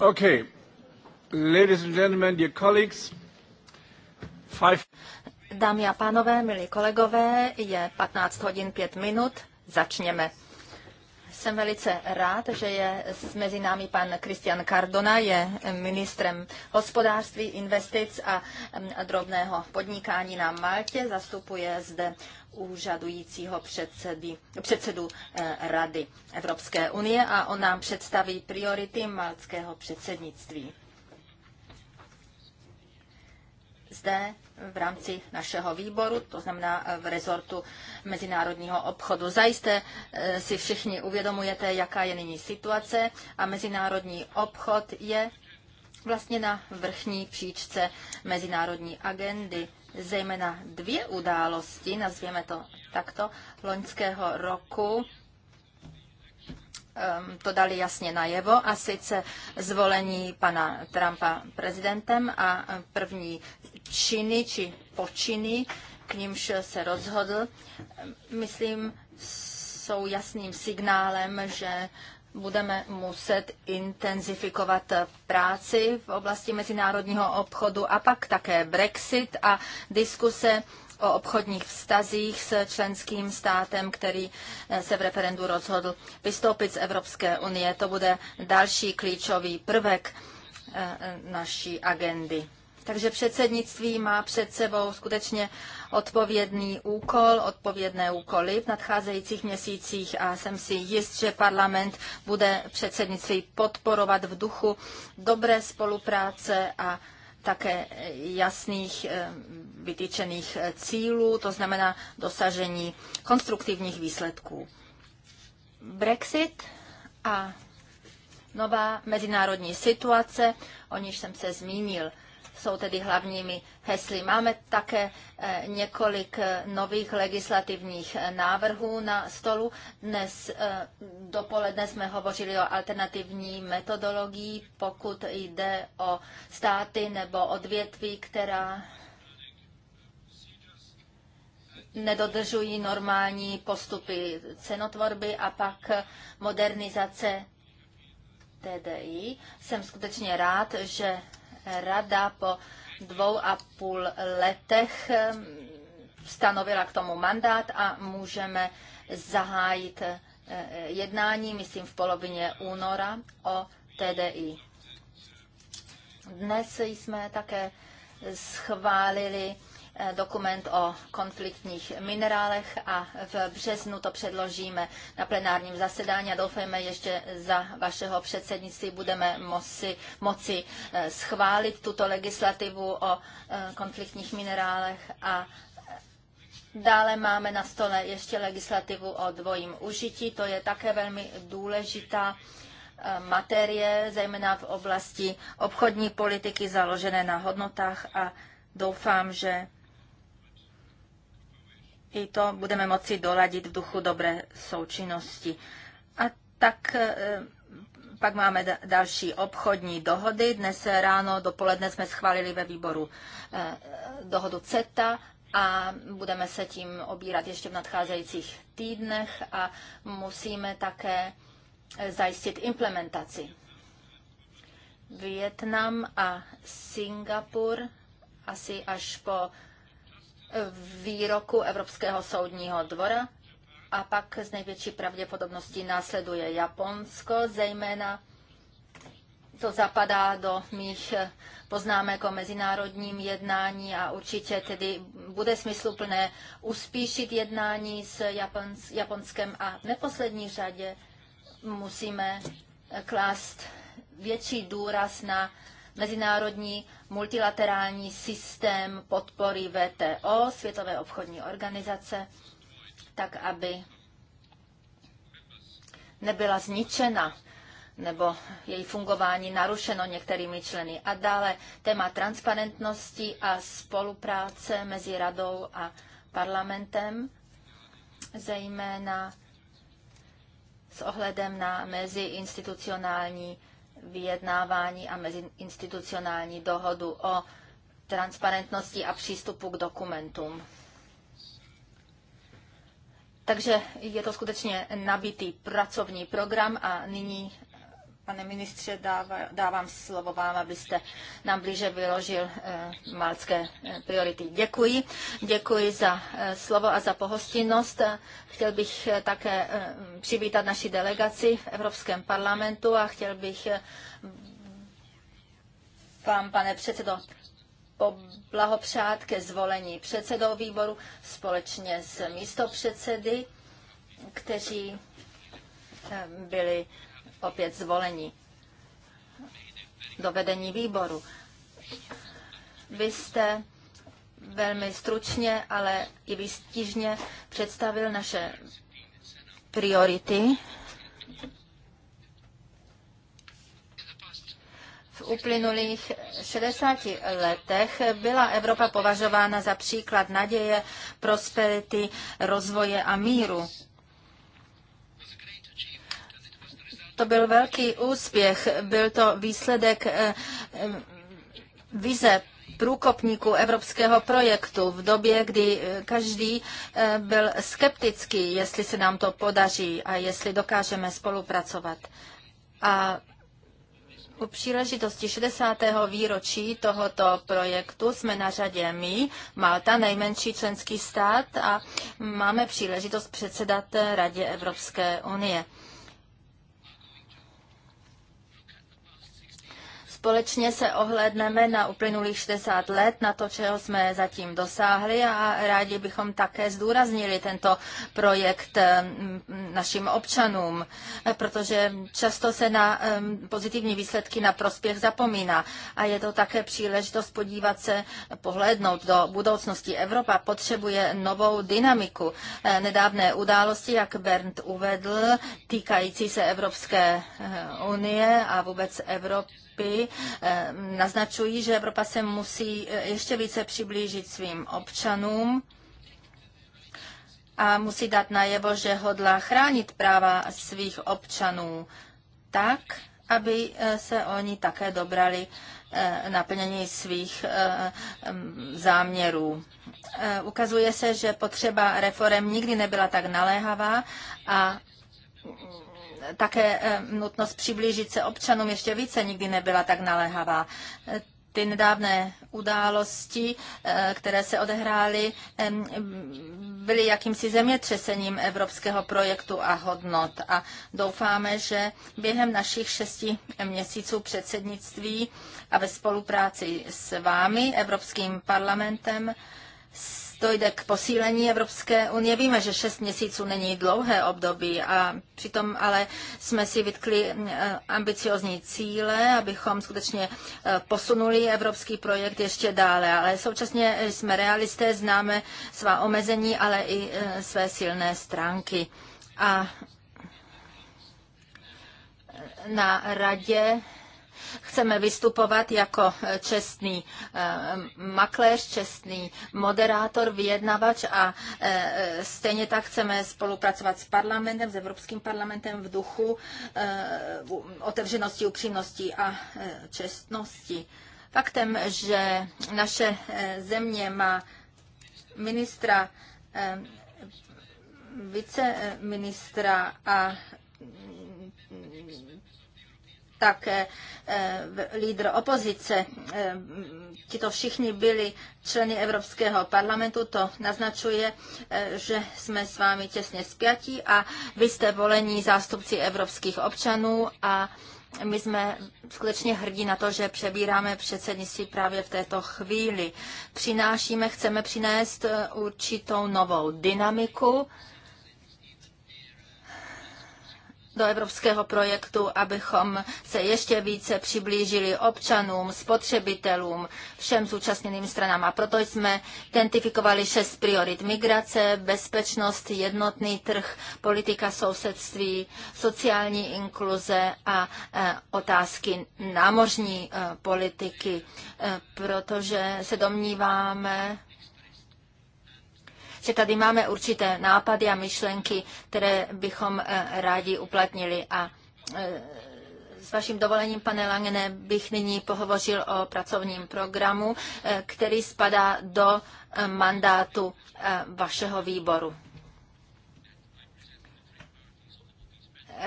Okay. Ladies and gentlemen, dear colleagues, five... Dámy a pánové, milí kolegové, je 15 hodin 5 minut, začněme. Jsem velice rád, že je mezi námi pan Christian Cardona, je ministrem hospodářství, investic a mm, drobného podnikání na Maltě. Zastupuje zde úřadujícího předsedy, předsedu eh, Rady Evropské unie a on nám představí priority maltského předsednictví. Zde v rámci našeho výboru, to znamená eh, v rezortu mezinárodního obchodu. Zajisté eh, si všichni uvědomujete, jaká je nyní situace a mezinárodní obchod je vlastně na vrchní příčce mezinárodní agendy. Zejména dvě události, nazvěme to takto, loňského roku ehm, to dali jasně najevo, a sice zvolení pana Trumpa prezidentem a eh, první činy či počiny, k nímž se rozhodl, myslím, jsou jasným signálem, že budeme muset intenzifikovat práci v oblasti mezinárodního obchodu a pak také Brexit a diskuse o obchodních vztazích s členským státem, který eh, se v referendu rozhodl vystoupit z Evropské unie. To bude další klíčový prvek eh, naší agendy. Takže předsednictví má před sebou skutečně odpovědný úkol, odpovědné úkoly v nadcházejících měsících a jsem si jist, že parlament bude předsednictví podporovat v duchu dobré spolupráce a také jasných eh, vytyčených cílů, to znamená dosažení konstruktivních výsledků. Brexit a nová mezinárodní situace, o níž jsem se zmínil jsou tedy hlavními hesly. Máme také eh, několik eh, nových legislativních eh, návrhů na stolu. Dnes dopoledne jsme hovořili o alternativní metodologii, pokud jde o státy nebo odvětví, která nedodržují normální postupy cenotvorby a pak modernizace TDI. Jsem skutečně rád, že rada po dvou a půl letech stanovila k tomu mandát a můžeme zahájit eh, jednání, myslím v polovině února, o TDI. Dnes jsme také schválili Eh, dokument o konfliktních minerálech a v březnu to předložíme na plenárním zasedání a doufejme ještě za vašeho předsednictví budeme moci, moci eh, schválit tuto legislativu o eh, konfliktních minerálech a Dále máme na stole ještě legislativu o dvojím užití. To je také velmi důležitá materie, zejména v oblasti obchodní politiky založené na hodnotách a doufám, že i to budeme moci doladit v duchu dobré součinnosti. A tak e, pak máme další obchodní dohody. Dnes ráno, dopoledne jsme schválili ve výboru e, dohodu CETA a budeme se tím obírat ještě v nadcházejících týdnech a musíme také e, zajistit implementaci. Vietnam a Singapur asi až po výroku Evropského soudního dvora a pak z největší pravděpodobností následuje Japonsko, zejména to zapadá do mých poznámek o mezinárodním jednání a určitě tedy bude smysluplné uspíšit jednání s Japons, Japonskem a v neposlední řadě musíme klást větší důraz na mezinárodní multilaterální systém podpory VTO, Světové obchodní organizace, tak aby nebyla zničena nebo její fungování narušeno některými členy. A dále téma transparentnosti a spolupráce mezi radou a parlamentem, zejména s ohledem na meziinstitucionální vyjednávání a meziinstitucionální dohodu o transparentnosti a přístupu k dokumentům. Takže je to skutečně nabitý pracovní program a nyní Pane ministře, dávám, dávám slovo vám, abyste nám blíže vyložil eh, malcké eh, priority. Děkuji. Děkuji za eh, slovo a za pohostinnost. Chtěl bych eh, také přivítat naši delegaci v Evropském parlamentu a chtěl bych vám, pane předsedo, poblahopřát ke zvolení předsedou výboru společně s místopředsedy, kteří byli opět zvoleni do vedení výboru. Vy jste velmi stručně, ale i výstižně představil naše priority. V uplynulých 60 letech byla Evropa považována za příklad naděje, prosperity, rozvoje a míru. To byl velký úspěch, byl to výsledek eh, eh, vize průkopníků evropského projektu v době, kdy eh, každý byl skeptický, jestli se nám to podaří a jestli dokážeme spolupracovat. A u příležitosti 60. výročí tohoto projektu jsme na řadě my, Malta, nejmenší členský stát a máme příležitost předsedat Radě Evropské unie. Společně se ohledneme na uplynulých 60 let, na to, čeho jsme zatím dosáhli a rádi bychom také zdůraznili tento projekt eh, našim občanům, protože často se na eh, pozitivní výsledky na prospěch zapomíná a je to také příležitost podívat se, pohlednout do budoucnosti. Evropa potřebuje novou dynamiku. Eh, nedávné události, jak Bernd uvedl, týkající se Evropské unie a vůbec Evropy, Evropy eh, naznačují, že Evropa se musí eh, ještě více přiblížit svým občanům a musí dát najevo, že hodla chránit práva svých občanů tak, aby eh, se oni také dobrali naplnění svých mm, záměrů. Ukazuje se, že potřeba reform nikdy nebyla tak naléhavá a také eh, nutnost přiblížit se občanům ještě více nikdy nebyla tak naléhavá eh, ty nedávné události, eh, které se odehrály, byly jakýmsi zemětřesením evropského projektu a hodnot. A doufáme, že během našich šesti měsíců předsednictví a ve spolupráci s vámi, Evropským parlamentem, dojde k posílení Evropské unie. Víme, že šest měsíců není dlouhé období a přitom ale jsme si vytkli eh, ambiciozní cíle, abychom skutečně eh, posunuli evropský projekt ještě dále, ale současně jsme realisté, známe svá omezení, ale i eh, své silné stránky. A na radě Chceme vystupovat jako eh, čestný eh, makléř, čestný moderátor, vyjednavač a eh, stejně tak chceme spolupracovat s parlamentem, s Evropským parlamentem v duchu otevřenosti, upřímnosti a čestnosti. Faktem, že naše země má ministra viceministra a také eh, lídr opozice. Eh, tito všichni byli členy Evropského parlamentu, to naznačuje, eh, že jsme s vámi těsně spjatí a vy jste volení zástupci evropských občanů a my jsme skutečně hrdí na to, že přebíráme předsednictví právě v této chvíli. Přinášíme, chceme přinést určitou novou dynamiku, do evropského projektu, abychom se ještě více přiblížili občanům, spotřebitelům, všem zúčastněným stranám. A proto jsme identifikovali šest priorit. Migrace, bezpečnost, jednotný trh, politika sousedství, sociální inkluze a e, otázky námořní e, politiky, e, protože se domníváme, že tady máme určité nápady a myšlenky, které bychom eh, rádi uplatnili. A eh, s vaším dovolením, pane Langene, bych nyní pohovořil o pracovním programu, eh, který spadá do mandátu vašeho výboru.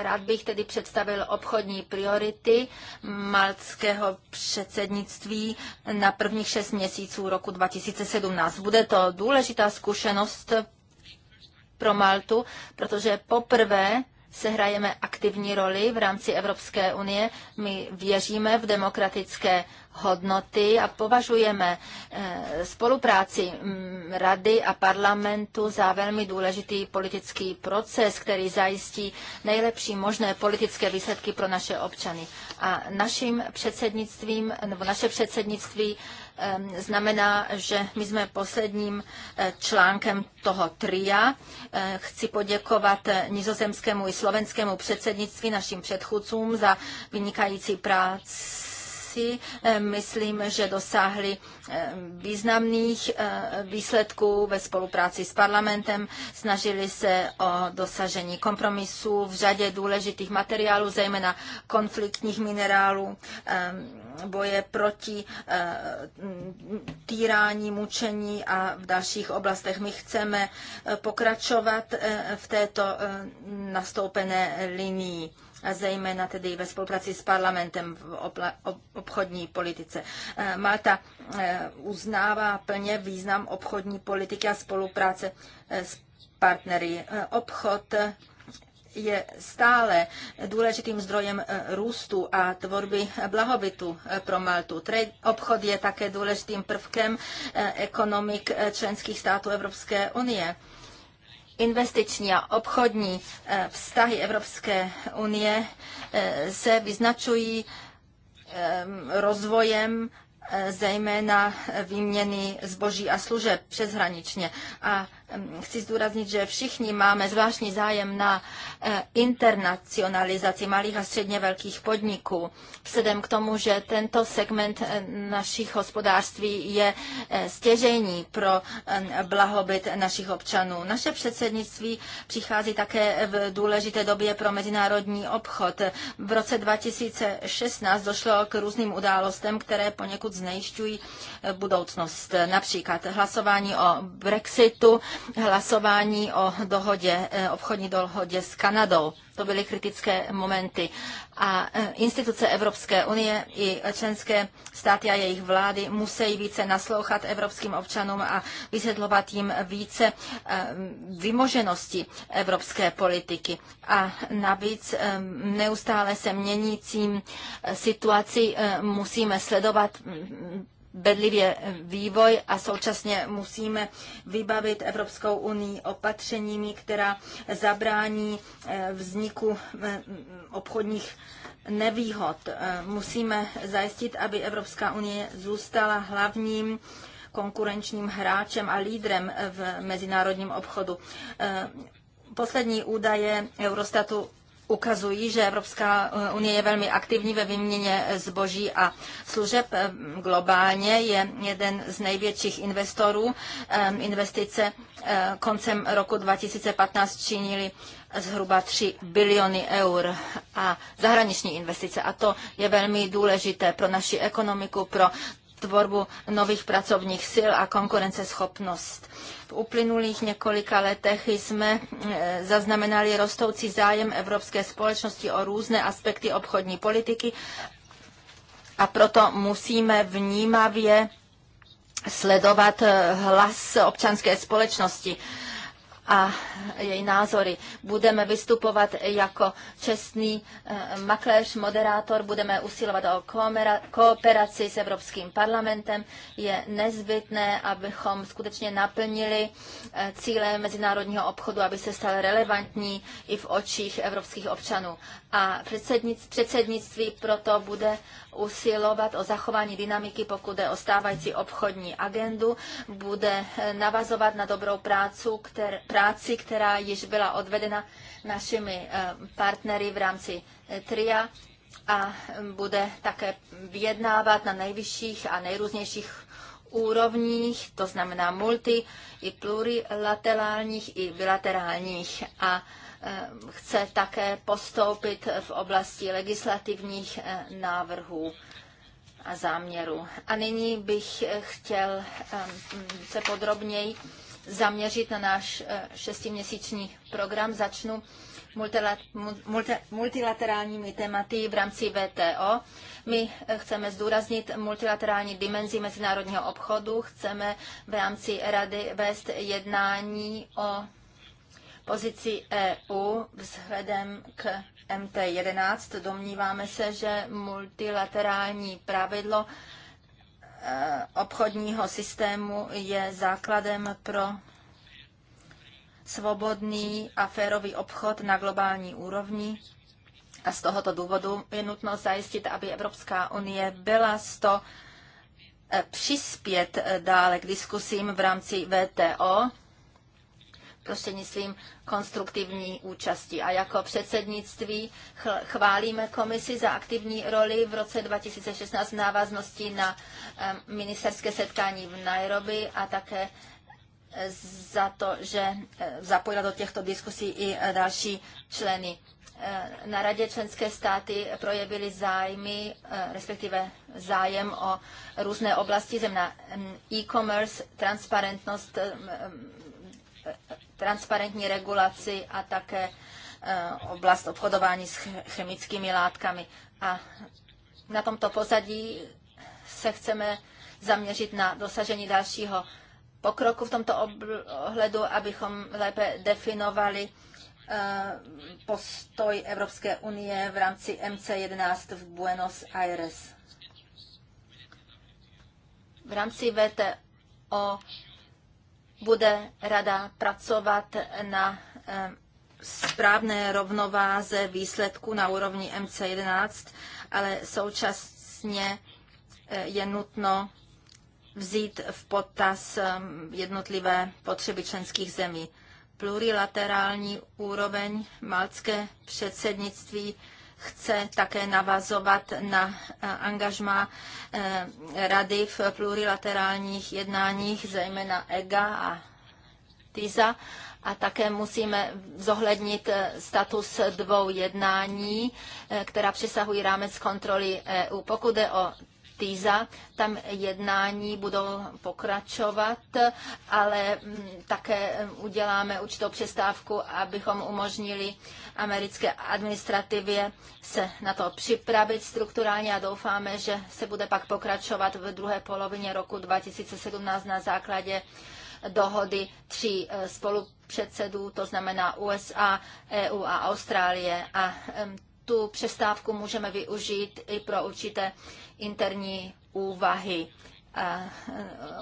Rád bych tedy představil obchodní priority maltského předsednictví na prvních šest měsíců roku 2017. Bude to důležitá zkušenost pro Maltu, protože poprvé se hrajeme aktivní roli v rámci Evropské unie. My věříme v demokratické hodnoty a považujeme eh, spolupráci mm, Rady a parlamentu za velmi důležitý politický proces, který zajistí nejlepší možné politické výsledky pro naše občany. A naším předsednictvím, nebo naše předsednictví znamená, že my jsme posledním eh, článkem toho tria. Eh, chci poděkovat nizozemskému i slovenskému předsednictví, našim předchůdcům za vynikající práci práci. Eh, myslím, že dosáhli eh, významných eh, výsledků ve spolupráci s parlamentem. Snažili se o dosažení kompromisů v řadě důležitých materiálů, zejména konfliktních minerálů, boje proti týrání, mučení a v dalších oblastech. My chceme pokračovat v této nastoupené linii zejména tedy ve spolupráci s parlamentem v obchodní politice. Eh, Malta eh, uznává plně význam obchodní politiky a spolupráce eh, s partnery. Obchod je stále důležitým zdrojem růstu a tvorby blahobytu pro Maltu. Trade, obchod je také důležitým prvkem ekonomik členských států Evropské unie investiční a obchodní eh, vztahy Evropské unie eh, se vyznačují eh, rozvojem zejména výměny zboží a služeb přeshraničně. A chci zdůraznit, že všichni máme zvláštní zájem na eh, internacionalizaci malých a středně velkých podniků. Vzhledem k tomu, že tento segment eh, našich hospodářství je eh, stěžení pro blahobyt našich občanů. Naše předsednictví přichází také v důležité době pro mezinárodní obchod. V roce 2016 došlo k různým událostem, které poněkud znejišťují budoucnost. Například hlasování o Brexitu, hlasování o dohodě, eh, obchodní dohodě s Kanadou. To byly kritické momenty. A eh, instituce Evropské unie i členské státy a jejich vlády musí více naslouchat evropským občanům a vysvětlovat jim více eh, vymoženosti evropské politiky. A navíc neustále se měnícím situaci musíme sledovat bedlivě vývoj a současně musíme vybavit Evropskou unii opatřeními, která zabrání eh, vzniku eh, obchodních nevýhod. Eh, musíme zajistit, aby Evropská unie zůstala hlavním konkurenčním hráčem a lídrem v mezinárodním obchodu. Poslední údaje Eurostatu ukazují, že Evropská eh, unie je velmi aktivní ve výměně eh, zboží a služeb eh, globálně. Je jeden z největších investorů. Investice koncem roku 2015 činily zhruba 3 biliony eur a zahraniční investice. A to je velmi důležité pro naši ekonomiku, pro tvorbu nových pracovních sil a konkurenceschopnost uplynulých několika letech jsme eh, zaznamenali rostoucí zájem evropské společnosti o různé aspekty obchodní politiky a proto musíme vnímavě sledovat eh, hlas občanské společnosti a její názory. Budeme vystupovat jako čestný eh, makléř, moderátor, budeme usilovat o kooperaci s Evropským parlamentem. Je nezbytné, abychom skutečně naplnili eh, cíle mezinárodního obchodu, aby se stal relevantní i v očích evropských občanů a předsednictví proto bude usilovat o zachování dynamiky, pokud je o stávající obchodní agendu, bude eh, navazovat na dobrou prácu, kter, práci, která již byla odvedena našimi eh, partnery v rámci eh, TRIA a bude také vyjednávat na nejvyšších a nejrůznějších úrovních, to znamená multi i plurilaterálních i bilaterálních. A Ehm, chce také postoupit v oblasti legislativních eh, návrhů a záměrů. A nyní bych eh, chtěl ehm, se podrobněji zaměřit na náš eh, šestiměsíční program. Začnu multilaterálními tématy v rámci VTO. My chceme zdůraznit multilaterální dimenzi mezinárodního obchodu, chceme v rámci Rady vést jednání o pozici EU vzhledem k MT11. Domníváme se, že multilaterální pravidlo e, obchodního systému je základem pro svobodný a férový obchod na globální úrovni. A z tohoto důvodu je nutno zajistit, aby Evropská unie byla z to e, přispět e, dále k diskusím v rámci VTO prostřednictvím konstruktivní účasti. A jako předsednictví chválíme komisi za aktivní roli v roce 2016 v návaznosti na ministerské setkání v Nairobi a také eh, za to, že eh, zapojila do těchto diskusí i eh, další členy. Na radě členské státy projevily zájmy, respektive zájem o různé oblasti zemna e-commerce, transparentnost transparentní regulaci a také eh, oblast obchodování s chemickými látkami. A na tomto pozadí se chceme zaměřit na dosažení dalšího pokroku v tomto ohledu, abychom lépe definovali eh, postoj Evropské unie v rámci MC11 v Buenos Aires. V rámci VTO bude rada pracovat na eh, správné rovnováze výsledku na úrovni MC11, ale současně eh, je nutno vzít v potaz eh, jednotlivé potřeby členských zemí. Plurilaterální úroveň maltské předsednictví chce také navazovat na eh, angažma eh, rady v plurilaterálních jednáních, zejména EGA a TISA. A také musíme zohlednit eh, status dvou jednání, která přesahují rámec kontroly EU. Pokud jde o Týza, Tam jednání budou pokračovat, ale mm, také mm, uděláme určitou přestávku, abychom umožnili americké administrativě se na to připravit strukturálně a doufáme, že se bude pak pokračovat v druhé polovině roku 2017 na základě dohody tří e, spolupředsedů, to znamená USA, EU a Austrálie. A tu přestávku můžeme využít i pro určité interní úvahy eh,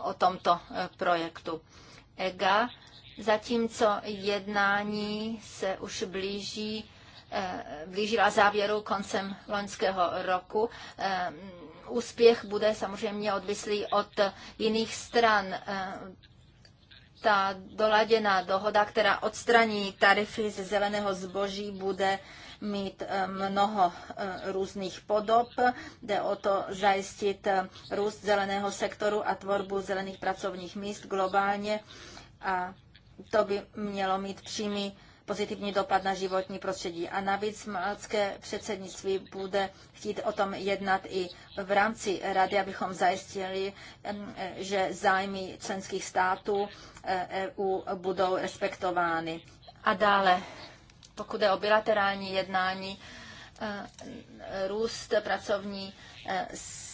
o tomto eh, projektu EGA, zatímco jednání se už blíží, eh, blížila závěru koncem loňského roku úspěch bude samozřejmě odvislý od jiných stran. Ta doladěná dohoda, která odstraní tarify ze zeleného zboží, bude mít eh, mnoho eh, různých podob. Jde o to zajistit eh, růst zeleného sektoru a tvorbu zelených pracovních míst globálně a to by mělo mít přímý pozitivní dopad na životní prostředí. A navíc malcké předsednictví bude chtít o tom jednat i v rámci rady, abychom zajistili, že zájmy členských států EU e budou respektovány. A dále pokud je o bilaterální jednání, eh, růst pracovní eh,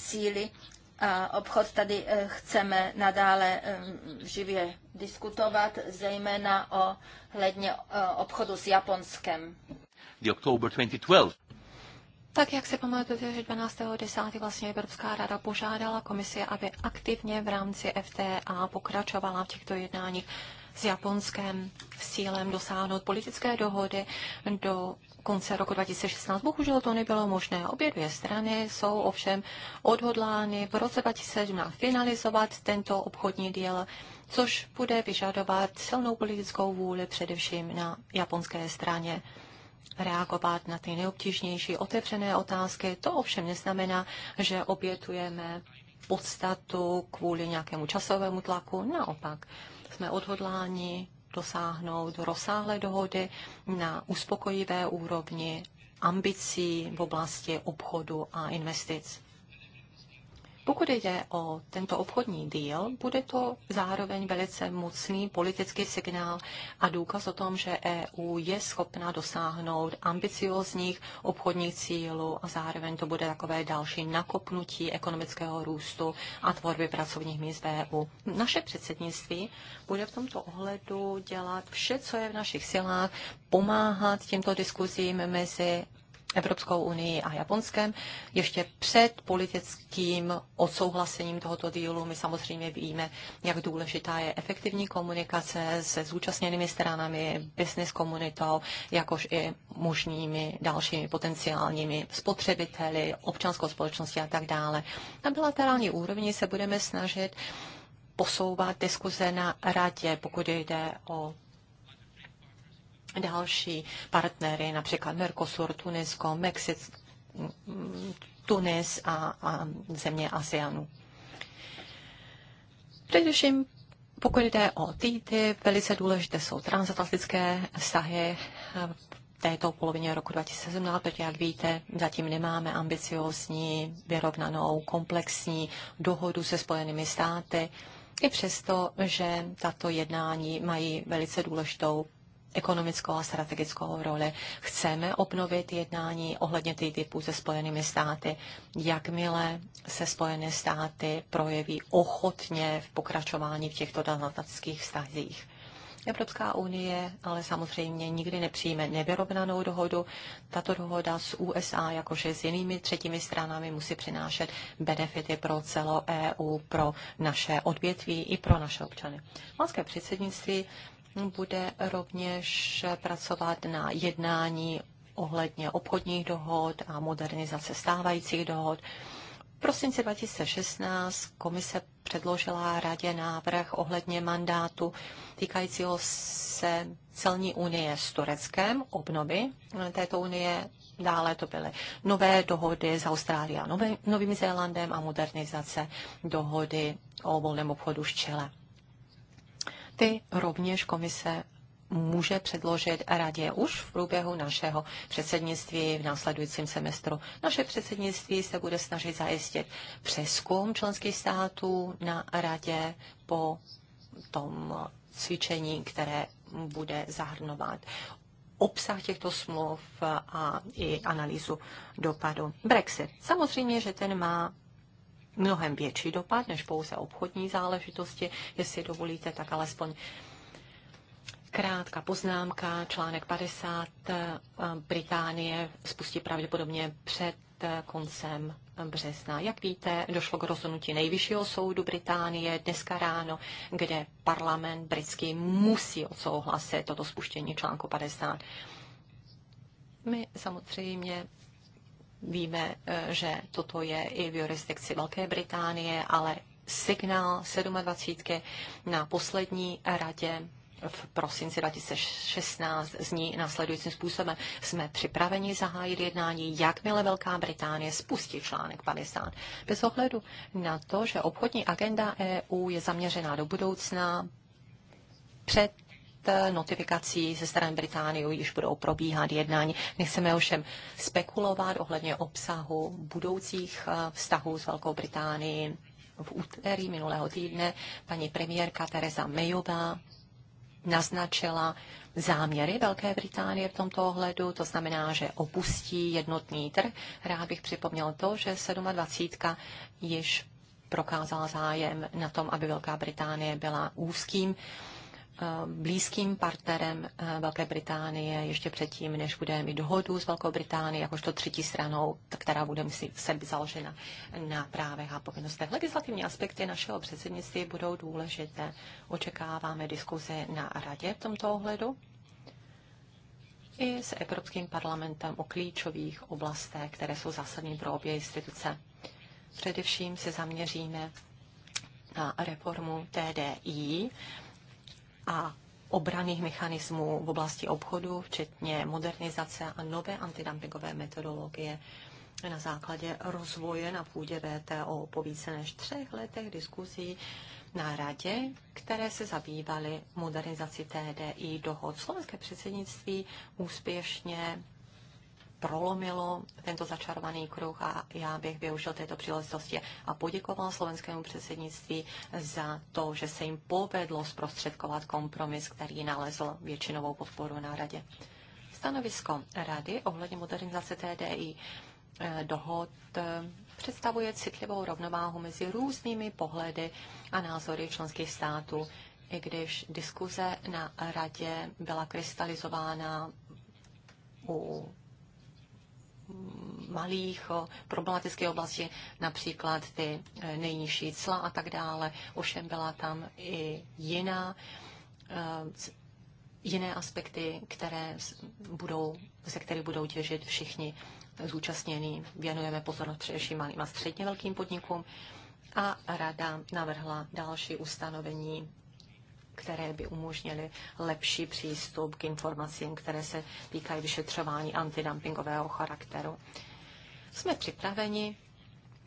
síly a obchod tady eh, chceme nadále živě diskutovat, zejména o hledně obchodu s Japonskem. The October 2012. Tak jak se pamatujete, že 12.10. vlastně Evropská rada požádala komisi, aby aktivně v rámci FTA pokračovala v těchto jednáních s Japonskem s cílem dosáhnout politické dohody do konce roku 2016. Bohužel to nebylo možné. Obě dvě strany jsou ovšem odhodlány v roce 2017 finalizovat tento obchodní díl, což bude vyžadovat silnou politickou vůli především na japonské straně reagovat na ty neobtížnější otevřené otázky. To ovšem neznamená, že obětujeme podstatu kvůli nějakému časovému tlaku. Naopak, jsme odhodláni dosáhnout rozsáhlé dohody na uspokojivé úrovni ambicí v oblasti obchodu a investic. Pokud jde o tento obchodní díl, bude to zároveň velice mocný politický signál a důkaz o tom, že EU je schopna dosáhnout ambiciozních obchodních cílů a zároveň to bude takové další nakopnutí ekonomického růstu a tvorby pracovních míst v EU. Naše předsednictví bude v tomto ohledu dělat vše, co je v našich silách, pomáhat těmto diskuzím mezi Evropskou unii a Japonskem. Ještě před politickým odsouhlasením tohoto dílu my samozřejmě víme, jak důležitá je efektivní komunikace se zúčastněnými stranami, business komunitou, jakož i možnými dalšími potenciálními spotřebiteli, občanskou společností a tak dále. Na bilaterální úrovni se budeme snažit posouvat diskuze na radě, pokud jde o další partnery, například Mercosur, Tunisko, Mexic, Tunis a, a země ASEANu. Především pokud jde o týty, velice důležité jsou transatlantické vztahy v této polovině roku 2017, protože, jak víte, zatím nemáme ambiciózní, vyrovnanou, komplexní dohodu se Spojenými státy, i přesto, že tato jednání mají velice důležitou ekonomickou a strategickou roli. Chceme obnovit jednání ohledně typu se Spojenými státy, jakmile se Spojené státy projeví ochotně v pokračování v těchto danatatských vztazích. Evropská unie ale samozřejmě nikdy nepřijme nevyrovnanou dohodu. Tato dohoda s USA, jakože s jinými třetími stranami, musí přinášet benefity pro celou EU, pro naše odvětví i pro naše občany. Malské předsednictví bude rovněž pracovat na jednání ohledně obchodních dohod a modernizace stávajících dohod. V prosinci 2016 komise předložila radě návrh ohledně mandátu týkajícího se celní unie s Tureckem, obnovy této unie. Dále to byly nové dohody s Austrálií a Novým Zélandem a modernizace dohody o volném obchodu s Čele ty rovněž komise může předložit radě už v průběhu našeho předsednictví v následujícím semestru. Naše předsednictví se bude snažit zajistit přeskum členských států na radě po tom cvičení, které bude zahrnovat obsah těchto smluv a i analýzu dopadu. Brexit. Samozřejmě, že ten má mnohem větší dopad než pouze obchodní záležitosti. Jestli dovolíte, tak alespoň krátká poznámka. Článek 50 eh, Británie spustí pravděpodobně před eh, koncem března. Jak víte, došlo k rozhodnutí nejvyššího soudu Británie dneska ráno, kde parlament britský musí odsouhlasit toto spuštění článku 50. My samozřejmě Víme, eh, že toto je i v jurisdikci Velké Británie, ale signál 27. na poslední radě v prosinci 2016 zní následujícím způsobem. Jsme připraveni zahájit jednání, jakmile Velká Británie spustí článek 50. Bez ohledu na to, že obchodní agenda EU je zaměřená do budoucna před Eh, notifikací ze strany Británie, již budou probíhat jednání. Nechceme ovšem spekulovat ohledně obsahu budoucích eh, vztahů s Velkou Británií. V úterý minulého týdne paní premiérka Teresa Mayová naznačila záměry Velké Británie v tomto ohledu, to znamená, že opustí jednotný trh. Rád bych připomněl to, že 27. již prokázala zájem na tom, aby Velká Británie byla úzkým Eh, blízkým partnerem eh, Velké Británie ještě předtím, než budeme mít dohodu s Velkou Británií, jakožto třetí stranou, která bude muset být založena na právech a povinnostech. Legislativní aspekty našeho předsednictví budou důležité. Očekáváme diskuze na radě v tomto ohledu i s Evropským parlamentem o klíčových oblastech, které jsou zásadní pro obě instituce. Především se zaměříme na reformu TDI, a obraných mechanismů v oblasti obchodu, včetně modernizace a nové antidumpingové metodologie na základě rozvoje na půdě VTO po více než třech letech diskuzí na radě, které se zabývaly modernizací TDI dohod. Slovenské předsednictví úspěšně prolomilo tento začarovaný kruh a já bych využil této příležitosti a poděkoval slovenskému předsednictví za to, že se jim povedlo zprostředkovat kompromis, který nalezl většinovou podporu na radě. Stanovisko rady ohledně modernizace TDI eh, dohod eh, představuje citlivou rovnováhu mezi různými pohledy a názory členských států, i když diskuze na radě byla krystalizována u malých problematických oblasti, například ty e, nejnižší cla a tak dále. Ovšem byla tam i jiná, e, jiné aspekty, které budou, ze kterých budou těžit všichni zúčastnění. Věnujeme pozornost především malým a středně velkým podnikům a rada navrhla další ustanovení které by umožnily lepší přístup k informacím, které se týkají vyšetřování antidumpingového charakteru. Jsme připraveni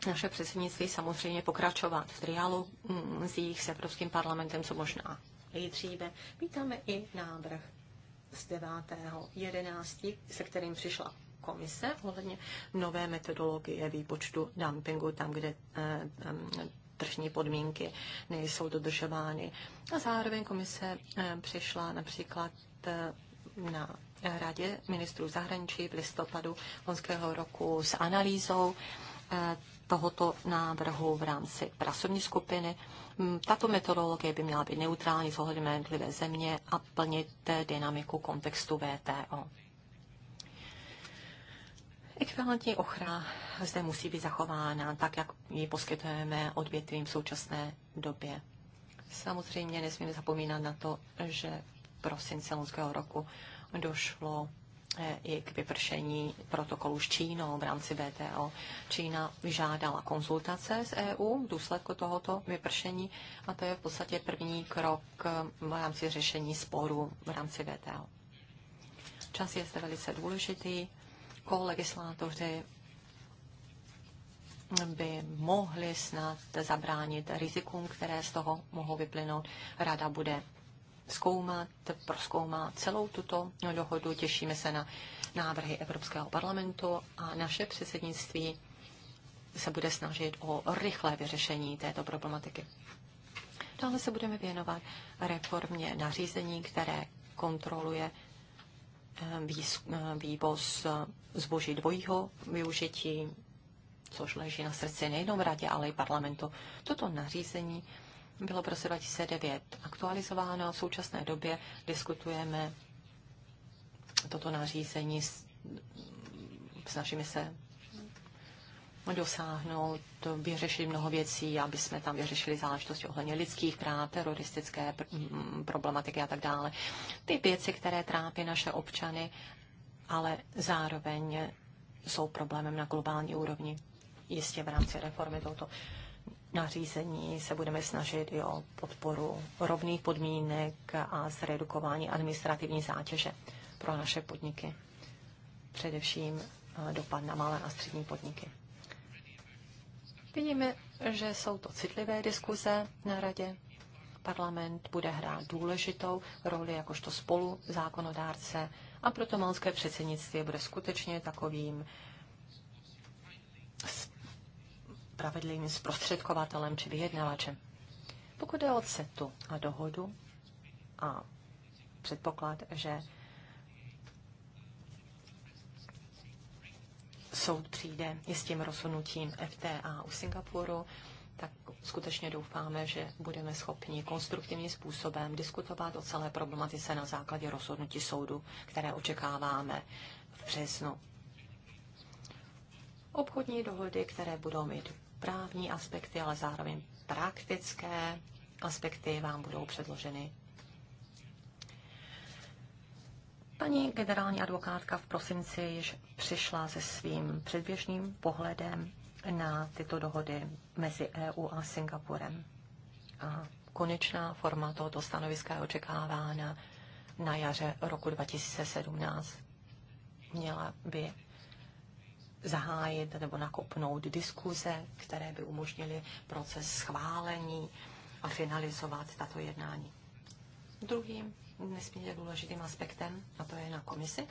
naše předsednictví samozřejmě pokračovat v trialozích s Evropským parlamentem, co možná nejdříve. Vítáme i návrh z 9.11., se kterým přišla komise ohledně nové metodologie výpočtu dumpingu, tam, kde eh, tržní podmínky nejsou dodržovány. A zároveň komise eh, přišla například eh, na Radě ministrů zahraničí v listopadu lonského roku s analýzou eh, tohoto návrhu v rámci pracovní skupiny. Mm, tato metodologie by měla být neutrální s ohledem na jednotlivé země a plnit dynamiku kontextu VTO. Ekvivalentní ochrana zde musí být zachována tak, jak ji poskytujeme odvětvím v současné době. Samozřejmě nesmíme zapomínat na to, že v prosince loňského roku došlo eh, i k vypršení protokolu s Čínou v rámci BTO. Čína vyžádala konzultace s EU v důsledku tohoto vypršení a to je v podstatě první krok eh, v rámci řešení sporu v rámci BTO. Čas je zde velice důležitý kolegislátoři by mohli snad zabránit rizikům, které z toho mohou vyplynout. Rada bude zkoumat, proskoumá celou tuto dohodu. Těšíme se na návrhy Evropského parlamentu a naše předsednictví se bude snažit o rychlé vyřešení této problematiky. Dále se budeme věnovat reformě nařízení, které kontroluje Eh, vývoz eh, zboží dvojího využití, což leží na srdci nejenom v radě, ale i parlamentu. Toto nařízení bylo v roce 2009 aktualizováno a v současné době diskutujeme toto nařízení s, snažíme se dosáhnout, vyřešit mnoho věcí, aby jsme tam vyřešili záležitosti ohledně lidských práv, teroristické problematiky a tak dále. Ty věci, které trápí naše občany, ale zároveň jsou problémem na globální úrovni. Jistě v rámci reformy tohoto nařízení se budeme snažit i o podporu rovných podmínek a zredukování administrativní zátěže pro naše podniky. Především eh, dopad na malé a střední podniky. Vidíme, že jsou to citlivé diskuze na radě. Parlament bude hrát důležitou roli jakožto spolu zákonodárce a proto malské předsednictví bude skutečně takovým spravedlivým zprostředkovatelem či vyjednavačem. Pokud je o CETu a dohodu a předpoklad, že soud přijde i s tím rozhodnutím FTA u Singapuru, tak skutečně doufáme, že budeme schopni konstruktivním způsobem diskutovat o celé problematice na základě rozhodnutí soudu, které očekáváme v březnu. Obchodní dohody, které budou mít právní aspekty, ale zároveň praktické aspekty vám budou předloženy Paní generální advokátka v prosinci již přišla se svým předběžným pohledem na tyto dohody mezi EU a Singapurem. A konečná forma tohoto stanoviska je očekávána na jaře roku 2017. Měla by zahájit nebo nakopnout diskuze, které by umožnily proces schválení a finalizovat tato jednání. Druhým nesmírně důležitým aspektem, a to je na komisi,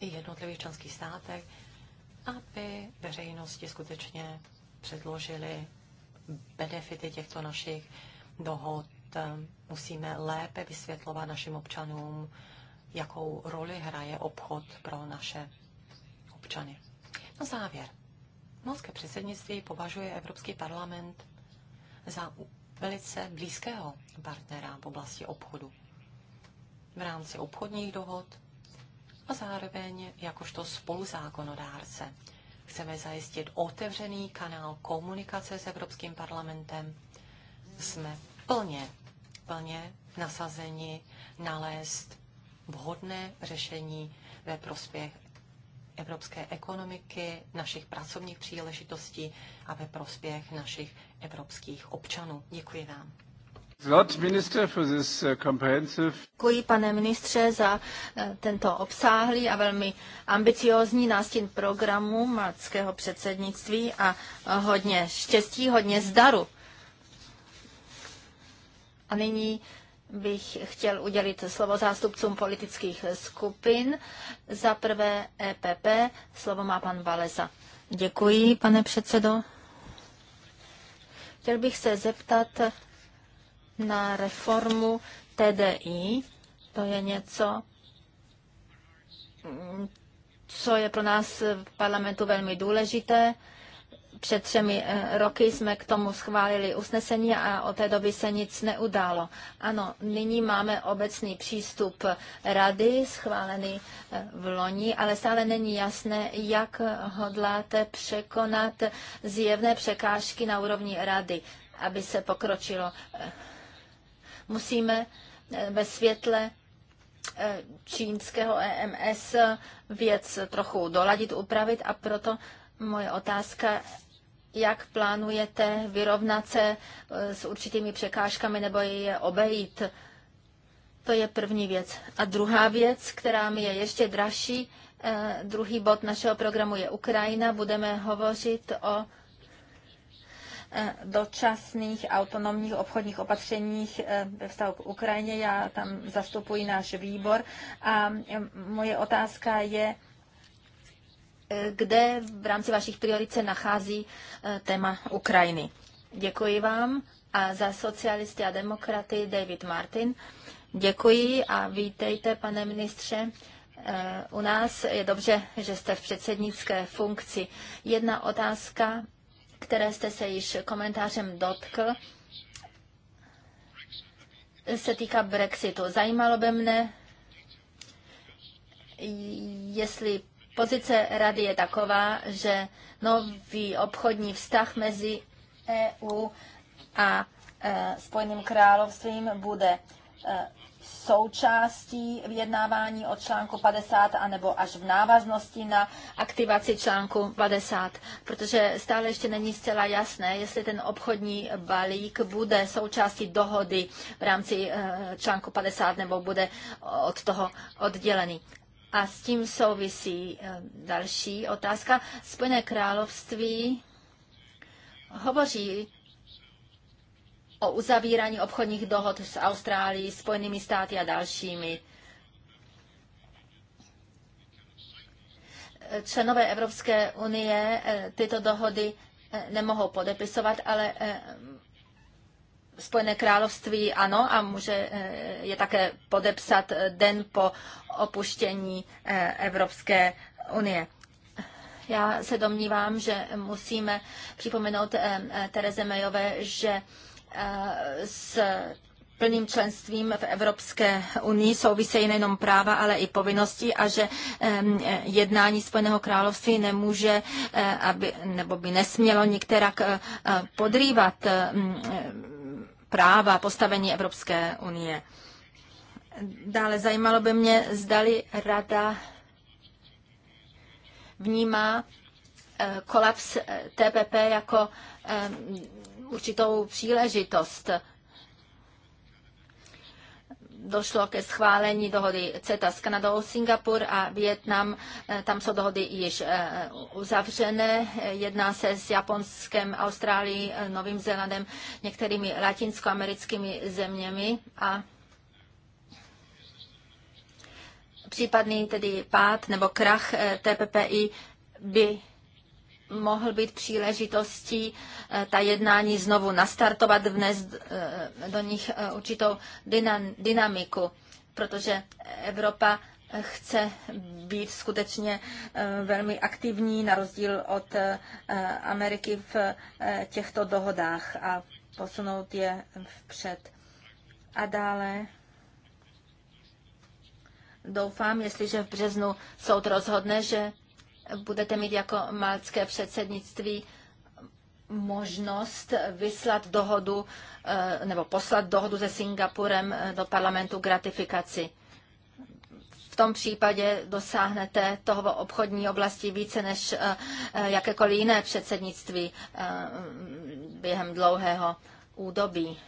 i jednotlivých členských státech, aby veřejnosti skutečně předložili benefity těchto našich dohod. Musíme lépe vysvětlovat našim občanům, jakou roli hraje obchod pro naše občany. Na závěr. Norské předsednictví považuje Evropský parlament za velice blízkého partnera v oblasti obchodu v rámci obchodních dohod a zároveň jakožto spoluzákonodárce. Chceme zajistit otevřený kanál komunikace s Evropským parlamentem. Jsme plně, plně nasazeni nalézt vhodné řešení ve prospěch evropské ekonomiky, našich pracovních příležitostí a ve prospěch našich evropských občanů. Děkuji vám. Uh, Děkuji, pane ministře, za uh, tento obsáhlý a velmi ambiciózní nástin programu maltského předsednictví a uh, hodně štěstí, hodně zdaru. A nyní bych chtěl udělit slovo zástupcům politických skupin. Za prvé EPP, slovo má pan Valeza. Děkuji, pane předsedo. Chtěl bych se zeptat na reformu TDI. To je něco, co je pro nás v parlamentu velmi důležité. Před třemi eh, roky jsme k tomu schválili usnesení a od té doby se nic neudálo. Ano, nyní máme obecný přístup rady, schválený eh, v loni, ale stále není jasné, jak hodláte překonat zjevné překážky na úrovni rady, aby se pokročilo. Eh, Musíme eh, ve světle eh, čínského EMS věc trochu doladit, upravit a proto moje otázka, jak plánujete vyrovnat se eh, s určitými překážkami nebo je obejít. To je první věc. A druhá věc, která mi je ještě dražší, druhý bod našeho programu je Ukrajina. Budeme hovořit o Eh, dočasných autonomních obchodních opatřeních eh, ve vztahu k Ukrajině. Já tam zastupuji náš výbor a eh, moje otázka je, kde v rámci vašich priorit se nachází téma Ukrajiny. Děkuji vám a za socialisty a demokraty David Martin. Děkuji a vítejte, pane ministře. U nás je dobře, že jste v předsednické funkci. Jedna otázka které jste se již komentářem dotkl, se týká Brexitu. Zajímalo by mne, jestli pozice rady je taková, že nový obchodní vztah mezi EU a e, Spojeným královstvím bude e, součástí vyjednávání o článku 50 anebo až v návaznosti na aktivaci článku 50, protože stále ještě není zcela jasné, jestli ten obchodní balík bude součástí dohody v rámci eh, článku 50 nebo bude od toho oddělený. A s tím souvisí eh, další otázka. Spojené království hovoří o uzavírání obchodních dohod s Austrálií, Spojenými státy a dalšími. Členové Evropské unie eh, tyto dohody eh, nemohou podepisovat, ale eh, Spojené království ano a může je také podepsat den po opuštění Evropské unie. Já se domnívám, že musíme připomenout Tereze Mayové, že s plným členstvím v Evropské unii souvisejí nejenom práva, ale i povinnosti a že jednání Spojeného království nemůže, eh, aby, nebo by nesmělo některak eh, podrývat práva postavení Evropské unie. Dále zajímalo by mě, zdali rada vnímá eh, kolaps TPP jako určitou příležitost. Došlo ke schválení dohody CETA s Kanadou, Singapur a Vietnam. Eh, tam jsou dohody již eh, uzavřené. Jedná se s Japonskem, Austrálií, eh, Novým Zélandem, některými latinskoamerickými zeměmi a případný tedy pád nebo krach TPPI by mohl být příležitostí eh, ta jednání znovu nastartovat, vnes eh, do nich eh, určitou dynamiku, protože Evropa chce být skutečně velmi aktivní, na rozdíl od Ameriky v těchto dohodách a posunout je vpřed. A dále doufám, jestliže v březnu soud rozhodne, že budete mít jako malcké předsednictví možnost vyslat dohodu eh, nebo poslat dohodu se Singapurem eh, do parlamentu k ratifikaci. V tom případě dosáhnete toho obchodní oblasti více než eh, jakékoliv jiné předsednictví během dlouhého údobí.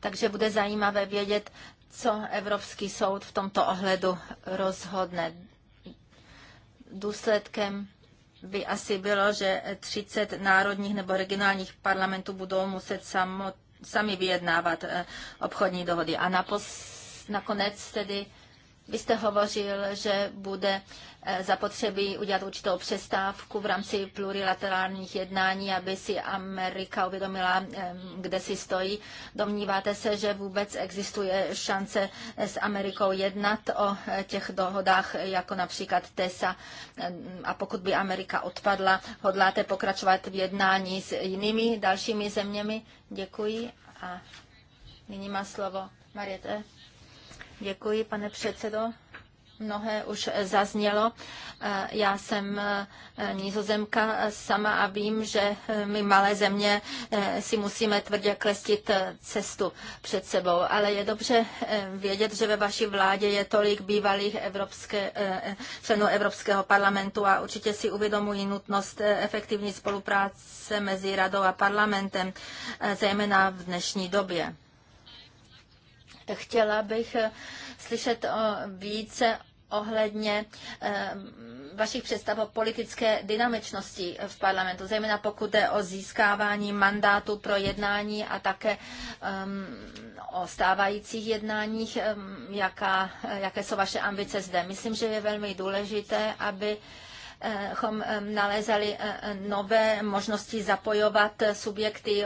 Takže bude zajímavé vědět, co Evropský soud v tomto ohledu rozhodne. Důsledkem by asi bylo, že 30 národních nebo regionálních parlamentů budou muset samo, sami vyjednávat eh, obchodní dohody. A napos, nakonec tedy byste hovořil, že bude Eh, zapotřebí udělat určitou přestávku v rámci plurilaterálních jednání, aby si Amerika uvědomila, eh, kde si stojí. Domníváte se, že vůbec existuje šance eh, s Amerikou jednat o těch dohodách, jako například TESA? A pokud by Amerika odpadla, hodláte pokračovat v jednání s jinými dalšími zeměmi? Děkuji. A nyní má slovo Mariette. Děkuji, pane předsedo mnohé už zaznělo. Já jsem eh, nízozemka sama a vím, že eh, my malé země eh, si musíme tvrdě klestit cestu před sebou. Ale je dobře vědět, že ve vaší vládě je tolik bývalých evropské, členů Evropského parlamentu a určitě si uvědomují nutnost efektivní spolupráce mezi radou a parlamentem, zejména v dnešní době. Chtěla bych slyšet o více ohledně eh, vašich představ o politické dynamičnosti v parlamentu, zejména pokud jde o získávání mandátu pro jednání a také um, o stávajících jednáních, um, jaká, jaké jsou vaše ambice zde. Myslím, že je velmi důležité, aby eh, nalézali e, e, nové možnosti zapojovat subjekty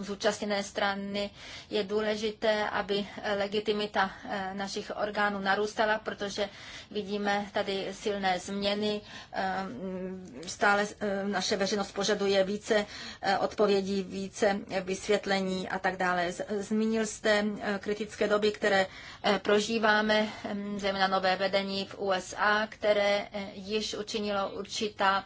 zúčastněné strany. Je důležité, aby legitimita e, našich orgánů narůstala, protože vidíme tady silné změny. Stále naše veřejnost požaduje více odpovědí, více vysvětlení a tak dále. Zmínil jste kritické doby, které prožíváme, zejména nové vedení v USA, které již učinilo určitá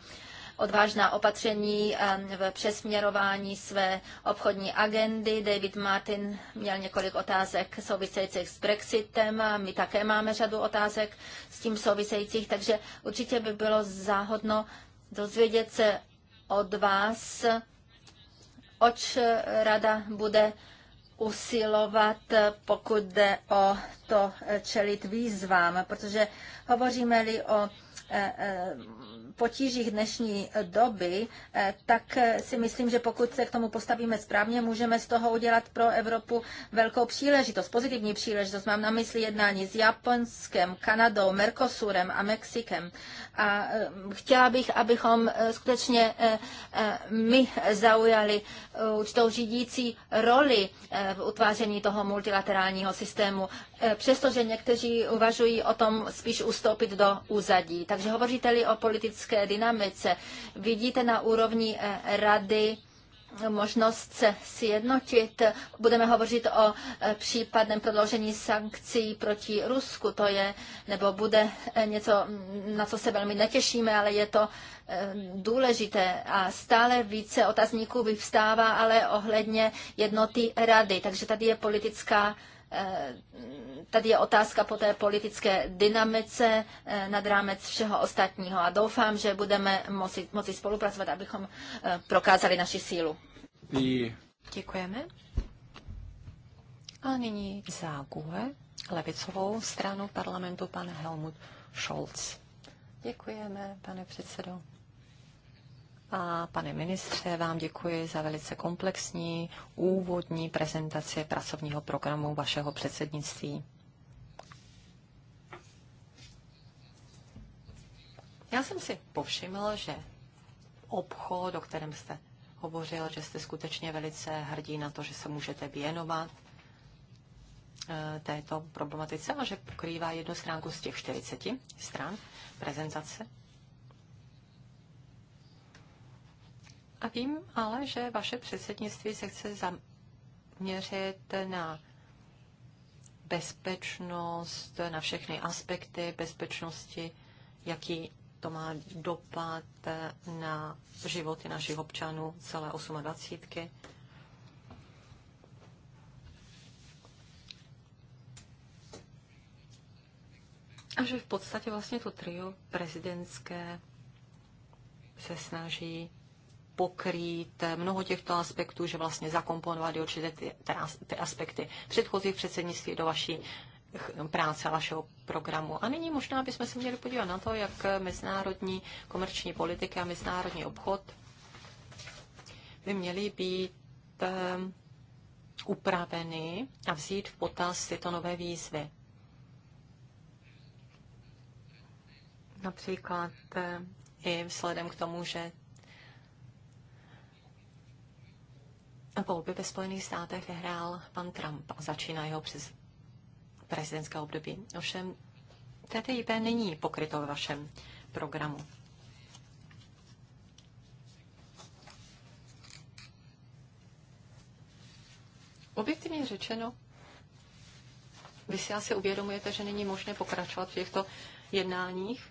odvážná opatření v přesměrování své obchodní agendy. David Martin měl několik otázek souvisejících s Brexitem. My také máme řadu otázek s tím souvisejících, takže určitě by bylo záhodno dozvědět se od vás, oč rada bude usilovat, pokud jde o to čelit výzvám, protože hovoříme-li o Eh, eh, potížích dnešní doby, eh, tak si myslím, že pokud se k tomu postavíme správně, můžeme z toho udělat pro Evropu velkou příležitost, pozitivní příležitost. Mám na mysli jednání s Japonskem, Kanadou, Mercosurem a Mexikem. A chtěla bych, abychom skutečně my zaujali určitou řídící roli v utváření toho multilaterálního systému Eh, přestože někteří uvažují o tom spíš ustoupit do úzadí. Takže hovoříte-li o politické dynamice, vidíte na úrovni eh, rady možnost se sjednotit. Budeme hovořit o eh, případném prodloužení sankcí proti Rusku. To je, nebo bude něco, mm, na co se velmi netěšíme, ale je to důležité a stále více otazníků vyvstává, ale ohledně jednoty rady. Takže tady je politická Eh, tady je otázka po té politické dynamice eh, nad rámec všeho ostatního a doufám, že budeme moci, moci spolupracovat, abychom eh, prokázali naši sílu. Děkujeme. A nyní za GUE, levicovou stranu parlamentu, pan Helmut Scholz. Děkujeme, pane předsedo. A pane ministře, vám děkuji za velice komplexní úvodní prezentaci pracovního programu vašeho předsednictví. Já jsem si povšiml, že obchod, o kterém jste hovořil, že jste skutečně velice hrdí na to, že se můžete věnovat eh, této problematice a že pokrývá jednu stránku z těch 40 stran prezentace A vím ale, že vaše předsednictví se chce zaměřit na bezpečnost, na všechny aspekty bezpečnosti, jaký to má dopad na životy našich občanů celé 28. A že v podstatě vlastně to trio prezidentské se snaží pokrýt mnoho těchto aspektů, že vlastně zakomponovat i určité ty, ty aspekty předchozích předsednictví do vaší práce a vašeho programu. A nyní možná bychom se měli podívat na to, jak mezinárodní komerční politika a mezinárodní obchod by měly být ehm, upraveny a vzít v potaz tyto nové výzvy. Například ehm, i vzhledem k tomu, že volby ve Spojených státech vyhrál pan Trump a začíná jeho přes prezidentské období. Ovšem TTIP není pokryto ve vašem programu. Objektivně řečeno, vy si asi uvědomujete, že není možné pokračovat v těchto jednáních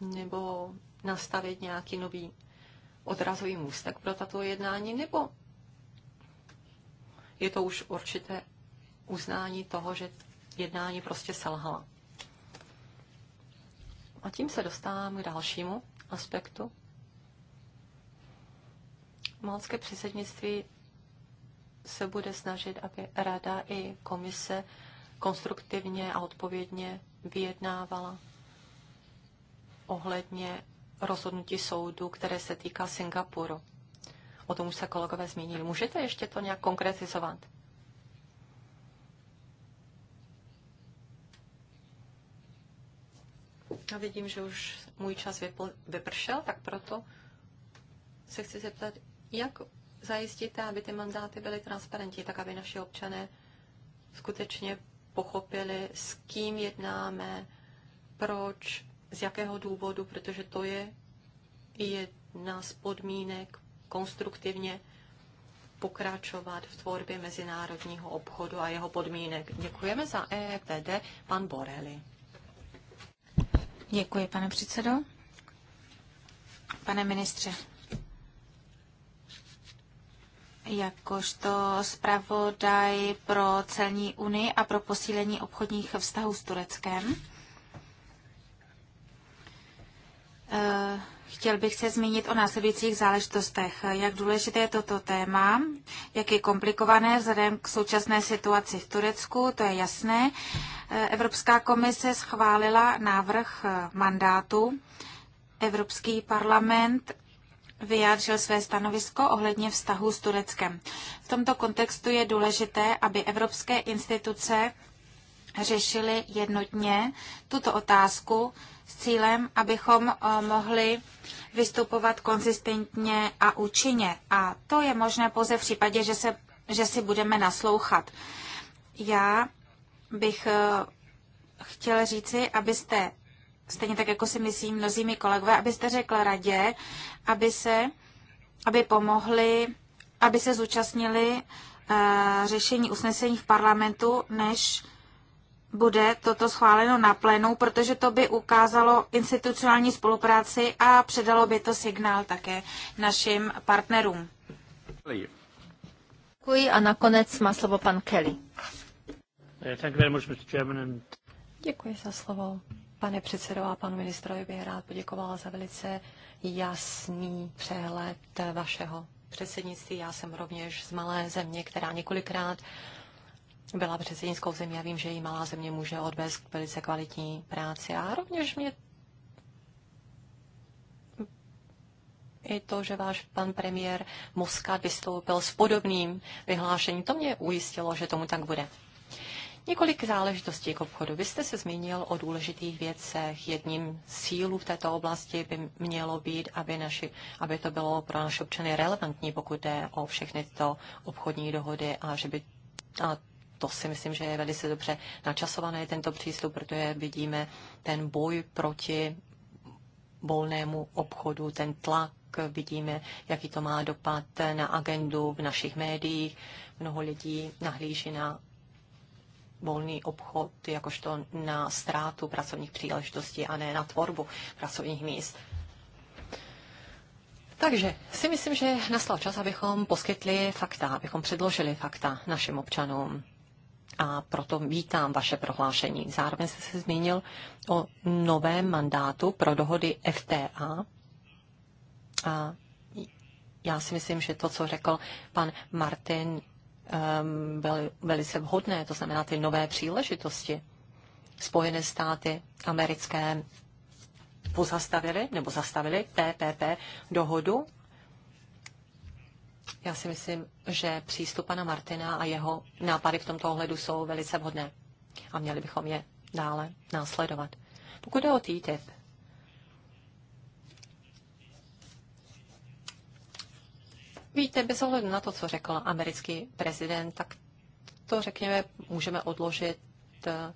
nebo nastavit nějaký nový odrazový můstek pro tato jednání, nebo je to už určité uznání toho, že jednání prostě selhala. A tím se dostávám k dalšímu aspektu. Malské předsednictví se bude snažit, aby rada i komise konstruktivně a odpovědně vyjednávala ohledně rozhodnutí soudu, které se týká Singapuru o tom už se kolegové zmínili. Můžete ještě to nějak konkretizovat? Já vidím, že už můj čas vypl, vypršel, tak proto se chci zeptat, jak zajistíte, aby ty mandáty byly transparentní, tak aby naši občané skutečně pochopili, s kým jednáme, proč, z jakého důvodu, protože to je jedna z podmínek konstruktivně pokračovat v tvorbě mezinárodního obchodu a jeho podmínek. Děkujeme za EPD, pan Borelli. Děkuji, pane předsedo. Pane ministře, jakožto zpravodaj pro celní unii a pro posílení obchodních vztahů s Tureckem, eh, Chtěl bych se zmínit o následujících záležitostech. Jak důležité je toto téma, jak je komplikované vzhledem k současné situaci v Turecku, to je jasné. Evropská komise schválila návrh mandátu. Evropský parlament vyjádřil své stanovisko ohledně vztahu s Tureckem. V tomto kontextu je důležité, aby evropské instituce řešily jednotně tuto otázku s cílem, abychom eh, mohli vystupovat konzistentně a účinně. A to je možné pouze v případě, že, se, že si budeme naslouchat. Já bych eh, chtěl říci, abyste, stejně tak jako si myslím mnozími kolegové, abyste řekl radě, aby se, aby pomohli, aby se zúčastnili eh, řešení usnesení v parlamentu, než bude toto schváleno na plénu, protože to by ukázalo institucionální spolupráci a předalo by to signál také našim partnerům. Děkuji a nakonec má slovo pan Kelly. Děkuji za slovo. Pane předsedo a panu ministrovi bych rád poděkovala za velice jasný přehled vašeho předsednictví. Já jsem rovněž z malé země, která několikrát byla předsednickou zemí. Já vím, že i malá země může odvést velice kvalitní práci. A rovněž mě i to, že váš pan premiér Moskva vystoupil s podobným vyhlášením, to mě ujistilo, že tomu tak bude. Několik záležitostí k obchodu. Vy jste se zmínil o důležitých věcech. Jedním z cílů v této oblasti by mělo být, aby, naši, aby to bylo pro naše občany relevantní, pokud jde o všechny tyto obchodní dohody a že by a to si myslím, že je velice dobře načasované tento přístup, protože vidíme ten boj proti volnému obchodu, ten tlak, vidíme, jaký to má dopad na agendu v našich médiích. Mnoho lidí nahlíží na volný obchod jakožto na ztrátu pracovních příležitostí a ne na tvorbu pracovních míst. Takže si myslím, že nastal čas, abychom poskytli fakta, abychom předložili fakta našim občanům a proto vítám vaše prohlášení. Zároveň jste se zmínil o novém mandátu pro dohody FTA a já si myslím, že to, co řekl pan Martin, byl ehm, velice vhodné, to znamená ty nové příležitosti. Spojené státy americké pozastavili nebo zastavili TPP dohodu já si myslím, že přístup pana Martina a jeho nápady v tomto ohledu jsou velice vhodné a měli bychom je dále následovat. Pokud jde o TTIP, Víte, bez ohledu na to, co řekl americký prezident, tak to, řekněme, můžeme odložit eh,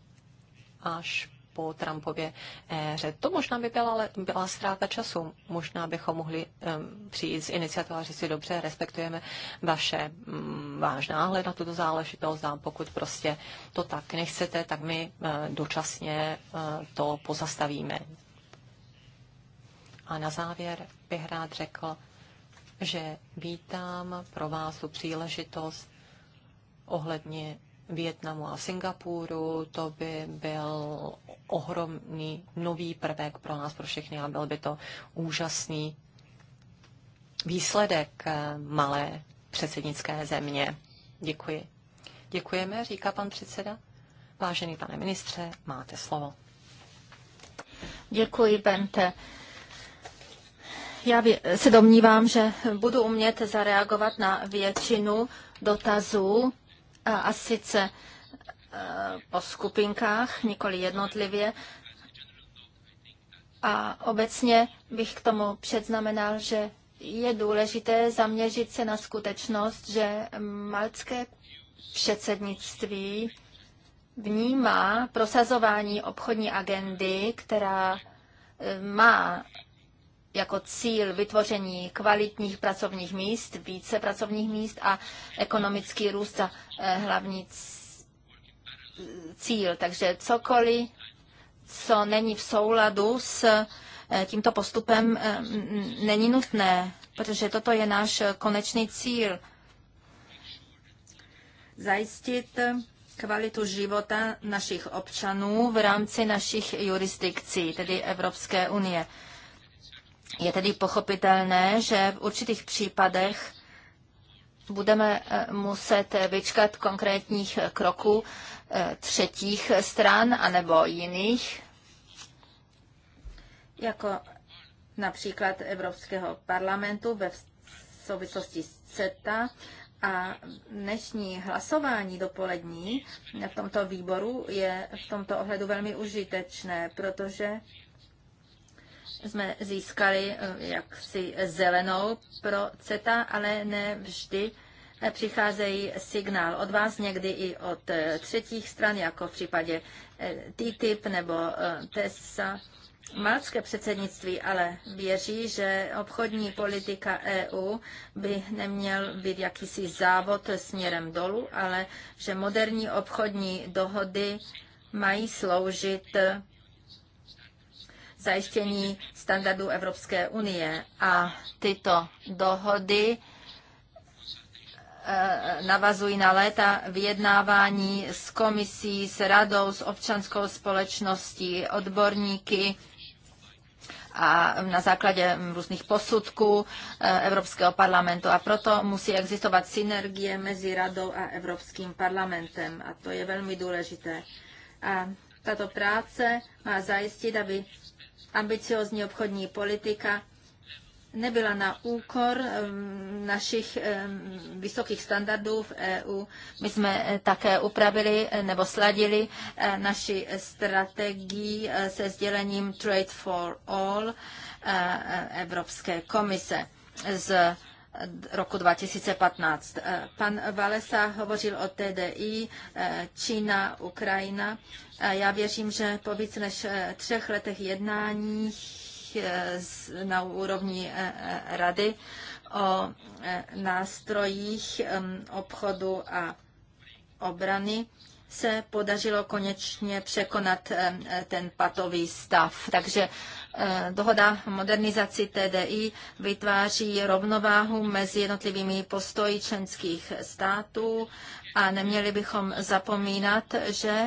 až po Trumpově éře. To možná by byla, ale byla ztráta času. Možná bychom mohli um, přijít z iniciativa, že si, dobře, respektujeme vaše, um, váš náhled na tuto záležitost a pokud prostě to tak nechcete, tak my uh, dočasně uh, to pozastavíme. A na závěr bych rád řekl, že vítám pro vás tu příležitost ohledně Větnamu a Singapuru, to by byl ohromný nový prvek pro nás, pro všechny a byl by to úžasný výsledek eh, malé předsednické země. Děkuji. Děkujeme, říká pan předseda. Vážený pane ministře, máte slovo. Děkuji, Bente. Já se domnívám, že budu umět zareagovat na většinu dotazů, a sice e, po skupinkách, nikoli jednotlivě. A obecně bych k tomu předznamenal, že je důležité zaměřit se na skutečnost, že maltské předsednictví vnímá prosazování obchodní agendy, která e, má jako cíl vytvoření kvalitních pracovních míst, více pracovních míst a ekonomický růst za eh, hlavní cíl. Takže cokoliv, co není v souladu s eh, tímto postupem, eh, není nutné, protože toto je náš konečný cíl. Zajistit kvalitu života našich občanů v rámci našich jurisdikcí, tedy Evropské unie. Je tedy pochopitelné, že v určitých případech budeme eh, muset eh, vyčkat konkrétních eh, kroků třetích stran anebo jiných, jako například Evropského parlamentu ve souvislosti s CETA a dnešní hlasování dopolední v tomto výboru je v tomto ohledu velmi užitečné, protože jsme získali eh, jaksi zelenou pro CETA, ale ne vždy eh, přicházejí signál od vás, někdy i od eh, třetích stran, jako v případě TTIP nebo TESA. Malcké předsednictví ale věří, že obchodní politika EU by neměl být jakýsi závod směrem dolů, ale že moderní obchodní dohody mají sloužit zajištění standardů Evropské unie. A tyto dohody eh, navazují na léta vyjednávání s komisí, s radou, s občanskou společností, odborníky a na základě různých posudků eh, Evropského parlamentu. A proto musí existovat synergie mezi radou a Evropským parlamentem. A to je velmi důležité. A tato práce má zajistit, aby ambiciozní obchodní politika nebyla na úkor našich vysokých standardů v EU. My jsme eh, také upravili eh, nebo sladili eh, naši strategii se sdělením Trade for All Evropské komise z roku 2015. Eh, pan Valesa hovořil o TDI, eh, Čína, Ukrajina. Eh, já věřím, že po více než třech letech jednání na úrovni rady o nástrojích obchodu a obrany se podařilo konečně překonat ten patový stav. Takže Eh, dohoda o modernizaci TDI vytváří rovnováhu mezi jednotlivými postoji členských států a neměli bychom zapomínat, že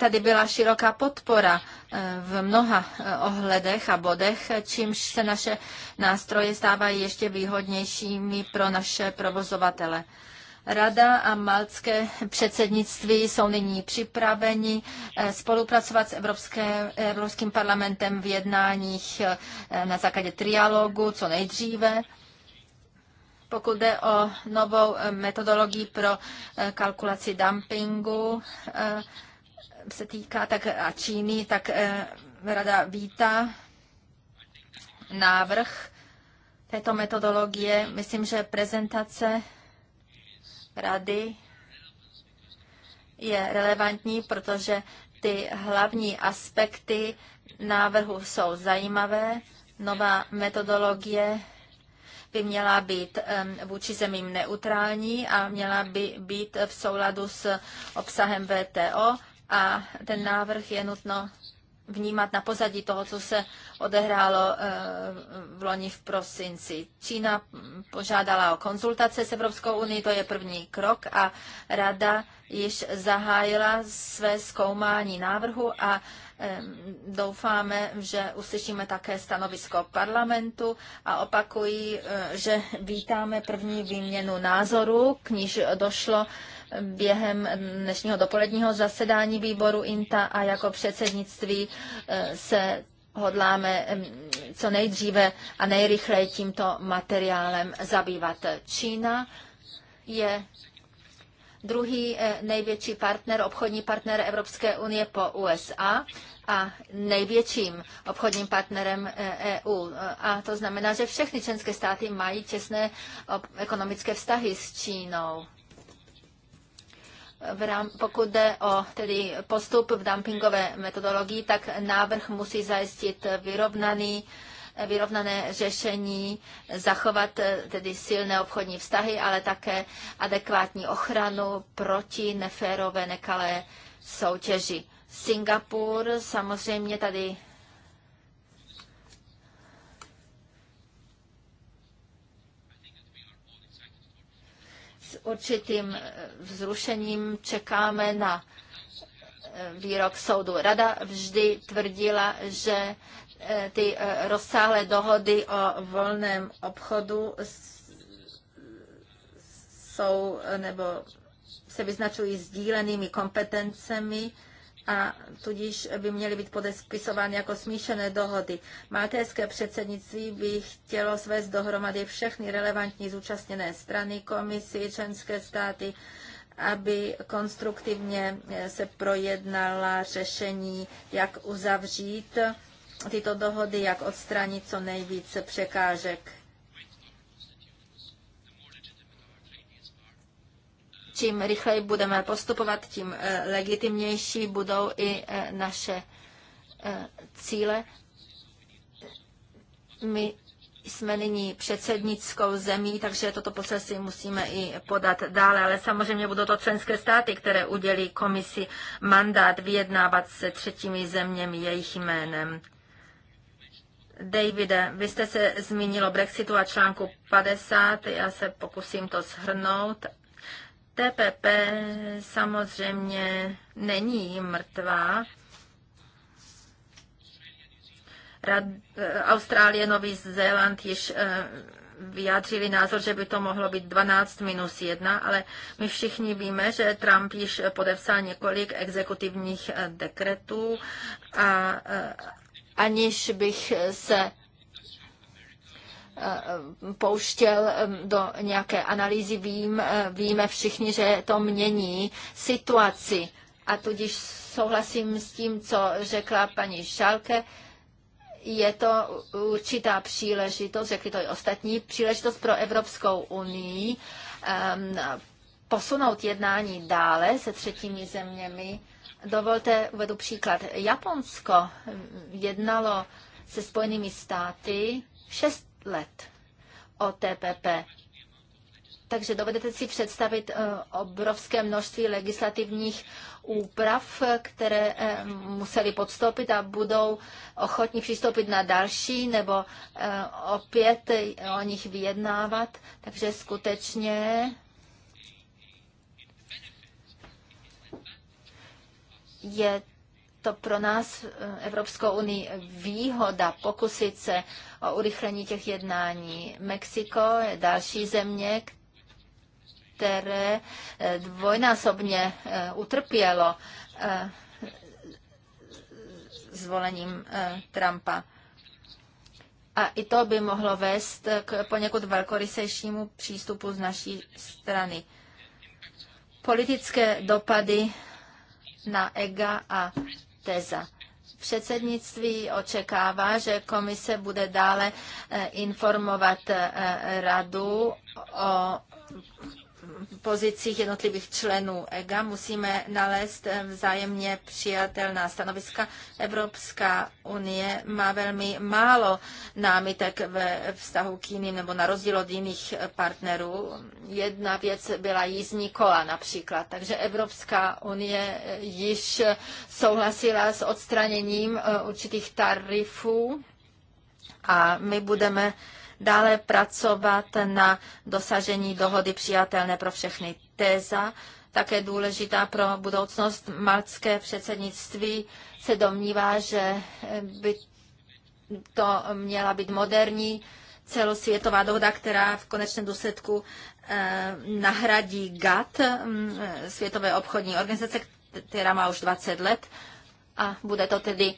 tady byla široká podpora eh, v mnoha eh, ohledech a bodech, čímž se naše nástroje stávají ještě výhodnějšími pro naše provozovatele. Rada a maltské předsednictví jsou nyní připraveni eh, spolupracovat s Evropské, eh, Evropským parlamentem v jednáních eh, na základě trialogu co nejdříve. Pokud jde o novou metodologii pro kalkulaci dumpingu, se týká tak a Číny, tak rada vítá návrh této metodologie. Myslím, že prezentace rady je relevantní, protože ty hlavní aspekty návrhu jsou zajímavé. Nová metodologie by měla být vůči zemím neutrální a měla by být v souladu s obsahem VTO a ten návrh je nutno vnímat na pozadí toho, co se odehrálo eh, v loni v prosinci. Čína požádala o konzultace s Evropskou unii, to je první krok a rada již zahájila své zkoumání návrhu a doufáme, že uslyšíme také stanovisko parlamentu a opakují, eh, že vítáme první výměnu názorů, k níž došlo během dnešního dopoledního zasedání výboru INTA a jako předsednictví eh, se hodláme co nejdříve a nejrychleji tímto materiálem zabývat. Čína je druhý eh, největší partner, obchodní partner Evropské unie po USA a největším obchodním partnerem EU. Eh, e a to znamená, že všechny členské státy mají těsné ekonomické vztahy s Čínou v rám, pokud jde o tedy postup v dumpingové metodologii, tak návrh musí zajistit vyrovnaný vyrovnané řešení, zachovat eh, tedy silné obchodní vztahy, ale také adekvátní ochranu proti neférové nekalé soutěži. Singapur samozřejmě tady určitým vzrušením čekáme na eh, výrok soudu. Rada vždy tvrdila, že eh, ty eh, rozsáhlé dohody o volném obchodu jsou nebo se vyznačují sdílenými kompetencemi a tudíž by měly být podespisovány jako smíšené dohody. Maltéské předsednictví by chtělo svést dohromady všechny relevantní zúčastněné strany, komisi, členské státy, aby konstruktivně se projednala řešení, jak uzavřít tyto dohody, jak odstranit co nejvíce překážek Čím rychleji budeme postupovat, tím eh, legitimnější budou i eh, naše eh, cíle. My jsme nyní předsednickou zemí, takže toto poselství musíme i podat dále, ale samozřejmě budou to členské státy, které udělí komisi mandát vyjednávat se třetími zeměmi jejich jménem. Davide, vy jste se zmínil o Brexitu a článku 50, já se pokusím to shrnout TPP samozřejmě není mrtvá. Rad, eh, Austrálie, Nový Zéland již eh, vyjádřili názor, že by to mohlo být 12 minus 1, ale my všichni víme, že Trump již podepsal několik exekutivních eh, dekretů a aniž bych se Eh, pouštěl do nějaké analýzy, vím, eh, víme všichni, že to mění situaci. A tudíž souhlasím s tím, co řekla paní Šalke, je to určitá příležitost, řekli to i ostatní, příležitost pro Evropskou unii um, posunout jednání dále se třetími zeměmi. Dovolte, uvedu příklad. Japonsko jednalo se Spojenými státy šest let o TPP. Takže dovedete si představit eh, obrovské množství legislativních úprav, které eh, museli podstoupit a budou ochotní přistoupit na další nebo eh, opět o nich vyjednávat. Takže skutečně je to pro nás eh, Evropskou unii výhoda pokusit se o urychlení těch jednání. Mexiko je další země, které eh, dvojnásobně eh, utrpělo zvolením Trumpa. A i to by mohlo vést k poněkud velkorysejšímu přístupu z naší strany. Politické dopady na EGA a teza. Předsednictví očekává, že komise bude dále eh, informovat eh, radu o pozicích jednotlivých členů EGA musíme nalézt eh, vzájemně přijatelná stanoviska. Evropská unie má velmi málo námitek ve vztahu k jiným nebo na rozdíl od jiných eh, partnerů. Jedna věc byla jízdní kola například, takže Evropská unie eh, již souhlasila s odstraněním určitých tarifů a my budeme dále pracovat na dosažení dohody přijatelné pro všechny. Téza, také důležitá pro budoucnost maltské předsednictví, se domnívá, že by to měla být moderní celosvětová dohoda, která v konečném důsledku eh, nahradí GATT, mm, Světové obchodní organizace, která má už 20 let a bude to tedy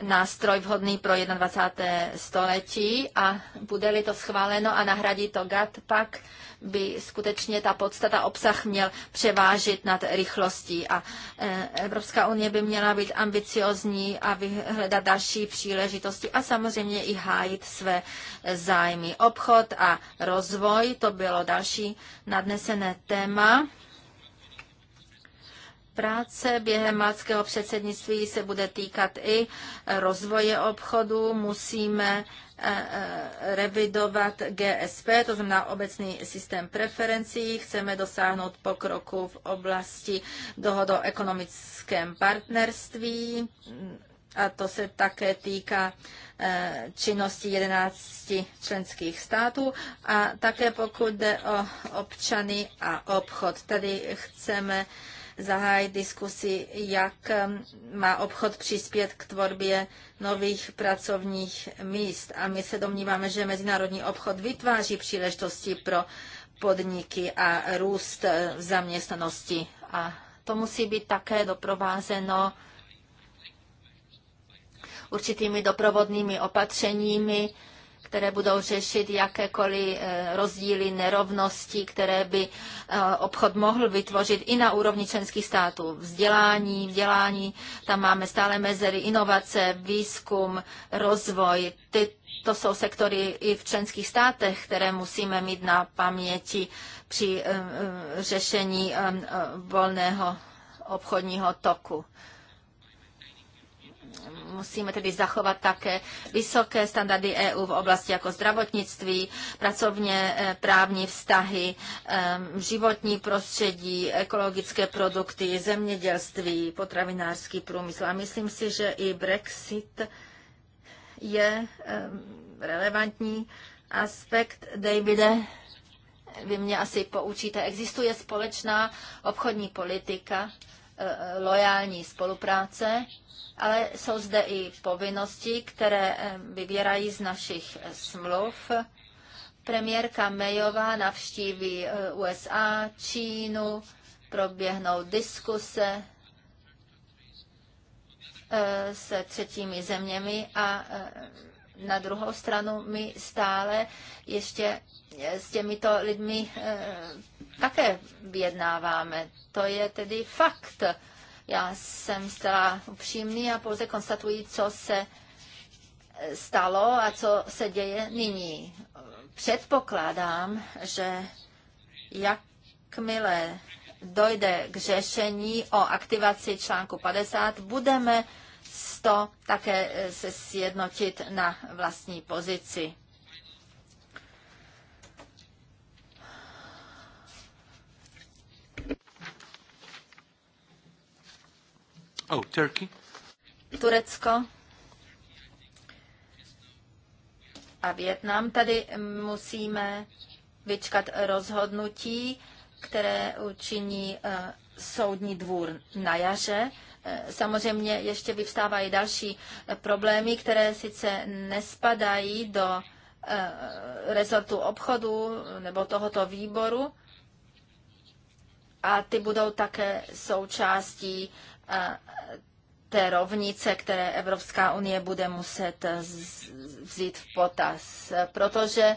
nástroj vhodný pro 21. století a bude-li to schváleno a nahradí to GATT, pak by skutečně ta podstata obsah měl převážit nad rychlostí a e, Evropská unie by měla být ambiciozní a vyhledat další příležitosti a samozřejmě i hájit své zájmy. Obchod a rozvoj, to bylo další nadnesené téma Práce během maltského předsednictví se bude týkat i rozvoje obchodu. Musíme eh, eh, revidovat GSP, to znamená obecný systém preferencí. Chceme dosáhnout pokroku v oblasti dohod o ekonomickém partnerství. A to se také týká eh, činnosti 11 členských států. A také pokud jde o občany a obchod, tady chceme zahájit diskusi, jak um, má obchod přispět k tvorbě nových pracovních míst. A my se domníváme, že mezinárodní obchod vytváří příležitosti pro podniky a růst eh, v zaměstnanosti. A to musí být také doprovázeno určitými doprovodnými opatřeními, které budou řešit jakékoliv eh, rozdíly, nerovnosti, které by eh, obchod mohl vytvořit i na úrovni členských států. Vzdělání, vzdělání, tam máme stále mezery, inovace, výzkum, rozvoj. Ty, to jsou sektory i v členských státech, které musíme mít na paměti při eh, řešení volného obchodního toku. Musíme tedy zachovat také vysoké standardy EU v oblasti jako zdravotnictví, pracovně eh, právní vztahy, ehm, životní prostředí, ekologické produkty, zemědělství, potravinářský průmysl. A myslím si, že i Brexit je ehm, relevantní aspekt. Davide, vy mě asi poučíte. Existuje společná obchodní politika, eh, eh, lojální spolupráce ale jsou zde i povinnosti, které eh, vyvěrají z našich eh, smluv. Premiérka Mayová navštíví eh, USA, Čínu, proběhnou diskuse se třetími zeměmi a na druhou stranu my stále ještě s těmito lidmi také vyjednáváme. To je tedy fakt. Já jsem zcela upřímný a pouze konstatuji, co se e, stalo a co se děje nyní. Předpokládám, že jakmile dojde k řešení o aktivaci článku 50, budeme z to také e, se sjednotit na vlastní pozici. Oh, Turkey. Turecko a Větnam. Tady musíme vyčkat rozhodnutí, které učiní eh, soudní dvůr na jaře. Eh, samozřejmě ještě vyvstávají další eh, problémy, které sice nespadají do rezortu obchodu nebo tohoto výboru, a ty budou také součástí té rovnice, které Evropská unie bude muset vzít v potaz, protože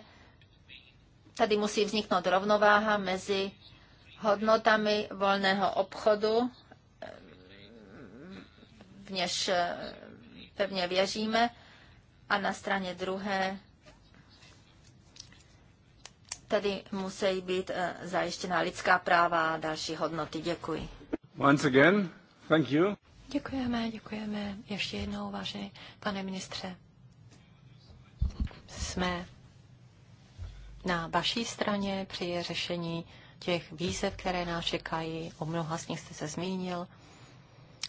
tady musí vzniknout rovnováha mezi hodnotami volného obchodu, v něž pevně věříme, a na straně druhé tady musí být e, zajištěna lidská práva a další hodnoty. Děkuji. Once again, Thank you. Děkujeme, děkujeme ještě jednou, vážený pane ministře. Jsme na vaší straně při řešení těch výzev, které nás čekají. O mnoha z nich jste se zmínil.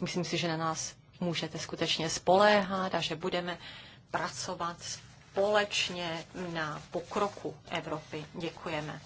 Myslím si, že na nás můžete skutečně spoléhat a že budeme pracovat společně na pokroku Evropy. Děkujeme.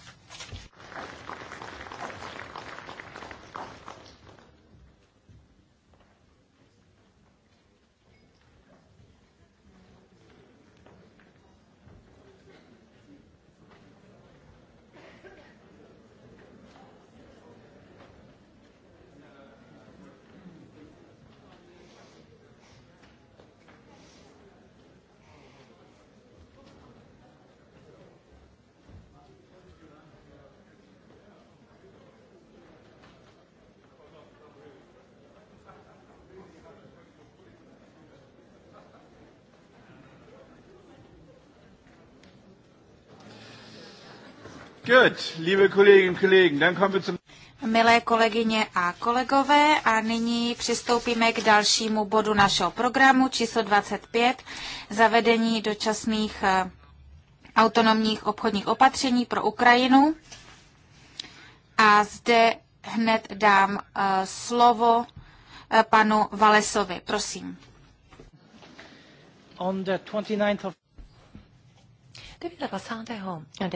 Good, liebe Kolleginnen Kollegen, dann kommen wir zum Milé kolegyně a kolegové, a nyní přistoupíme k dalšímu bodu našeho programu číslo 25, zavedení dočasných eh, autonomních obchodních opatření pro Ukrajinu. A zde hned dám eh, slovo eh, panu Valesovi. Prosím. On the 29th of... 2016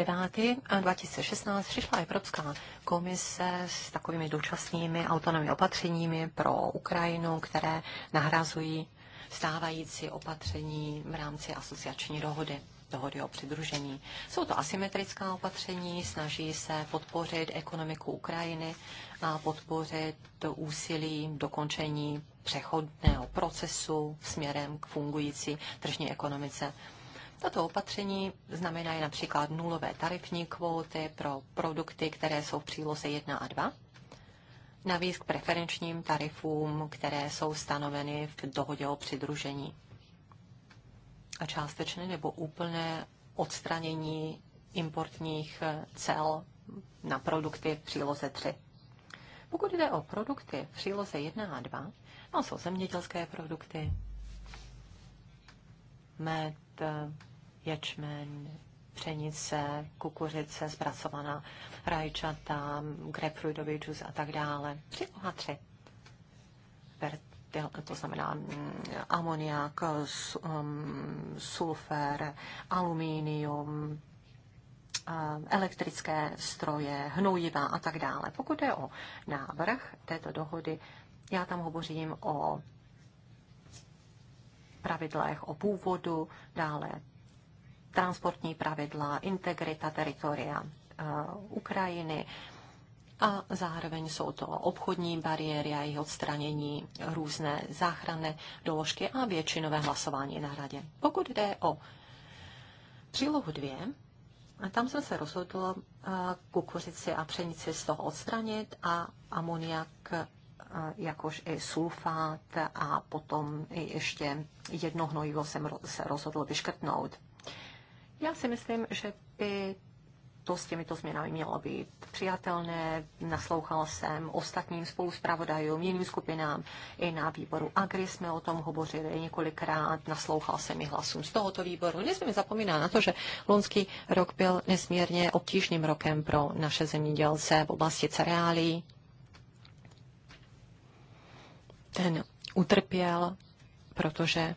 přišla Evropská komise s takovými dočasnými autonomními opatřeními pro Ukrajinu, které nahrazují stávající opatření v rámci asociační dohody dohody o přidružení. Jsou to asymetrická opatření, snaží se podpořit ekonomiku Ukrajiny a podpořit úsilí dokončení přechodného procesu směrem k fungující tržní ekonomice tato opatření znamenají například nulové tarifní kvóty pro produkty, které jsou v příloze 1 a 2, navíc k preferenčním tarifům, které jsou stanoveny v dohodě o přidružení a částečné nebo úplné odstranění importních eh, cel na produkty v příloze 3. Pokud jde o produkty v příloze 1 a 2, no jsou zemědělské produkty, med, ječmen, pšenice, kukuřice, zpracovaná rajčata, grapefruitový džus a tak dále. Tři OH3. Tři. To znamená mm, amoniak, um, sulfér, aluminium, um, elektrické stroje, hnojiva a tak dále. Pokud je o návrh této dohody, já tam hovořím o pravidlech o původu, dále transportní pravidla, integrita teritoria eh, Ukrajiny a zároveň jsou to obchodní bariéry a jejich odstranění, různé záchranné doložky a většinové hlasování na radě. Pokud jde o přílohu dvě a tam jsem se rozhodlo eh, kukuřici a pšenici z toho odstranit a amoniak eh, jakož i sulfát a potom i ještě jedno hnojivo jsem se rozhodl vyškrtnout. Já si myslím, že by to s těmito změnami mělo být přijatelné. Naslouchal jsem ostatním spoluzpravodajům, jiným skupinám. I na výboru Agri jsme o tom hovořili několikrát. Naslouchal jsem i hlasům z tohoto výboru. Nesmíme zapomínat na to, že loňský rok byl nesmírně obtížným rokem pro naše zemědělce v oblasti cereálí. Ten utrpěl, protože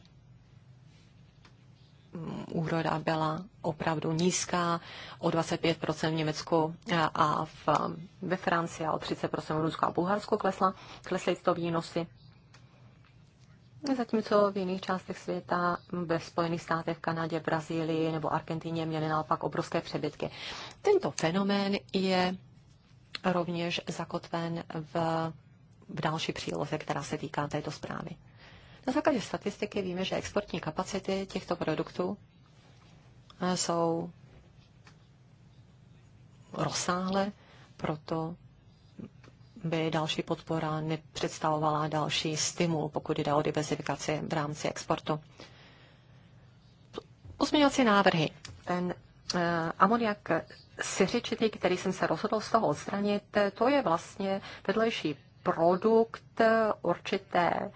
úroda byla opravdu nízká, o 25% v Německu a v, ve Francii a o 30% v Rusku a Bulharsku klesla, klesly to výnosy. Zatímco v jiných částech světa, ve Spojených státech, v Kanadě, Brazílii nebo Argentině měly naopak obrovské přebytky. Tento fenomén je rovněž zakotven v, v další příloze, která se týká této zprávy. Na základě statistiky víme, že exportní kapacity těchto produktů eh, jsou rozsáhlé, proto by další podpora nepředstavovala další stimul, pokud jde o diversifikaci v rámci exportu. Pozměňovací návrhy. Ten uh, amoniak syřičitý, který jsem se rozhodl z toho odstranit, to je vlastně vedlejší produkt eh, určité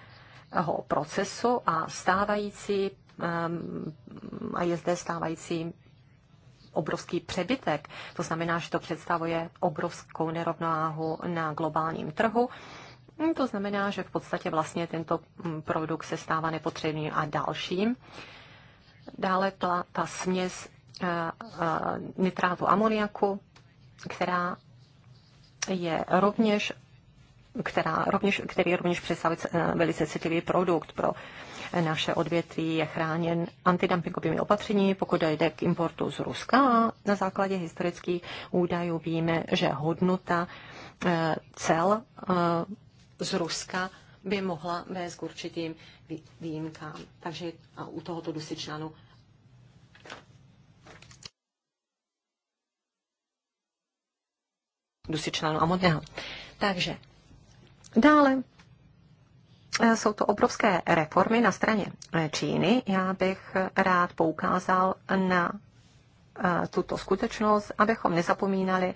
procesu a stávající a je zde stávající obrovský přebytek. To znamená, že to představuje obrovskou nerovnováhu na globálním trhu. To znamená, že v podstatě vlastně tento mm, produkt se stává nepotřebným a dalším. Dále ta, ta směs e, e, nitrátu amoniaku, která je rovněž která rovněž, který rovněž představuje eh, velice citlivý produkt pro naše odvětví je chráněn antidumpingovými opatření, pokud jde k importu z Ruska. Na základě historických údajů víme, že hodnota eh, cel eh, z Ruska by mohla vést k určitým výjimkám. Takže a u tohoto dusičnanu dusičnanu amodného. Takže Dále eh, jsou to obrovské reformy na straně eh, Číny. Já bych rád poukázal na eh, tuto skutečnost, abychom nezapomínali,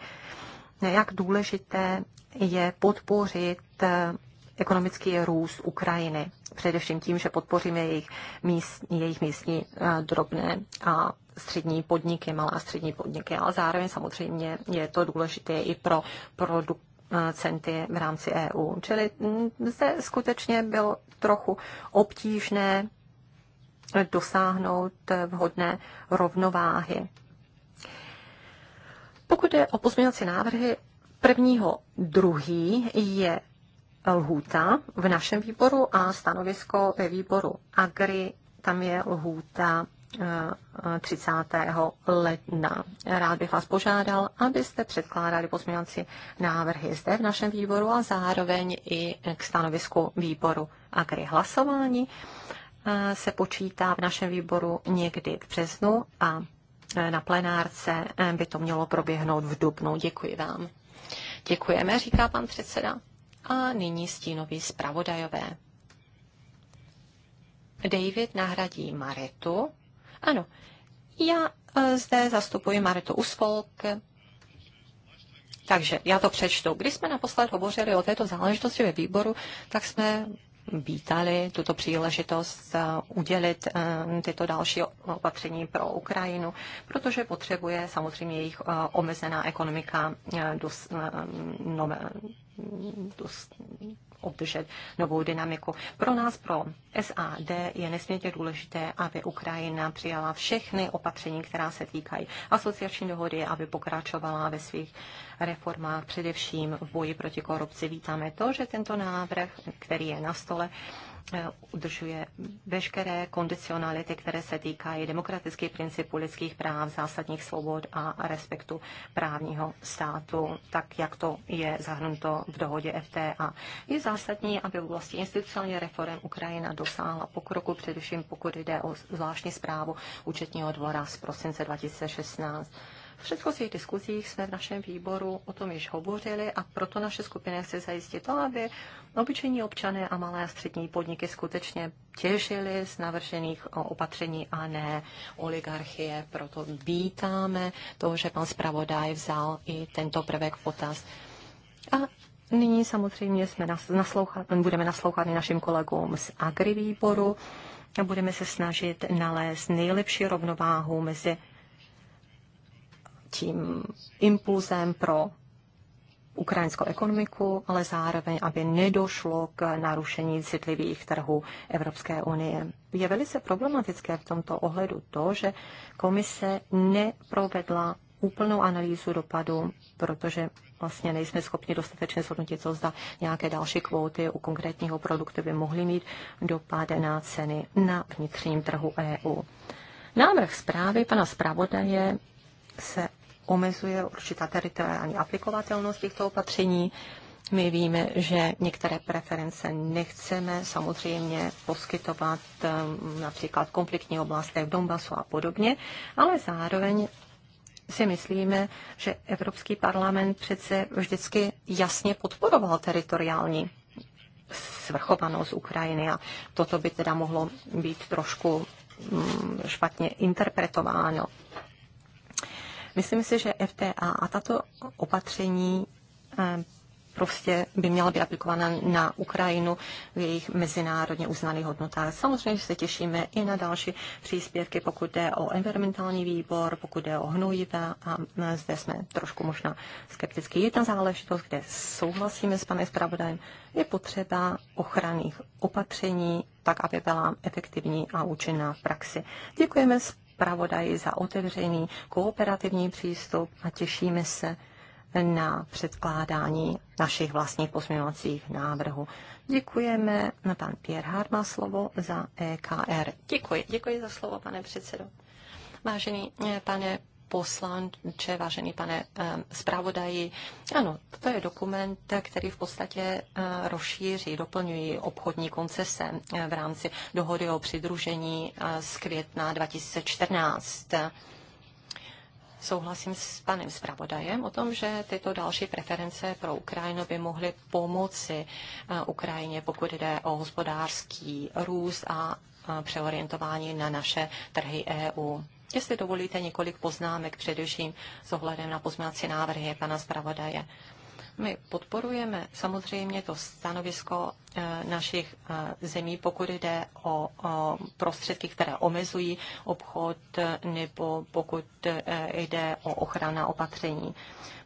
jak důležité je podpořit ekonomický růst Ukrajiny. Především tím, že podpoříme jejich místní, jejich místní drobné a střední podniky, malá střední podniky, ale zároveň samozřejmě je to důležité i pro produkt Eh, centy v rámci EU. Čili mm, zde skutečně bylo trochu obtížné dosáhnout vhodné rovnováhy. Pokud je o pozměňovací návrhy, prvního druhý je lhůta v našem výboru a stanovisko ve výboru Agri, tam je lhůta 30. Eh, eh, ledna. Rád bych vás požádal, abyste předkládali pozměňovací návrhy zde v našem výboru a zároveň i k stanovisku výboru Agri hlasování eh, se počítá v našem výboru někdy v březnu a na plenárce by to mělo proběhnout v dubnu. Děkuji vám. Děkujeme, říká pan předseda. A nyní stínoví zpravodajové. David nahradí Maritu, ano, já e, zde zastupuji Martu Usfolk, takže já to přečtu. Když jsme naposled hovořili o této záležitosti ve výboru, tak jsme vítali tuto příležitost e, udělit e, tyto další opatření pro Ukrajinu, protože potřebuje samozřejmě jejich omezená ekonomika dos, obdržet novou dynamiku. Pro nás, pro SAD, je nesmírně důležité, aby Ukrajina přijala všechny opatření, která se týkají asociační dohody, aby pokračovala ve svých reformách, především v boji proti korupci. Vítáme to, že tento návrh, který je na stole, Eh, udržuje veškeré kondicionality, které se týkají demokratických principů lidských práv, zásadních svobod a respektu právního státu, tak jak to je zahrnuto v dohodě FTA. Je zásadní, aby v oblasti institucionální reform Ukrajina dosáhla pokroku, především pokud jde o zvláštní zprávu účetního dvora z prosince 2016. V předchozích diskuzích jsme v našem výboru o tom již hovořili a proto naše skupina chce zajistit to, aby obyčejní občané a malé a střední podniky skutečně těžili z navržených opatření a ne oligarchie. Proto vítáme to, že pan zpravodaj vzal i tento prvek v potaz. A Nyní samozřejmě jsme naslouchat, budeme naslouchat i našim kolegům z agrivýboru výboru a budeme se snažit nalézt nejlepší rovnováhu mezi tím impulzem pro ukrajinskou ekonomiku, ale zároveň, aby nedošlo k narušení citlivých trhů Evropské unie. Je velice problematické v tomto ohledu to, že komise neprovedla úplnou analýzu dopadu, protože vlastně nejsme schopni dostatečně zhodnotit, co zda nějaké další kvóty u konkrétního produktu by mohly mít dopad na ceny na vnitřním trhu EU. Návrh zprávy pana zpravodaje se omezuje určitá teritoriální aplikovatelnost těchto opatření. My víme, že některé preference nechceme samozřejmě poskytovat ehm, například v oblasti v Donbasu a podobně, ale zároveň si myslíme, že Evropský parlament přece vždycky jasně podporoval teritoriální svrchovanost Ukrajiny a toto by teda mohlo být trošku mm, špatně interpretováno Myslím si, že FTA a tato opatření eh, prostě by měla být aplikována na Ukrajinu v jejich mezinárodně uznaných hodnotách. Samozřejmě se těšíme i na další příspěvky, pokud jde o environmentální výbor, pokud jde o hnojiva a eh, zde jsme trošku možná skepticky, je Jedna záležitost, kde souhlasíme s panem zpravodajem, je potřeba ochranných opatření, tak aby byla efektivní a účinná v praxi. Děkujeme zpravodaji za otevřený kooperativní přístup a těšíme se na předkládání našich vlastních pozměňovacích návrhů. Děkujeme na pan Pierre Harma slovo za EKR. Děkuji, děkuji za slovo, pane předsedo. Vážený eh, pane poslanče, vážený pane eh, zpravodaji. Ano, to je dokument, který v podstatě eh, rozšíří, doplňují obchodní koncese eh, v rámci dohody o přidružení z května 2014 souhlasím s panem zpravodajem o tom, že tyto další preference pro Ukrajinu by mohly pomoci Ukrajině, pokud jde o hospodářský růst a přeorientování na naše trhy EU. Jestli dovolíte několik poznámek, především s ohledem na pozměňovací návrhy pana zpravodaje. My podporujeme samozřejmě to stanovisko eh, našich eh, zemí, pokud jde o prostředky, které omezují obchod eh, nebo pokud jde o ochrana opatření.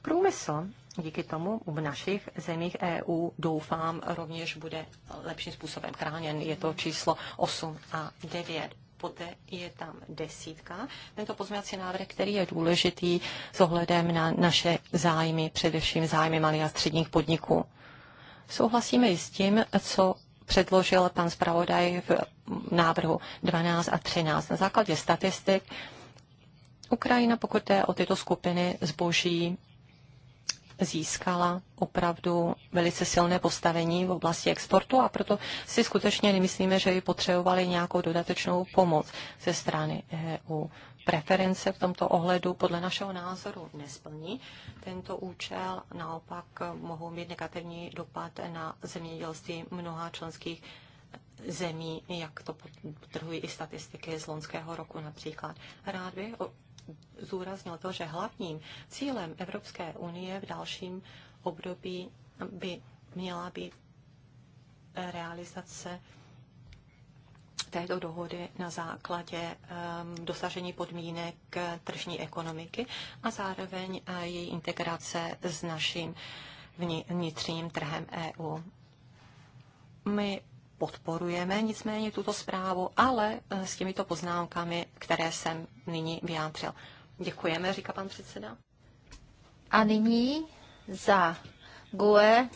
Průmysl díky tomu v našich zemích EU doufám rovněž bude lepším způsobem chráněn. Je to číslo 8 a 9 poté je tam desítka. Je to pozměňovací návrh, který je důležitý s ohledem na naše zájmy, především zájmy malých a středních podniků. Souhlasíme i s tím, co předložil pan zpravodaj v návrhu 12 a 13. Na základě statistik Ukrajina, pokud jde o tyto skupiny zboží, získala opravdu velice silné postavení v oblasti exportu a proto si skutečně nemyslíme, že by potřebovali nějakou dodatečnou pomoc ze strany EU. Preference v tomto ohledu podle našeho názoru nesplní tento účel, naopak mohou mít negativní dopad na zemědělství mnoha členských zemí, jak to potrhují i statistiky z loňského roku například. Rád bych zúraznil to, že hlavním cílem Evropské unie v dalším období by měla být realizace této dohody na základě um, dosažení podmínek tržní ekonomiky a zároveň a její integrace s naším vnitřním trhem EU. My podporujeme nicméně tuto zprávu, ale eh, s těmito poznámkami, které jsem nyní vyjádřil. Děkujeme, říká pan předseda. A nyní za GUE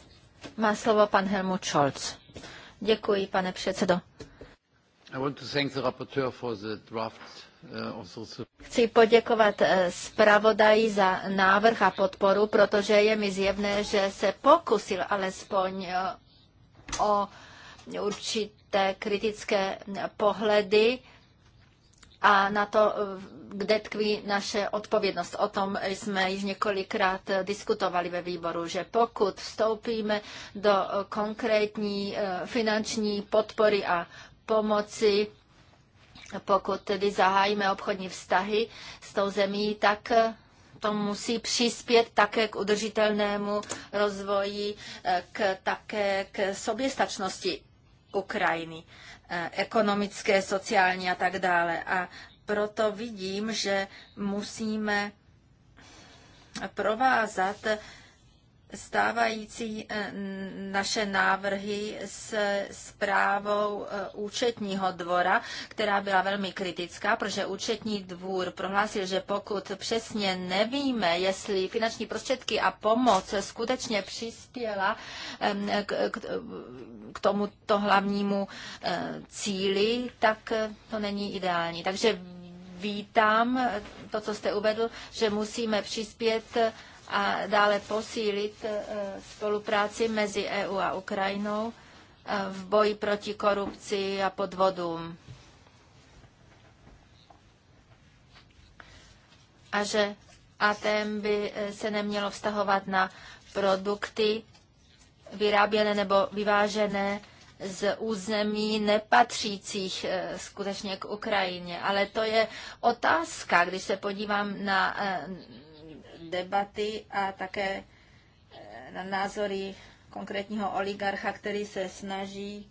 má slovo pan Helmut Scholz. Děkuji, pane předsedo. Eh, Chci poděkovat eh, zpravodaji za návrh a podporu, protože je mi zjevné, že se pokusil alespoň o určité kritické pohledy a na to, kde tkví naše odpovědnost. O tom jsme již několikrát diskutovali ve výboru, že pokud vstoupíme do konkrétní eh, finanční podpory a pomoci, pokud tedy zahájíme obchodní vztahy s tou zemí, tak eh, to musí přispět také k udržitelnému rozvoji, eh, k, také k soběstačnosti Ukrajiny, eh, ekonomické, sociální a tak dále. A proto vidím, že musíme provázat stávající eh, naše návrhy s zprávou eh, účetního dvora, která byla velmi kritická, protože účetní dvůr prohlásil, že pokud přesně nevíme, jestli finanční prostředky a pomoc skutečně přispěla k tomuto hlavnímu eh, cíli, tak to není ideální. Takže vítám to, co jste uvedl, že musíme přispět a dále posílit eh, spolupráci mezi EU a Ukrajinou eh, v boji proti korupci a podvodům. A že ATM by eh, se nemělo vztahovat na produkty vyráběné nebo vyvážené z území nepatřících skutečně k Ukrajině. Ale to je otázka, když se podívám na debaty a také eh, na názory konkrétního oligarcha, který se snaží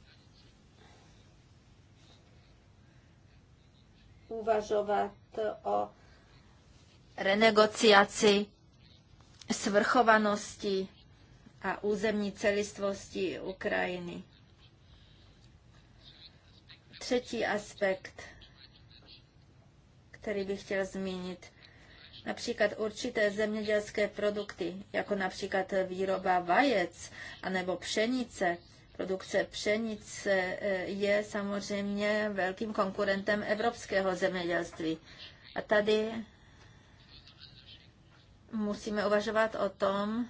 uvažovat o renegociaci svrchovanosti a územní celistvosti Ukrajiny. Třetí aspekt, který bych chtěl zmínit, Například určité zemědělské produkty, jako například výroba vajec anebo pšenice, Produkce pšenice eh, je samozřejmě velkým konkurentem evropského zemědělství. A tady musíme uvažovat o tom,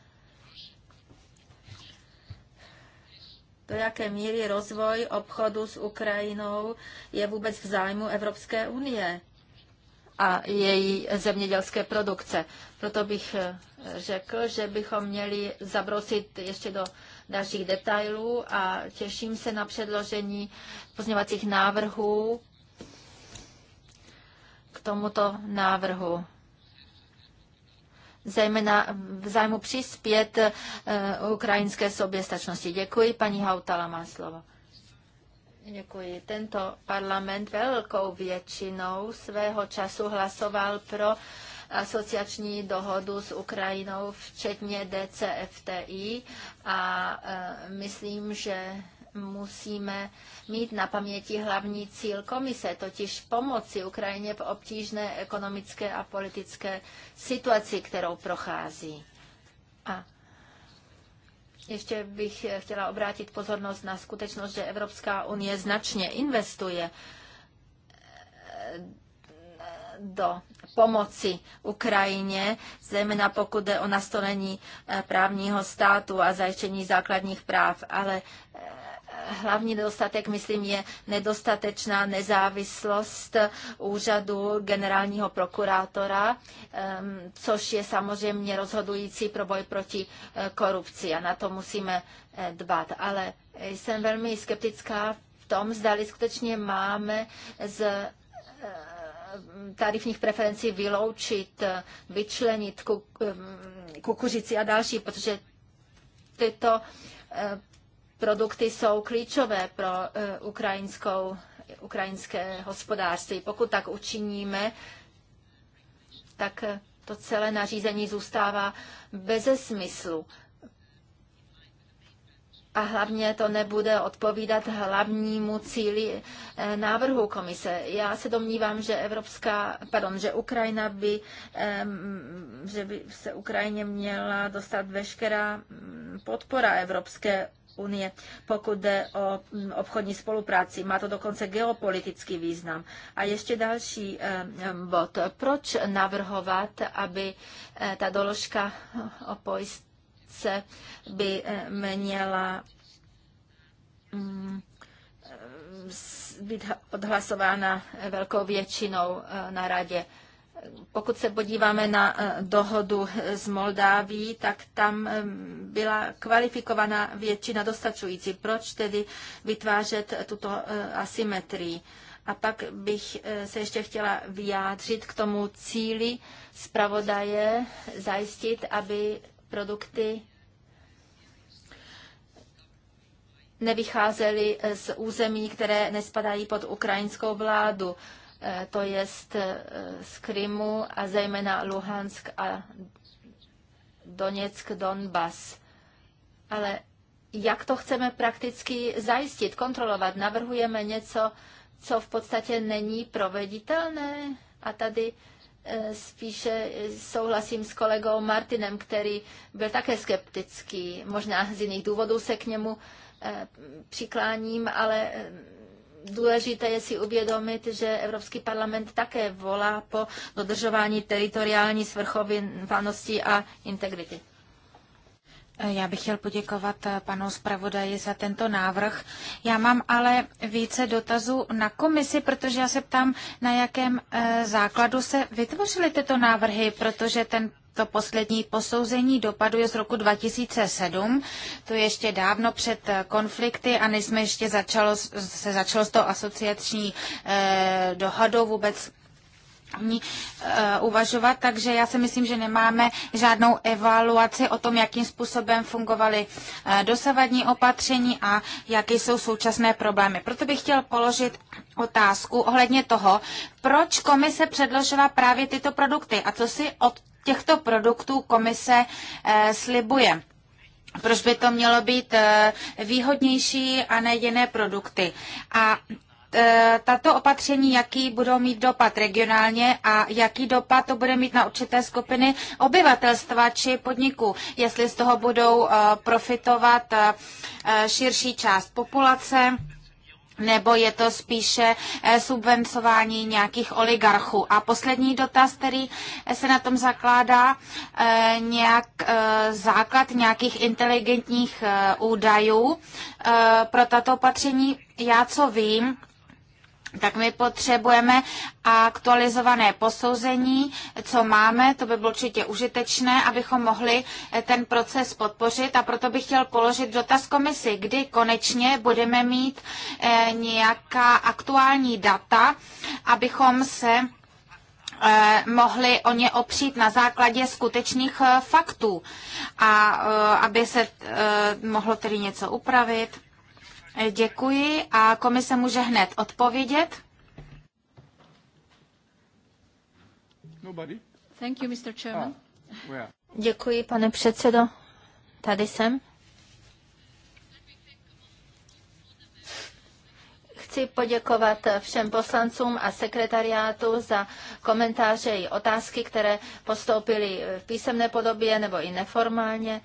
do jaké míry rozvoj obchodu s Ukrajinou je vůbec v zájmu Evropské unie a její zemědělské produkce. Proto bych eh, řekl, že bychom měli zabrousit ještě do dalších detailů a těším se na předložení pozměvacích návrhů k tomuto návrhu Zajména v zájmu přispět eh, ukrajinské soběstačnosti. Děkuji, paní Hautala má slovo. Děkuji. Tento parlament velkou většinou svého času hlasoval pro asociační dohodu s Ukrajinou, včetně DCFTI a e, myslím, že musíme mít na paměti hlavní cíl komise, totiž pomoci Ukrajině v obtížné ekonomické a politické situaci, kterou prochází. A ještě bych chtěla obrátit pozornost na skutečnost, že Evropská unie značně investuje eh, do pomoci Ukrajině, zejména pokud jde o nastolení eh, právního státu a zajištění základních práv. Ale eh, hlavní nedostatek, myslím, je nedostatečná nezávislost úřadu generálního prokurátora, což je samozřejmě rozhodující pro boj proti eh, korupci a na to musíme eh, dbat. Ale jsem velmi skeptická v tom, zdali skutečně máme z eh, tarifních preferencí vyloučit, vyčlenit kukuřici a další, protože tyto produkty jsou klíčové pro eh, ukrajinskou, ukrajinské hospodářství. Pokud tak učiníme, tak eh, to celé nařízení zůstává beze smyslu. A hlavně to nebude odpovídat hlavnímu cíli eh, návrhu komise. Já se domnívám, že Evropská, pardon, že Ukrajina by, že by se Ukrajině měla dostat veškerá mm, podpora Evropské unie, pokud jde o mm, obchodní spolupráci. Má to dokonce geopolitický význam. A ještě další eh, eh, bod. Proč navrhovat, aby eh, ta doložka o pojistce by měla mm, být odhlasována velkou většinou na radě? pokud se podíváme na eh, dohodu s Moldáví, tak tam eh, byla kvalifikovaná většina dostačující. Proč tedy vytvářet tuto eh, asymetrii? A pak bych se ještě chtěla vyjádřit k tomu cíli zpravodaje zajistit, aby produkty nevycházely z území, které nespadají pod ukrajinskou vládu. Eh, to jest eh, z Krymu a zejména Luhansk a Doněck, Donbas. Ale jak to chceme prakticky zajistit, kontrolovat? Navrhujeme něco, co v podstatě není proveditelné a tady eh, spíše souhlasím s kolegou Martinem, který byl také skeptický. Možná z jiných důvodů se k němu přikláním, ale důležité je si uvědomit, že Evropský parlament také volá po dodržování teritoriální svrchovanosti a integrity. E, já bych chtěl poděkovat e, panu zpravodaji za tento návrh. Já mám ale více dotazů na komisi, protože já se ptám, na jakém e, základu se vytvořily tyto návrhy, protože ten to poslední posouzení dopadu je z roku 2007, to je ještě dávno před eh, konflikty a než jsme ještě začalo, se začalo s tou asociační eh, dohodou vůbec ní eh, uvažovat, takže já si myslím, že nemáme žádnou evaluaci o tom, jakým způsobem fungovaly eh, dosavadní opatření a jaké jsou současné problémy. Proto bych chtěl položit otázku ohledně toho, proč komise předložila právě tyto produkty a co si od těchto produktů komise eh, slibuje. Proč by to mělo být eh, výhodnější a ne jiné produkty? A eh, tato opatření, jaký budou mít dopad regionálně a jaký dopad to bude mít na určité skupiny obyvatelstva či podniků, jestli z toho budou profitovat širší část populace nebo je to spíše eh, subvencování nějakých oligarchů. A poslední dotaz, který eh, se na tom zakládá, eh, nějak základ nějakých inteligentních údajů pro tato opatření. Já co vím, tak my potřebujeme aktualizované posouzení, co máme, to by bylo určitě užitečné, abychom mohli eh, ten proces podpořit a proto bych chtěl položit dotaz komisi, kdy konečně budeme mít eh, nějaká aktuální data, abychom se eh, mohli o ně opřít na základě skutečných faktů a aby se mohlo tedy něco upravit. Děkuji a komise může hned odpovědět. Nobody? Thank you, Mr. Chairman. Ah, Děkuji, pane předsedo. Tady jsem. chci poděkovat všem poslancům a sekretariátu za komentáře i otázky, které postoupily v písemné podobě nebo i neformálně.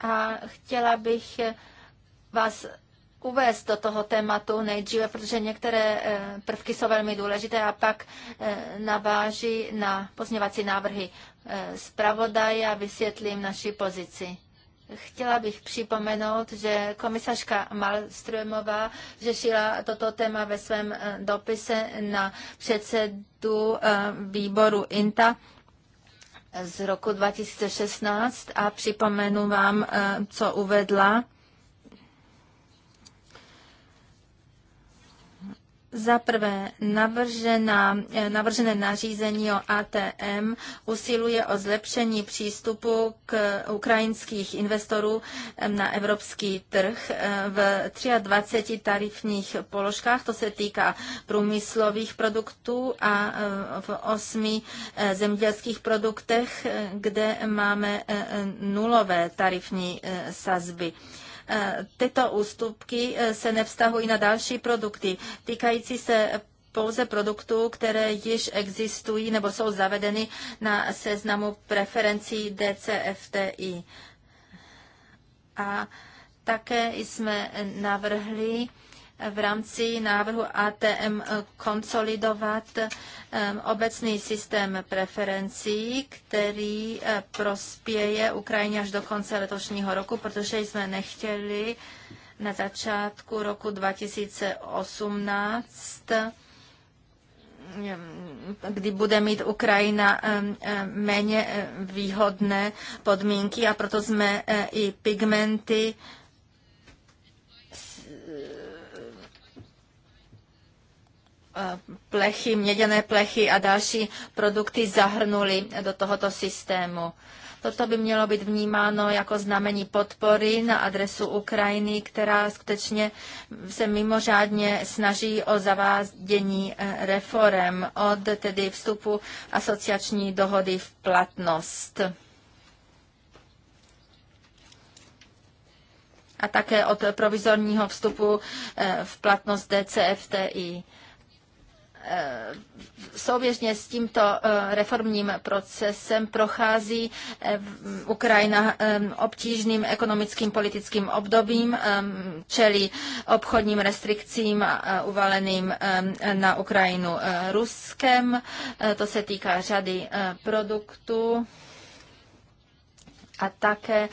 A chtěla bych vás uvést do toho tématu nejdříve, protože některé eh, prvky jsou velmi důležité a pak eh, naváží na pozněvací návrhy eh, zpravodaje a vysvětlím naši pozici. Chtěla bych připomenout, že komisařka Malströmová řešila toto téma ve svém dopise na předsedu výboru INTA z roku 2016 a připomenu vám, co uvedla Za prvé, navržená, eh, navržené nařízení o ATM usiluje o zlepšení přístupu k ukrajinských investorů eh, na evropský trh eh, v 23 tarifních položkách. To se týká průmyslových produktů a v osmi zemědělských produktech, kde máme nulové tarifní sazby. Eh, tyto ústupky eh, se nevztahují na další produkty týkající se pouze produktů, které již existují nebo jsou zavedeny na seznamu preferencí DCFTI. A také jsme navrhli v rámci návrhu ATM konsolidovat ehm, obecný systém preferencí, který eh, prospěje Ukrajině až do konce letošního roku, protože jsme nechtěli na začátku roku 2018 ehm, kdy bude mít Ukrajina ehm, méně eh, výhodné podmínky a proto jsme eh, i pigmenty Eh, plechy, měděné plechy a další produkty zahrnuli do tohoto systému. Toto by mělo být vnímáno jako znamení podpory na adresu Ukrajiny, která skutečně se mimořádně snaží o zavádění eh, reform od tedy vstupu asociační dohody v platnost. A také od provizorního vstupu eh, v platnost DCFTI. Eh, souběžně s tímto eh, reformním procesem prochází eh, Ukrajina obtížným ekonomickým politickým obdobím, čelí obchodním restrikcím uvaleným na Ukrajinu Ruskem. To se týká řady produktů a také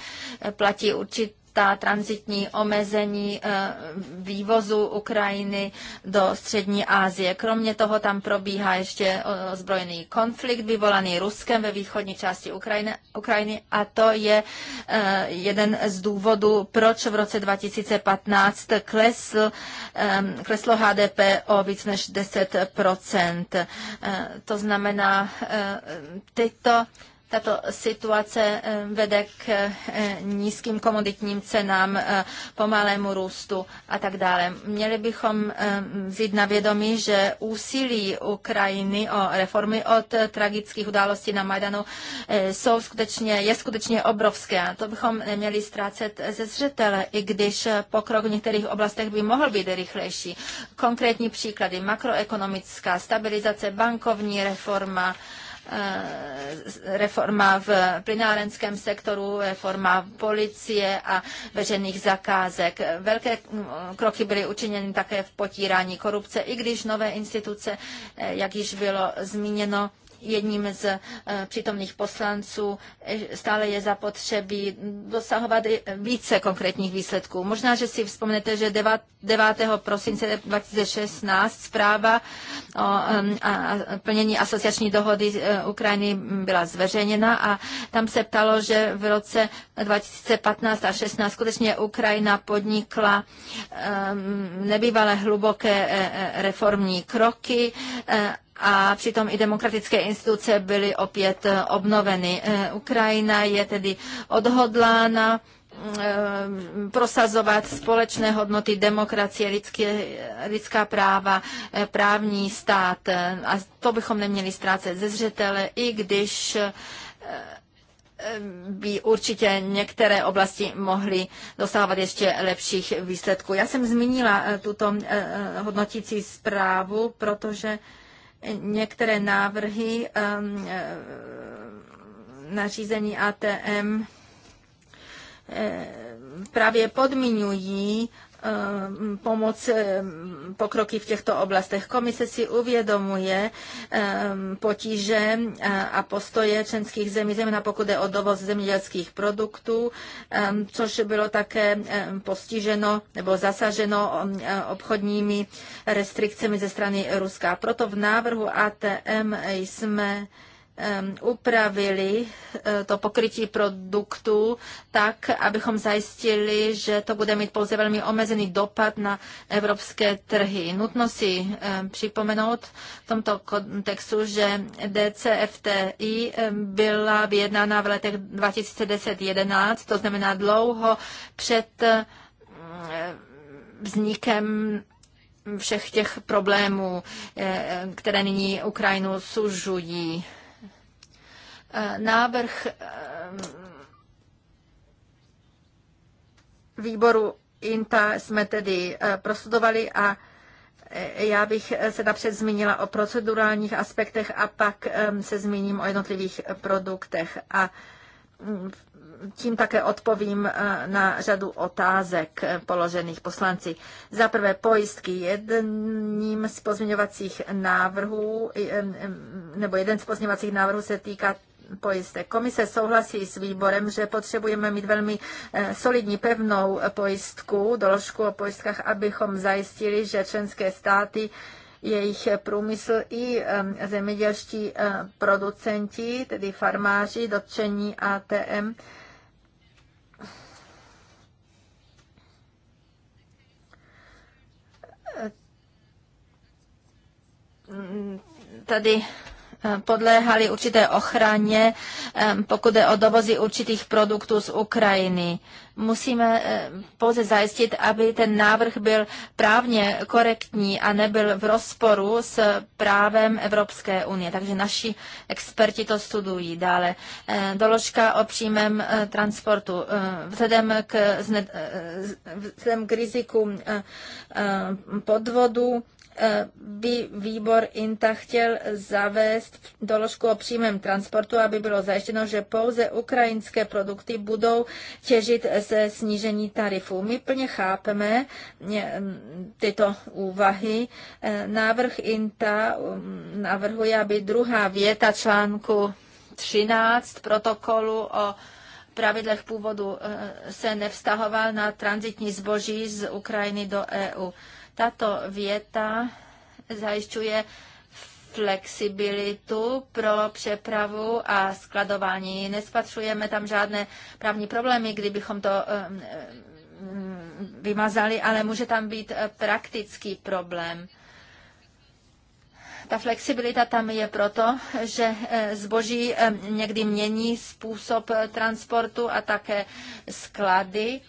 platí určitě ta transitní omezení eh, vývozu Ukrajiny do Střední Asie. Kromě toho tam probíhá ještě ozbrojený konflikt vyvolaný Ruskem ve východní části Ukrajiny, Ukrajiny a to je eh, jeden z důvodů, proč v roce 2015 klesl, eh, kleslo HDP o víc než 10 To znamená, tyto tato situace eh, vede k eh, nízkým komoditním cenám, eh, pomalému růstu a tak dále. Měli bychom vzít na vědomí, že úsilí Ukrajiny o reformy od tragických událostí na Majdanu jsou skutečně, je skutečně obrovské a to bychom neměli ztrácet ze zřetele, i když pokrok v některých oblastech by mohl být rychlejší. Konkrétní příklady makroekonomická stabilizace, bankovní reforma, Eh, reforma v plynárenském sektoru, reforma policie a veřejných zakázek. Velké kroky byly učiněny také v potírání korupce, i když nové instituce, eh, jak již bylo zmíněno, jedním z eh, přítomných poslanců, eh, stále je zapotřebí dosahovat více konkrétních výsledků. Možná, že si vzpomenete, že 9. prosince 2016 zpráva o plnění asociační dohody eh, Ukrajiny byla zveřejněna a tam se ptalo, že v roce 2015 a 16 skutečně Ukrajina podnikla nebývalé hluboké reformní kroky a přitom i demokratické instituce byly opět eh, obnoveny. Eh, Ukrajina je tedy odhodlána eh, prosazovat společné hodnoty demokracie, lidské, lidská práva, právní stát. A to bychom neměli ztrácet ze zřetele, i když by určitě některé oblasti mohly dosávat ještě lepších výsledků. Já jsem zmínila tuto hodnotící zprávu, protože některé návrhy um, eh, nařízení ATM eh, právě podmiňují Eh, pomoc eh, pokroky v těchto oblastech. Komise si uvědomuje eh, potíže a postoje členských zemí, zejména pokud je o dovoz zemědělských produktů, což bylo také postiženo nebo zasaženo obchodními restrikcemi ze strany Ruska. Proto v návrhu ATM jsme upravili eh, to pokrytí produktů tak, abychom zajistili, že to bude mít pouze velmi omezený dopad na evropské trhy. Nutno si připomenout v tomto kontextu, že DCFTI byla vyjednána v letech 2010-2011, to znamená dlouho před vznikem všech těch problémů, eh, které nyní Ukrajinu sužují. Eh, návrh eh, výboru INTA jsme tedy eh, prostudovali a já bych se napřed zmínila o procedurálních aspektech a pak ehm, se zmíním o jednotlivých produktech. A mm, tím také odpovím na řadu otázek položených poslanci. Za prvé pojistky. Jedním z pozměňovacích návrhů, nebo jeden z pozměňovacích návrhů se týká pojistek. Komise souhlasí s výborem, že potřebujeme mít velmi eh, solidní, pevnou pojistku, doložku o pojistkách, abychom zajistili, že členské státy jejich průmysl i ehm, zemědělští eh, producenti, tedy farmáři, dotčení ATM, eh, tady podléhali určité ochraně, pokud je o dovozy určitých produktů z Ukrajiny. Musíme pouze zajistit, aby ten návrh byl právně korektní a nebyl v rozporu s právem Evropské unie. Takže naši experti to studují dále. Doložka o příjmem eh, transportu. Vzhledem k, eh, vzhledem k riziku eh, podvodu by výbor INTA chtěl zavést doložku o přímém transportu, aby bylo zajištěno, že pouze ukrajinské produkty budou těžit ze snížení tarifů. My plně chápeme tyto úvahy. E, návrh INTA um, navrhuje, aby druhá věta článku 13 protokolu o pravidlech původu e, se nevztahoval na transitní zboží z Ukrajiny do EU. Tato věta zajišťuje flexibilitu pro přepravu a skladování. Nespatřujeme tam žádné právní problémy, kdybychom to vymazali, ale může tam být eh, praktický problém. Ta flexibilita tam je proto, že eh, zboží někdy mění způsob eh, transportu a také sklady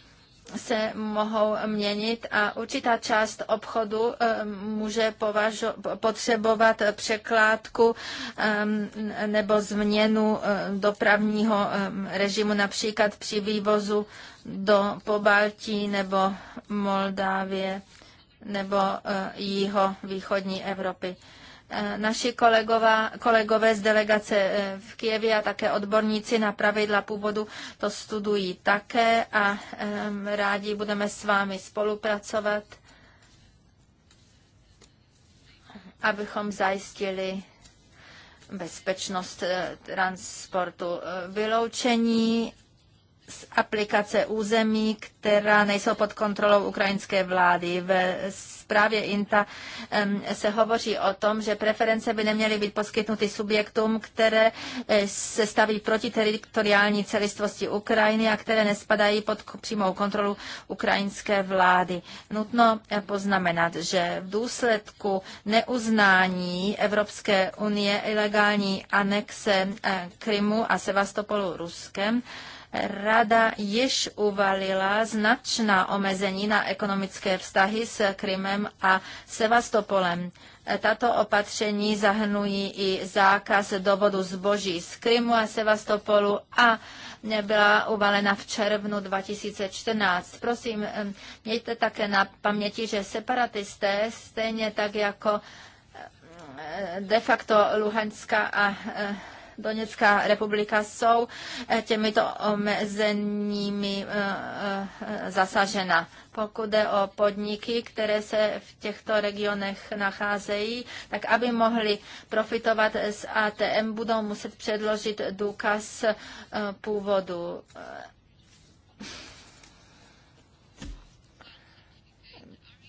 se mohou měnit a určitá část obchodu eh, může považo, potřebovat překládku eh, nebo změnu eh, dopravního režimu, například při vývozu do Pobaltí nebo Moldávie nebo jeho východní Evropy. Eh, naši kolegova, kolegové z delegace eh, v Kijevě a také odborníci na pravidla původu to studují také a rádi budeme s vámi spolupracovat, abychom zajistili bezpečnost eh, transportu. Vyloučení z aplikace území, která nejsou pod kontrolou ukrajinské vlády. V zprávě INTA se hovoří o tom, že preference by neměly být poskytnuty subjektům, které eh, se staví proti teritoriální celistvosti Ukrajiny a které nespadají pod přímou kontrolu ukrajinské vlády. Nutno eh, poznamenat, že v důsledku neuznání Evropské unie ilegální anexe eh, Krymu a Sevastopolu Ruskem Rada již uvalila značná omezení na ekonomické vztahy s Krymem a Sevastopolem. Tato opatření zahrnují i zákaz dovodu zboží z Krymu a Sevastopolu a byla uvalena v červnu 2014. Prosím, mějte také na paměti, že separatisté, stejně tak jako de facto Luhanská a eh, Doněcká republika jsou eh, těmito omezeními eh, eh, zasažena. Pokud jde o podniky, které se v těchto regionech nacházejí, tak aby mohli profitovat z ATM, budou muset předložit důkaz původu.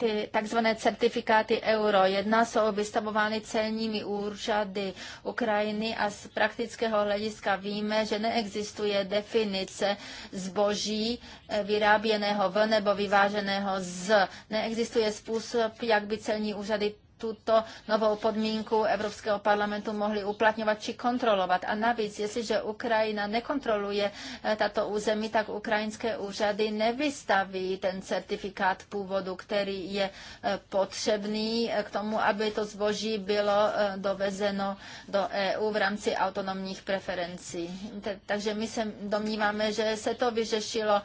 ty takzvané certifikáty Euro se jsou vystavovány celními úřady Ukrajiny a z praktického hlediska víme, že neexistuje definice zboží eh, vyráběného v nebo vyváženého z. Neexistuje způsob, jak by celní úřady tuto novou podmínku Evropského parlamentu mohli uplatňovat či kontrolovat. A navíc, jestliže Ukrajina nekontroluje eh, tato území, tak ukrajinské úřady nevystaví ten certifikát původu, který je eh, potřebný eh, k tomu, aby to zboží bylo dovezeno do EU v rámci autonomních preferencí. Takže my se domníváme, že se to vyřešilo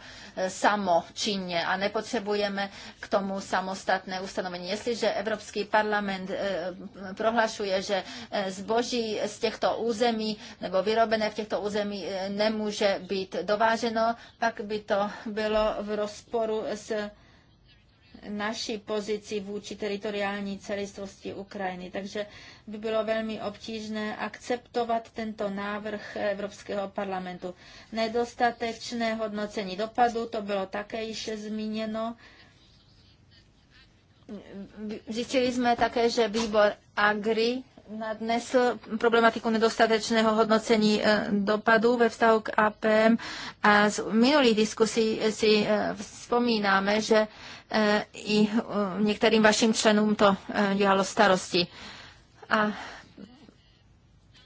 samo činně a nepotřebujeme k tomu samostatné ustanovení. Jestliže Evropský parlament parlament eh, prohlašuje, že eh, zboží z těchto území nebo vyrobené v těchto území eh, nemůže být dováženo, pak by to bylo v rozporu s naší pozici vůči teritoriální celistvosti Ukrajiny. Takže by bylo velmi obtížné akceptovat tento návrh Evropského parlamentu. Nedostatečné hodnocení dopadu, to bylo také již zmíněno. Zjistili jsme také, že výbor Agri nadnesl problematiku nedostatečného hodnocení e, dopadů ve vztahu k APM a z minulých diskusí si e, vzpomínáme, že e, i některým vašim členům to dělalo starosti. A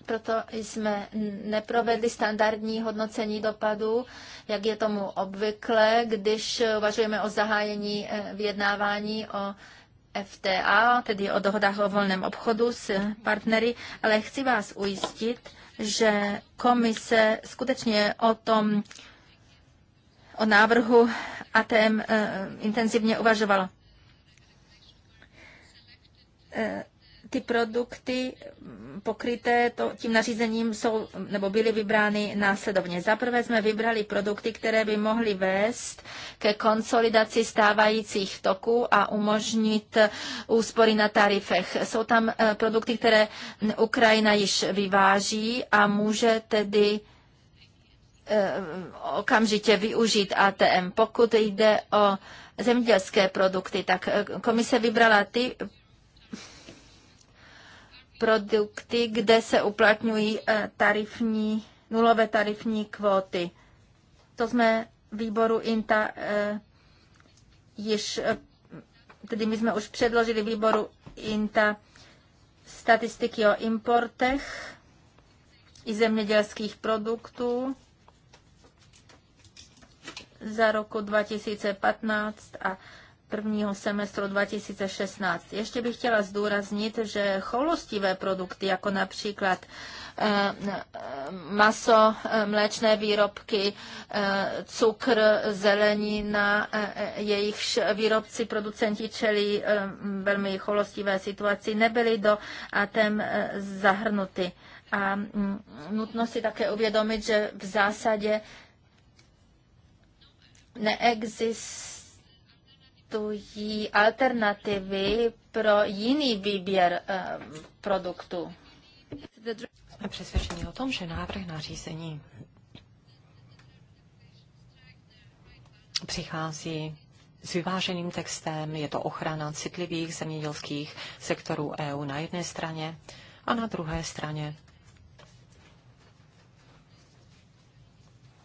proto jsme neprovedli standardní hodnocení dopadů, jak je tomu obvykle, když uvažujeme o zahájení eh, vyjednávání o FTA, tedy o dohodách o volném obchodu s partnery, ale chci vás ujistit, že komise skutečně o tom, o návrhu ATM eh, intenzivně uvažovala eh, ty produkty pokryté to, tím nařízením jsou, nebo byly vybrány následovně. Zaprvé jsme vybrali produkty, které by mohly vést ke konsolidaci stávajících toků a umožnit úspory na tarifech. Jsou tam eh, produkty, které Ukrajina již vyváží a může tedy eh, okamžitě využít ATM. Pokud jde o zemědělské produkty, tak eh, komise vybrala ty produkty, kde se uplatňují eh, tarifní, nulové tarifní kvóty. To jsme výboru INTA eh, již, eh, tedy my jsme už předložili výboru INTA statistiky o importech i zemědělských produktů za roku 2015 a prvního semestru 2016. Ještě bych chtěla zdůraznit, že choulostivé produkty, jako například eh, eh, maso, eh, mléčné výrobky, cukr, zelenina, jejichž výrobci, producenti čelí velmi cholostivé situaci, nebyly do ATEM zahrnuty. A mm, nutno si také uvědomit, že v zásadě neexistuje existují alternativy pro jiný výběr eh, produktu. Jsme přesvědčeni o tom, že návrh na řízení přichází s vyváženým textem, je to ochrana citlivých zemědělských sektorů EU na jedné straně a na druhé straně.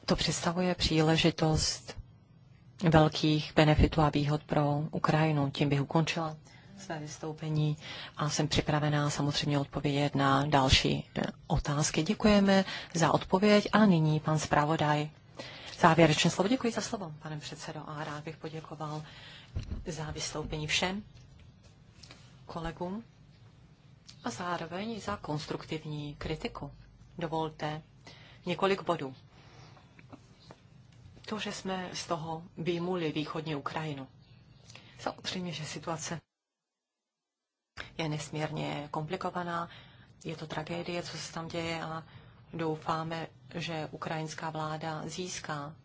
To představuje příležitost velkých benefitů a výhod pro Ukrajinu. Tím bych ukončila své vystoupení a jsem připravená samozřejmě odpovědět na další eh, otázky. Děkujeme za odpověď a nyní pan zpravodaj. Závěrečné slovo. Děkuji za slovo, pane předsedo, a rád bych poděkoval za vystoupení všem kolegům a zároveň za konstruktivní kritiku. Dovolte několik bodů to, že jsme z toho výjimuli východní Ukrajinu. Samozřejmě, že situace je nesmírně komplikovaná, je to tragédie, co se tam děje a doufáme, že ukrajinská vláda získá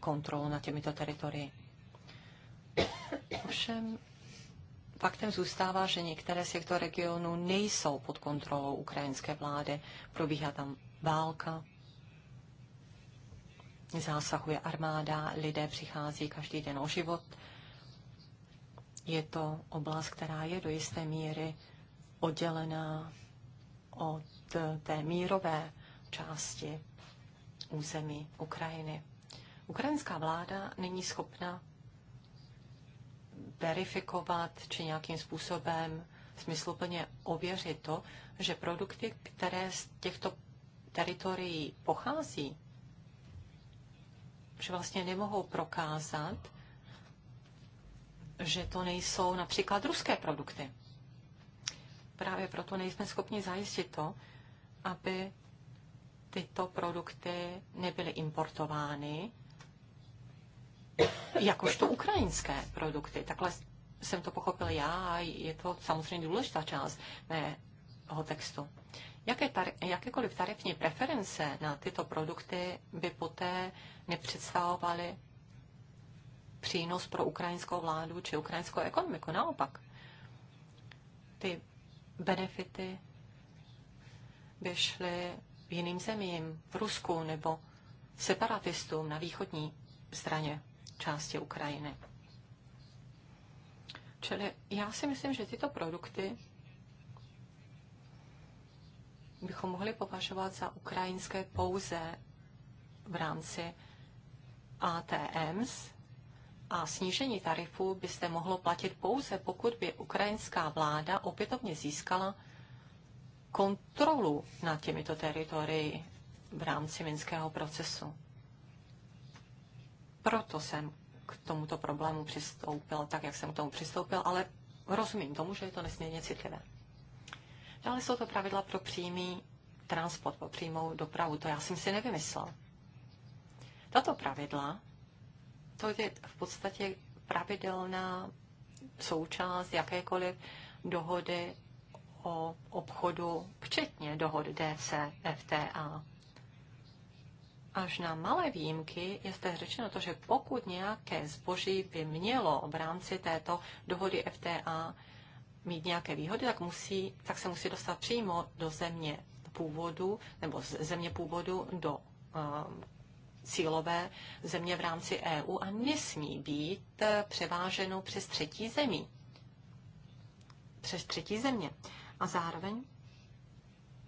kontrolu nad těmito teritorii. Ovšem faktem zůstává, že některé z těchto regionů nejsou pod kontrolou ukrajinské vlády. Probíhá tam válka, zásahuje armáda, lidé přichází každý den o život. Je to oblast, která je do jisté míry oddělená od té mírové části území Ukrajiny. Ukrajinská vláda není schopna verifikovat či nějakým způsobem smysluplně ověřit to, že produkty, které z těchto teritorií pochází, že vlastně nemohou prokázat, že to nejsou například ruské produkty. Právě proto nejsme schopni zajistit to, aby tyto produkty nebyly importovány jakožto ukrajinské produkty. Takhle jsem to pochopil já a je to samozřejmě důležitá část mého textu. Jaké tar- jakékoliv tarifní preference na tyto produkty by poté nepředstavovaly přínos pro ukrajinskou vládu či ukrajinskou ekonomiku. Naopak, ty benefity by šly jiným zemím, v Rusku nebo separatistům na východní straně části Ukrajiny. Čili já si myslím, že tyto produkty bychom mohli považovat za ukrajinské pouze v rámci ATMs a snížení tarifů byste mohlo platit pouze, pokud by ukrajinská vláda opětovně získala kontrolu nad těmito teritorii v rámci minského procesu. Proto jsem k tomuto problému přistoupil tak, jak jsem k tomu přistoupil, ale rozumím tomu, že je to nesmírně citlivé. Dále jsou to pravidla pro přímý transport, pro přímou dopravu. To já jsem si nevymyslel. Tato pravidla, to je v podstatě pravidelná součást jakékoliv dohody o obchodu, včetně dohod DCFTA. Až na malé výjimky je zde řečeno to, že pokud nějaké zboží by mělo v rámci této dohody FTA mít nějaké výhody, tak, musí, tak se musí dostat přímo do země původu nebo z země původu do um, cílové země v rámci EU a nesmí být eh, převáženou přes třetí zemí. Přes třetí země. A zároveň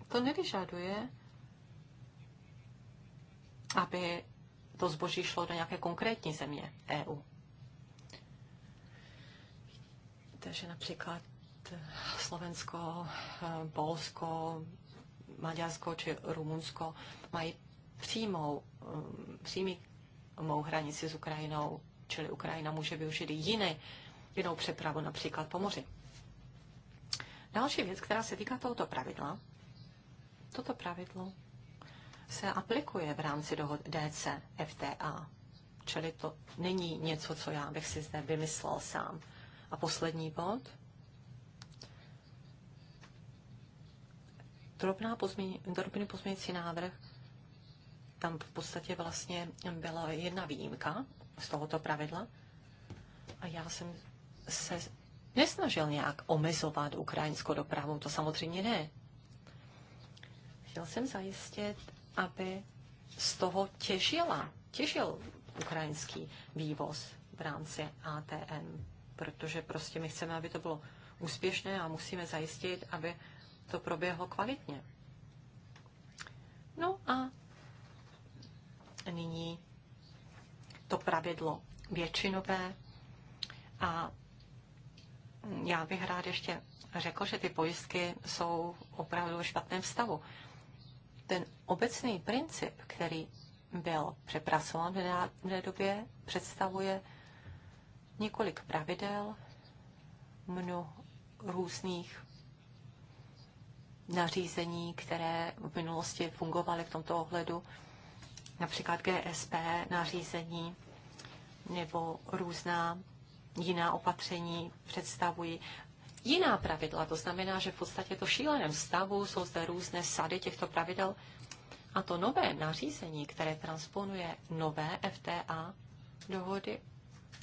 to nevyžaduje, aby to zboží šlo do nějaké konkrétní země EU. Takže například Slovensko, eh, Polsko, Maďarsko či Rumunsko mají přímou, eh, přímou hranici s Ukrajinou, čili Ukrajina může využít jiné, jinou přepravu, například po moři. Další věc, která se týká tohoto pravidla, toto pravidlo se aplikuje v rámci dohod DCFTA, čili to není něco, co já bych si zde vymyslel sám. A poslední bod – drobná pozměň, drobný pozměňující návrh, tam v podstatě vlastně byla jedna výjimka z tohoto pravidla a já jsem se nesnažil nějak omezovat ukrajinskou dopravu, to samozřejmě ne. Chtěl jsem zajistit, aby z toho těžila, těžil ukrajinský vývoz v rámci ATM, protože prostě my chceme, aby to bylo úspěšné a musíme zajistit, aby to proběhlo kvalitně. No a nyní to pravidlo většinové a já bych rád ještě řekl, že ty pojistky jsou opravdu v špatném stavu. Ten obecný princip, který byl přepracován v té době, představuje několik pravidel, mnoho různých nařízení, které v minulosti fungovaly v tomto ohledu, například GSP nařízení nebo různá jiná opatření představují jiná pravidla. To znamená, že v podstatě to šíleném stavu jsou zde různé sady těchto pravidel. A to nové nařízení, které transponuje nové FTA dohody,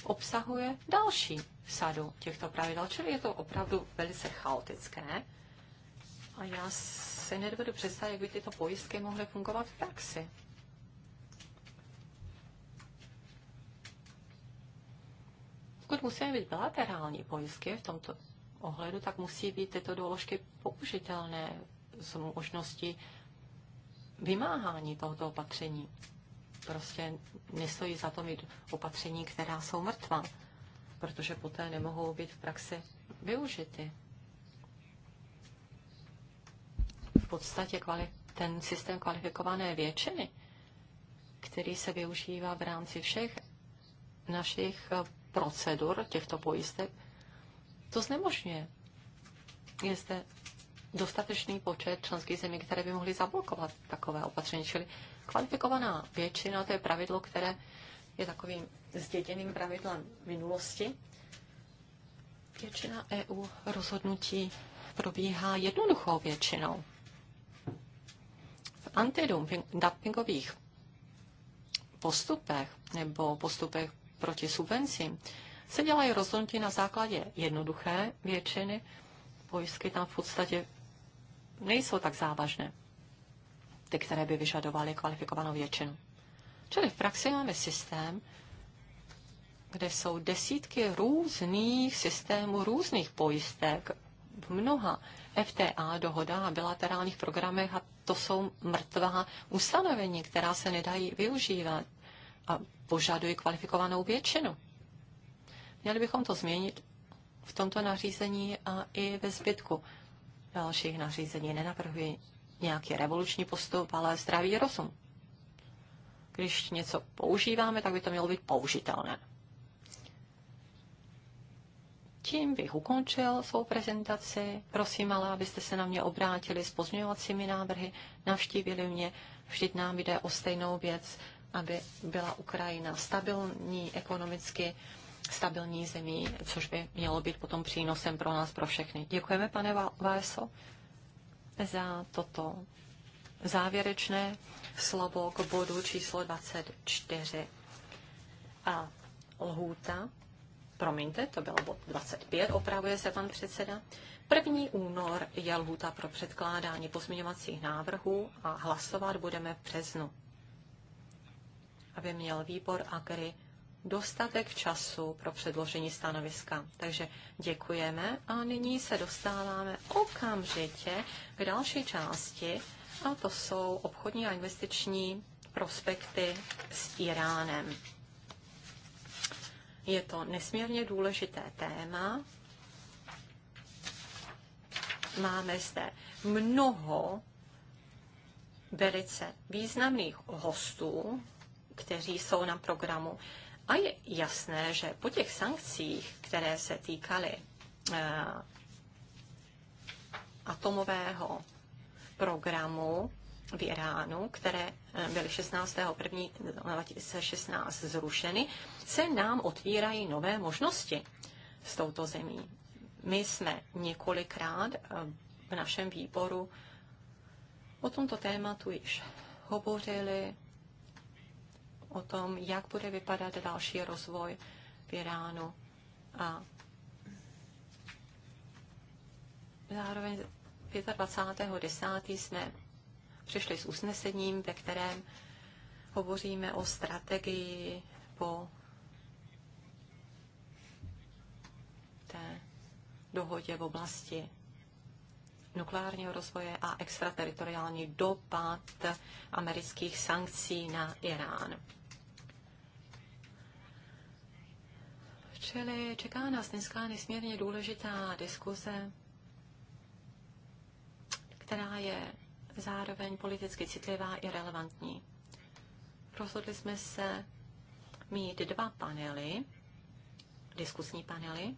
obsahuje další sadu těchto pravidel. Čili je to opravdu velice chaotické. A já se nedovedu představit, jak by tyto pojistky mohly fungovat v praxi. Pokud musí být bilaterální pojistky v tomto ohledu, tak musí být tyto doložky použitelné z možnosti vymáhání tohoto opatření. Prostě nestojí za to mít opatření, která jsou mrtvá, protože poté nemohou být v praxi využity. v podstatě kvali- ten systém kvalifikované většiny, který se využívá v rámci všech našich eh, procedur těchto pojistek, to znemožňuje. Je zde dostatečný počet členských zemí, které by mohly zablokovat takové opatření. Čili kvalifikovaná většina, to je pravidlo, které je takovým zděděným pravidlem minulosti. Většina EU rozhodnutí probíhá jednoduchou většinou antidumpingových postupech nebo postupech proti subvencím se dělají rozhodnutí na základě jednoduché většiny. Pojistky tam v podstatě nejsou tak závažné, ty, které by vyžadovaly kvalifikovanou většinu. Čili v praxi máme systém, kde jsou desítky různých systémů, různých pojistek v mnoha FTA dohoda a bilaterálních programech a to jsou mrtvá ustanovení, která se nedají využívat a požadují kvalifikovanou většinu. Měli bychom to změnit v tomto nařízení a i ve zbytku dalších nařízení. Nenaprhuji nějaký revoluční postup, ale zdravý rozum. Když něco používáme, tak by to mělo být použitelné. Tím bych ukončil svou prezentaci. Prosím ale, abyste se na mě obrátili s pozměňovacími návrhy, navštívili mě. Vždyť nám jde o stejnou věc, aby byla Ukrajina stabilní ekonomicky, stabilní zemí, což by mělo být potom přínosem pro nás, pro všechny. Děkujeme, pane Váso, za toto závěrečné slovo k bodu číslo 24. A lhůta promiňte, to bylo bod 25, opravuje se pan předseda. 1. únor je lhůta pro předkládání pozměňovacích návrhů a hlasovat budeme v březnu. Aby měl výbor AGRI dostatek času pro předložení stanoviska. Takže děkujeme a nyní se dostáváme okamžitě k další části a to jsou obchodní a investiční prospekty s Iránem. Je to nesmírně důležité téma. Máme zde mnoho velice významných hostů, kteří jsou na programu. A je jasné, že po těch sankcích, které se týkaly eh, atomového programu, v Iránu, které eh, byly 16. 1. 2016 zrušeny, se nám otvírají nové možnosti s touto zemí. My jsme několikrát eh, v našem výboru o tomto tématu již hovořili, o tom, jak bude vypadat další rozvoj v Iránu a zároveň 25.10. jsme přišli s usnesením, ve kterém hovoříme o strategii po té dohodě v oblasti nukleárního rozvoje a extrateritoriální dopad amerických sankcí na Irán. Čili čeká nás dneska nesmírně důležitá diskuze, která je zároveň politicky citlivá i relevantní. Rozhodli jsme se mít dva panely, diskusní panely.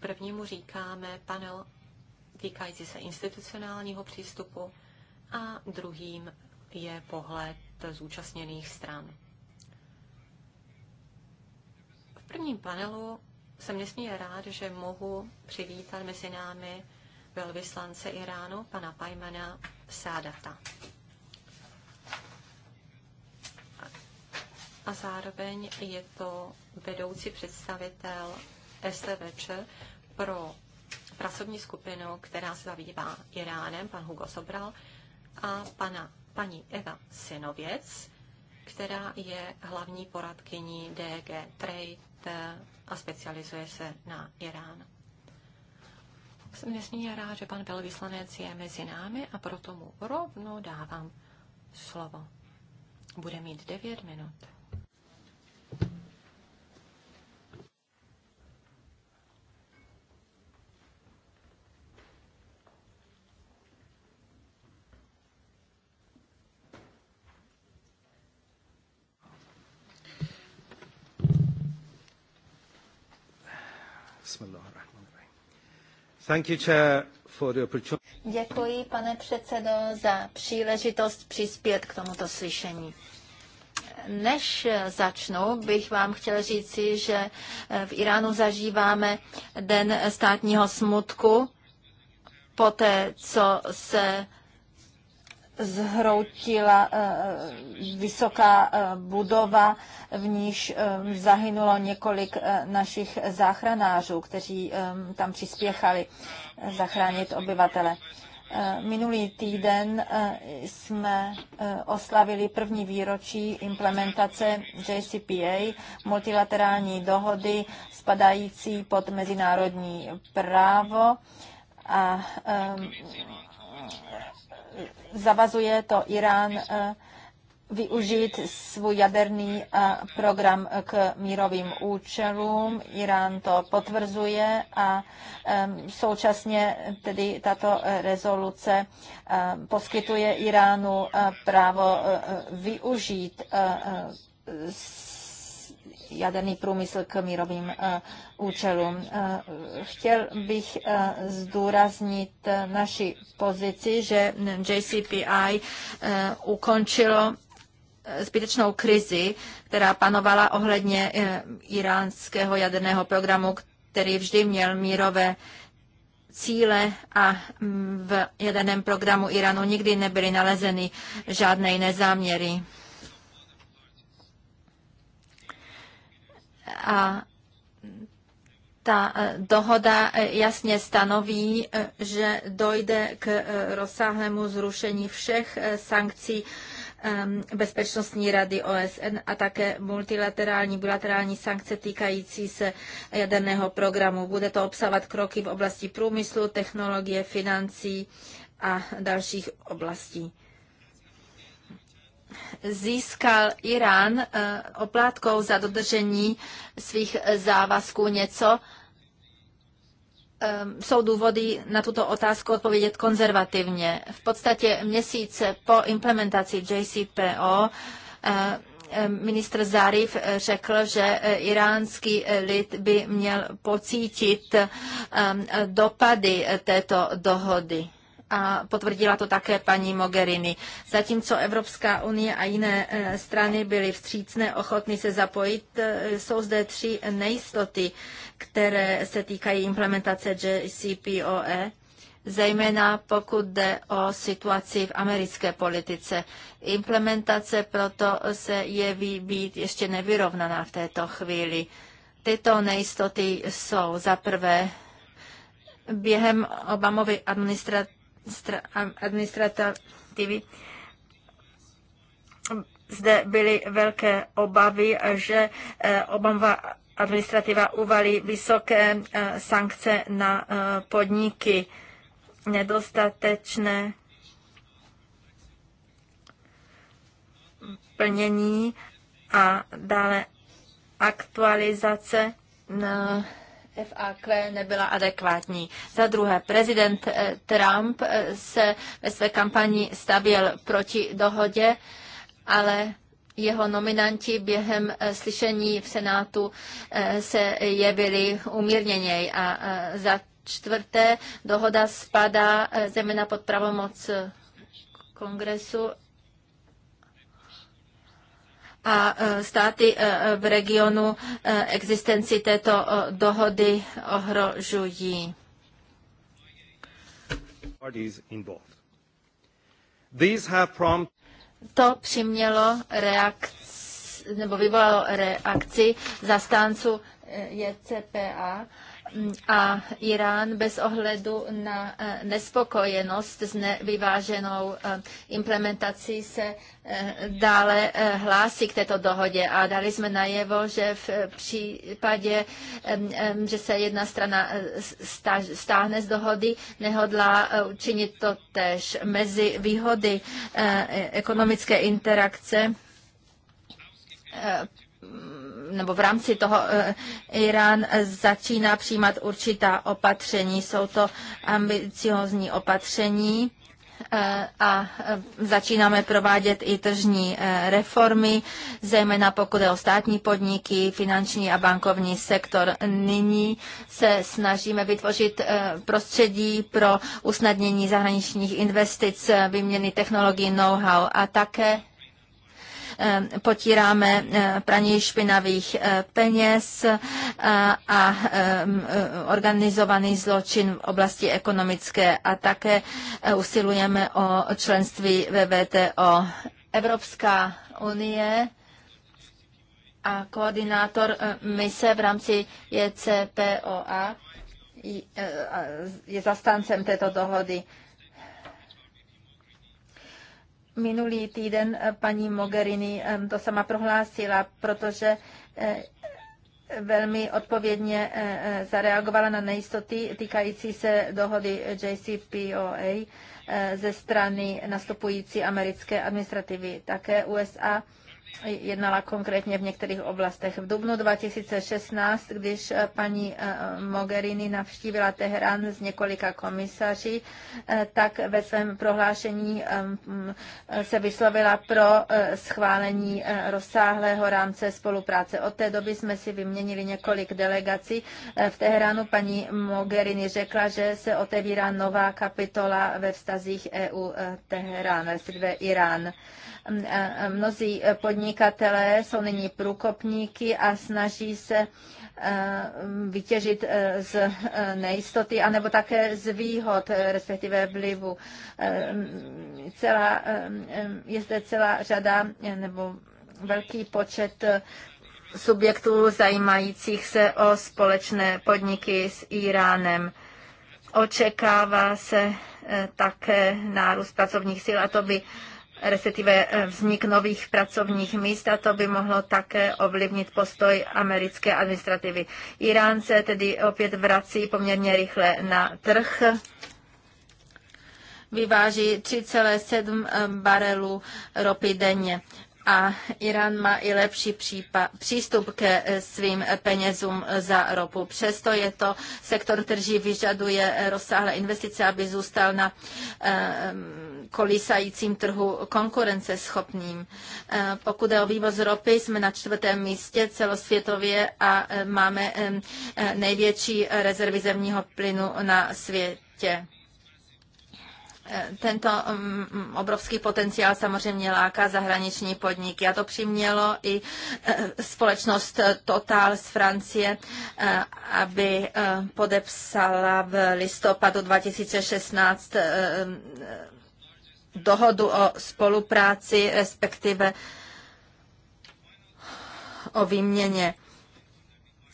Prvnímu říkáme panel týkající se institucionálního přístupu a druhým je pohled zúčastněných stran. V prvním panelu jsem nesmírně rád, že mohu přivítat mezi námi velvyslance Iránu, pana Pajmana Sádata. A zároveň je to vedoucí představitel STVČ pro pracovní skupinu, která se zabývá Iránem, pan Hugo Sobral, a pana, paní Eva Synověc, která je hlavní poradkyní DG Trade a specializuje se na Irán. Jsem nesmírně rád, že pan velvyslanec je mezi námi a proto mu rovnou dávám slovo. Bude mít devět minut. Bismillah. Děkuji, pane předsedo, za příležitost přispět k tomuto slyšení. Než začnu, bych vám chtěl říci, že eh, v Iránu zažíváme den státního smutku, poté co se zhroutila eh, eh, vysoká eh, budova, v níž zahynulo několik našich záchranářů, kteří tam přispěchali zachránit obyvatele. Minulý týden jsme oslavili první výročí implementace JCPA, multilaterální dohody spadající pod mezinárodní právo a zavazuje to Irán eh, využít svůj jaderný eh, program k mírovým účelům. Irán to potvrzuje a současně tedy tato rezoluce poskytuje Iránu eh, právo využít jaderný průmysl k mírovým eh, účelům. Eh, chtěl bych eh, zdůraznit naši pozici, že JCPI ukončilo zbytečnou krizi, která panovala ohledně iránského jaderného programu, který vždy měl mírové cíle a mm, v jaderném programu Iránu nikdy nebyly nalezeny žádné jiné záměry. A ta e, dohoda e, jasně stanoví, e, že dojde k rozsáhlému zrušení všech sankcí Bezpečnostní rady OSN a také multilaterální, bilaterální sankce týkající se jaderného programu. Bude to obsahovat kroky v oblasti průmyslu, technologie, financí a dalších oblastí získal Irán eh, oplátkou za dodržení svých závazků něco, eh, jsou důvody na tuto otázku odpovědět konzervativně. V podstatě měsíce po implementaci JCPO eh, ministr Zarif řekl, že iránský lid by měl pocítit dopady této dohody a potvrdila to také paní Mogherini. Zatímco Evropská unie a jiné e, strany byly vstřícné, ochotny se zapojit, e, jsou zde tři nejistoty, které se týkají implementace JCPOE zejména pokud jde o situaci v americké politice. Implementace proto se jeví být ještě nevyrovnaná v této chvíli. Tyto nejistoty jsou za prvé během Obamovy administrativy administrativy zde byly velké obavy, že eh, Obama administrativa uvalí vysoké eh, sankce na eh, podniky nedostatečné plnění a dále aktualizace na FAQ nebyla adekvátní. Za druhé, prezident eh, Trump eh, se ve své kampani stavěl proti dohodě, ale jeho nominanti během eh, slyšení v Senátu se jevili umírněněji. A za čtvrté, dohoda spadá zejména pod pravomoc kongresu a e, státy e, e, v regionu existenci této dohody ohrožují. To přimělo reakci, nebo vyvolalo reakci zastánců JCPA a Irán bez ohledu na eh, nespokojenost s nevyváženou eh, implementací se eh, dále hlásí k této dohodě a dali jsme najevo, že v případě, že se jedna strana stáhne z dohody, nehodlá učinit to tež. Mezi výhody ekonomické interakce nebo v rámci toho eh, Irán začíná přijímat určitá opatření. Jsou to ambiciozní opatření eh, a začínáme provádět i tržní eh, reformy, zejména pokud je o státní podniky, finanční a bankovní sektor. Nyní se snažíme vytvořit prostředí pro usnadnění zahraničních investic, výměny technologií, know-how a také Eh, potíráme eh, praní špinavých eh, peněz a organizovaný zločin v oblasti ekonomické a také usilujeme o členství ve VTO. Evropská unie a koordinátor mise v rámci JCPOA je zastáncem této dohody. Minulý týden eh, paní Mogherini to sama prohlásila, protože eh, velmi odpovědně eh, zareagovala na nejistoty týkající se dohody JCPOA ze strany nastupující americké administrativy. Také USA jednala konkrétně v některých oblastech. V dubnu 2016, když eh, paní eh, Mogherini navštívila Teherán s několika komisaři, eh, tak ve svém prohlášení se vyslovila pro schválení rozsáhlého rámce spolupráce. Od té doby jsme si vyměnili několik delegací. V Teheránu paní Mogherini řekla, že se otevírá nová kapitola ve vztazích EU-Teherán, respektive Irán. E, mnozí podnikatelé jsou nyní průkopníky a snaží se e, vytěžit e, z nejistoty, anebo také z výhod, respektive vlivu. Celá, je zde celá řada nebo velký počet subjektů zajímajících se o společné podniky s Iránem. Očekává se také nárůst pracovních sil a to by respektive eh, vznik nových pracovních míst a to by mohlo také ovlivnit postoj americké administrativy. Irán se tedy opět vrací poměrně rychle na trh vyváží 3,7 eh, barelů ropy denně a Irán má i lepší přípa- přístup ke eh, svým penězům za ropu. Přesto je to sektor, který vyžaduje eh, rozsáhlé investice, aby zůstal na eh, kolísajícím trhu konkurenceschopným. Pokud je o vývoz ropy, jsme na čtvrtém místě celosvětově a máme největší rezervy zemního plynu na světě. Tento mm, obrovský potenciál samozřejmě láká zahraniční podniky a to přimělo i eh, společnost Total z Francie, eh, aby eh, podepsala v listopadu 2016 dohodu o spolupráci, respektive o výměně.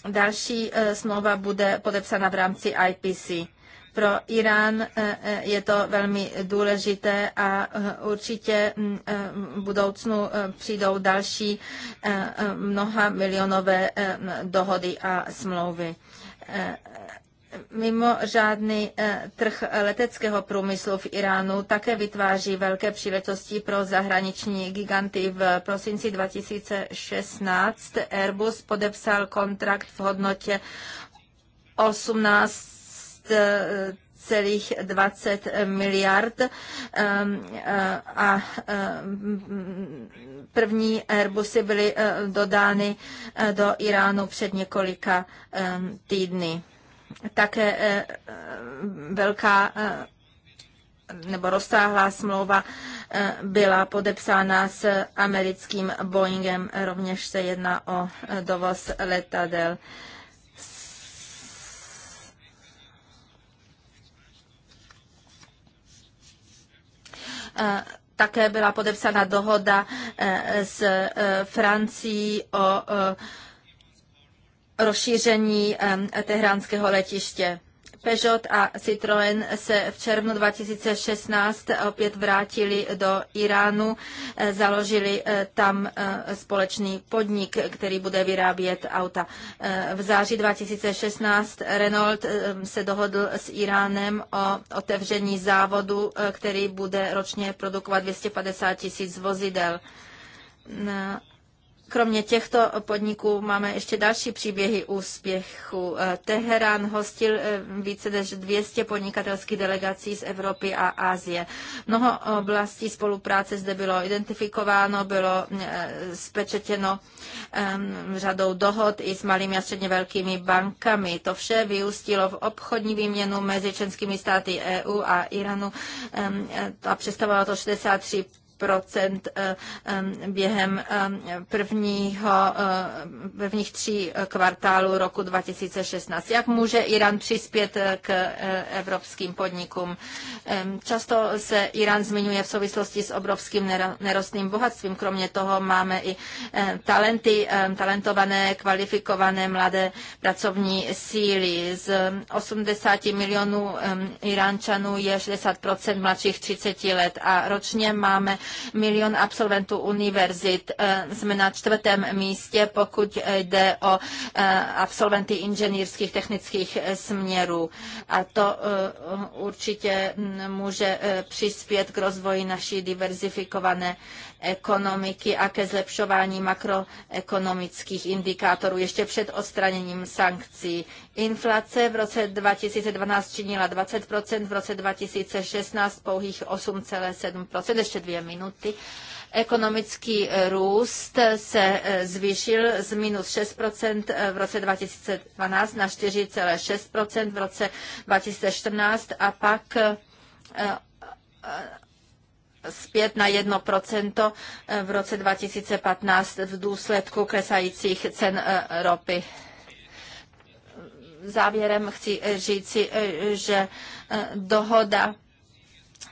Další smlouva bude podepsána v rámci IPC. Pro Irán eh, eh, je to velmi důležité a eh, určitě mm, v budoucnu přijdou další mnoha milionové dohody a smlouvy Mimo žádný trh leteckého průmyslu v Iránu také vytváří velké příležitosti pro zahraniční giganty. V prosinci 2016 Airbus podepsal kontrakt v hodnotě 18 Eh, celých 20 miliard ehm, eh, a ehm, první Airbusy byly eh, dodány do Iránu před několika ehm, týdny. Také velká nebo rozsáhlá smlouva byla podepsána s americkým Boeingem, rovněž se jedná o dovoz letadel. Také byla podepsána dohoda e, s e, Francií o e, rozšíření tehránského letiště. Peugeot a Citroën se v červnu 2016 opět vrátili do Iránu, eh, založili eh, tam eh, společný podnik, který bude vyrábět auta. V září 2016 Renault se dohodl s Iránem o otevření závodu, který bude ročně produkovat 250 tisíc vozidel. Kromě těchto podniků máme ještě další příběhy úspěchu. Eh, Teherán hostil eh, více než 200 podnikatelských delegací z Evropy a Asie. Mnoho oblastí spolupráce zde bylo identifikováno, bylo eh, spečetěno ehm, řadou dohod i s malými a středně velkými bankami. To vše vyústilo v obchodní výměnu mezi členskými státy EU a Iranu ehm, a představovalo to 63 procent eh, eh, během eh, prvního, prvních tří kvartálů roku 2016. Jak může Irán přispět k evropským podnikům? Často se Irán zmiňuje v souvislosti s obrovským nerostným bohatstvím. Kromě toho máme i talenty, talentované, kvalifikované mladé pracovní síly. Z 80 milionů Iránčanů je 60 mladších 30 let a ročně máme milion absolventů univerzit. Eh, jsme na čtvrtém místě, pokud jde o eh, absolventy inženýrských technických eh, směrů. A to určitě může přispět k rozvoji naší diverzifikované ekonomiky a ke zlepšování makroekonomických indikátorů ještě před odstraněním sankcí. Inflace v roce 2012 činila 20 v roce 2016 pouhých 8,7 ještě dvě minuty. Ekonomický růst se e, zvýšil z minus 6 e, v roce 2012 na 4,6 v roce 2014 a pak e, zpět na 1% eh, v roce 2015 v důsledku klesajících cen eh, ropy. Závěrem chci eh, říci, že dohoda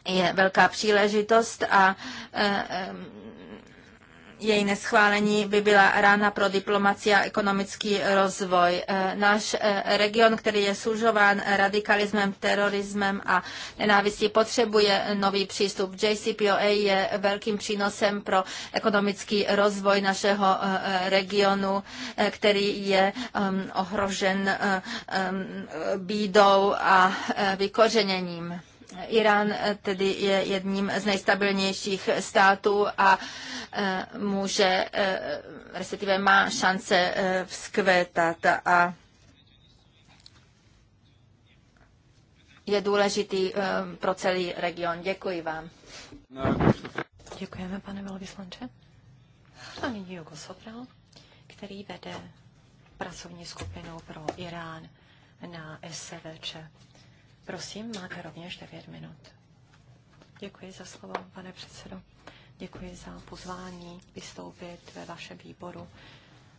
je velká příležitost a její neschválení by byla rána pro diplomaci a ekonomický rozvoj. Eh, náš eh, region, který je služován radikalismem, terorismem a nenávistí, potřebuje nový přístup. JCPOA je velkým přínosem pro ekonomický rozvoj našeho eh, regionu, který je ehm, ohrožen ehm, bídou a vykořeněním. Irán eh, tedy je jedním z nejstabilnějších států a eh, může, eh, respektive má šance vzkvétat a je důležitý pro celý region. Děkuji vám. Děkujeme, pane velvyslanče. A nyní Jogo Sopral, který vede pracovní skupinu pro Irán na SVČ. Prosím, máte rovněž 9 minut. Děkuji za slovo, pane předsedo. Děkuji za pozvání vystoupit ve vašem výboru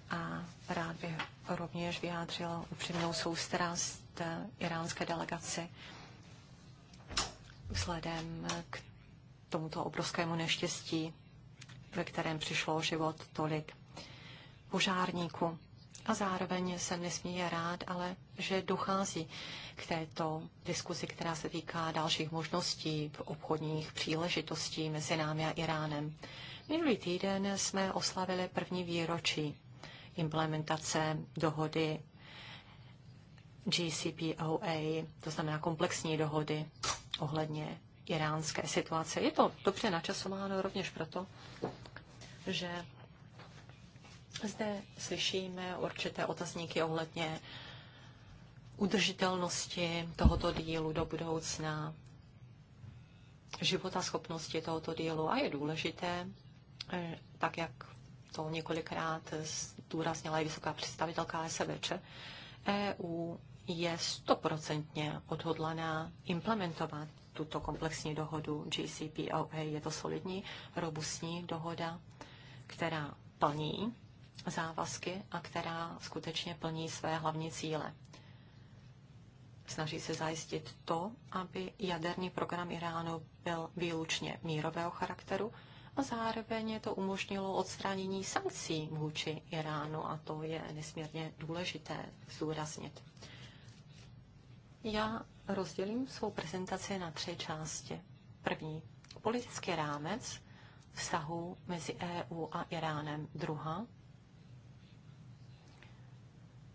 a rád bych rovněž vyjádřil upřímnou soustrast iránské delegaci vzhledem k tomuto obrovskému neštěstí, ve kterém přišlo život tolik požárníků. A zároveň se nesmírně rád, ale že dochází k této diskuzi, která se týká dalších možností v obchodních příležitostí mezi námi a Iránem. Minulý týden jsme oslavili první výročí implementace dohody GCPOA, to znamená komplexní dohody ohledně iránské situace. Je to dobře načasováno rovněž proto, že zde slyšíme určité otazníky ohledně udržitelnosti tohoto dílu do budoucna, života schopnosti tohoto dílu a je důležité, eh, tak jak to několikrát zdůraznila i vysoká představitelka SVČ, EU je stoprocentně odhodlaná implementovat tuto komplexní dohodu GCPOA. Je to solidní, robustní dohoda, která plní závazky a která skutečně plní své hlavní cíle. Snaží se zajistit to, aby jaderný program Iránu byl výlučně mírového charakteru a zároveň to umožnilo odstranění sankcí vůči Iránu a to je nesmírně důležité zúraznit. Já rozdělím svou prezentaci na tři části. První, politický rámec vztahu mezi EU a Iránem. Druhá,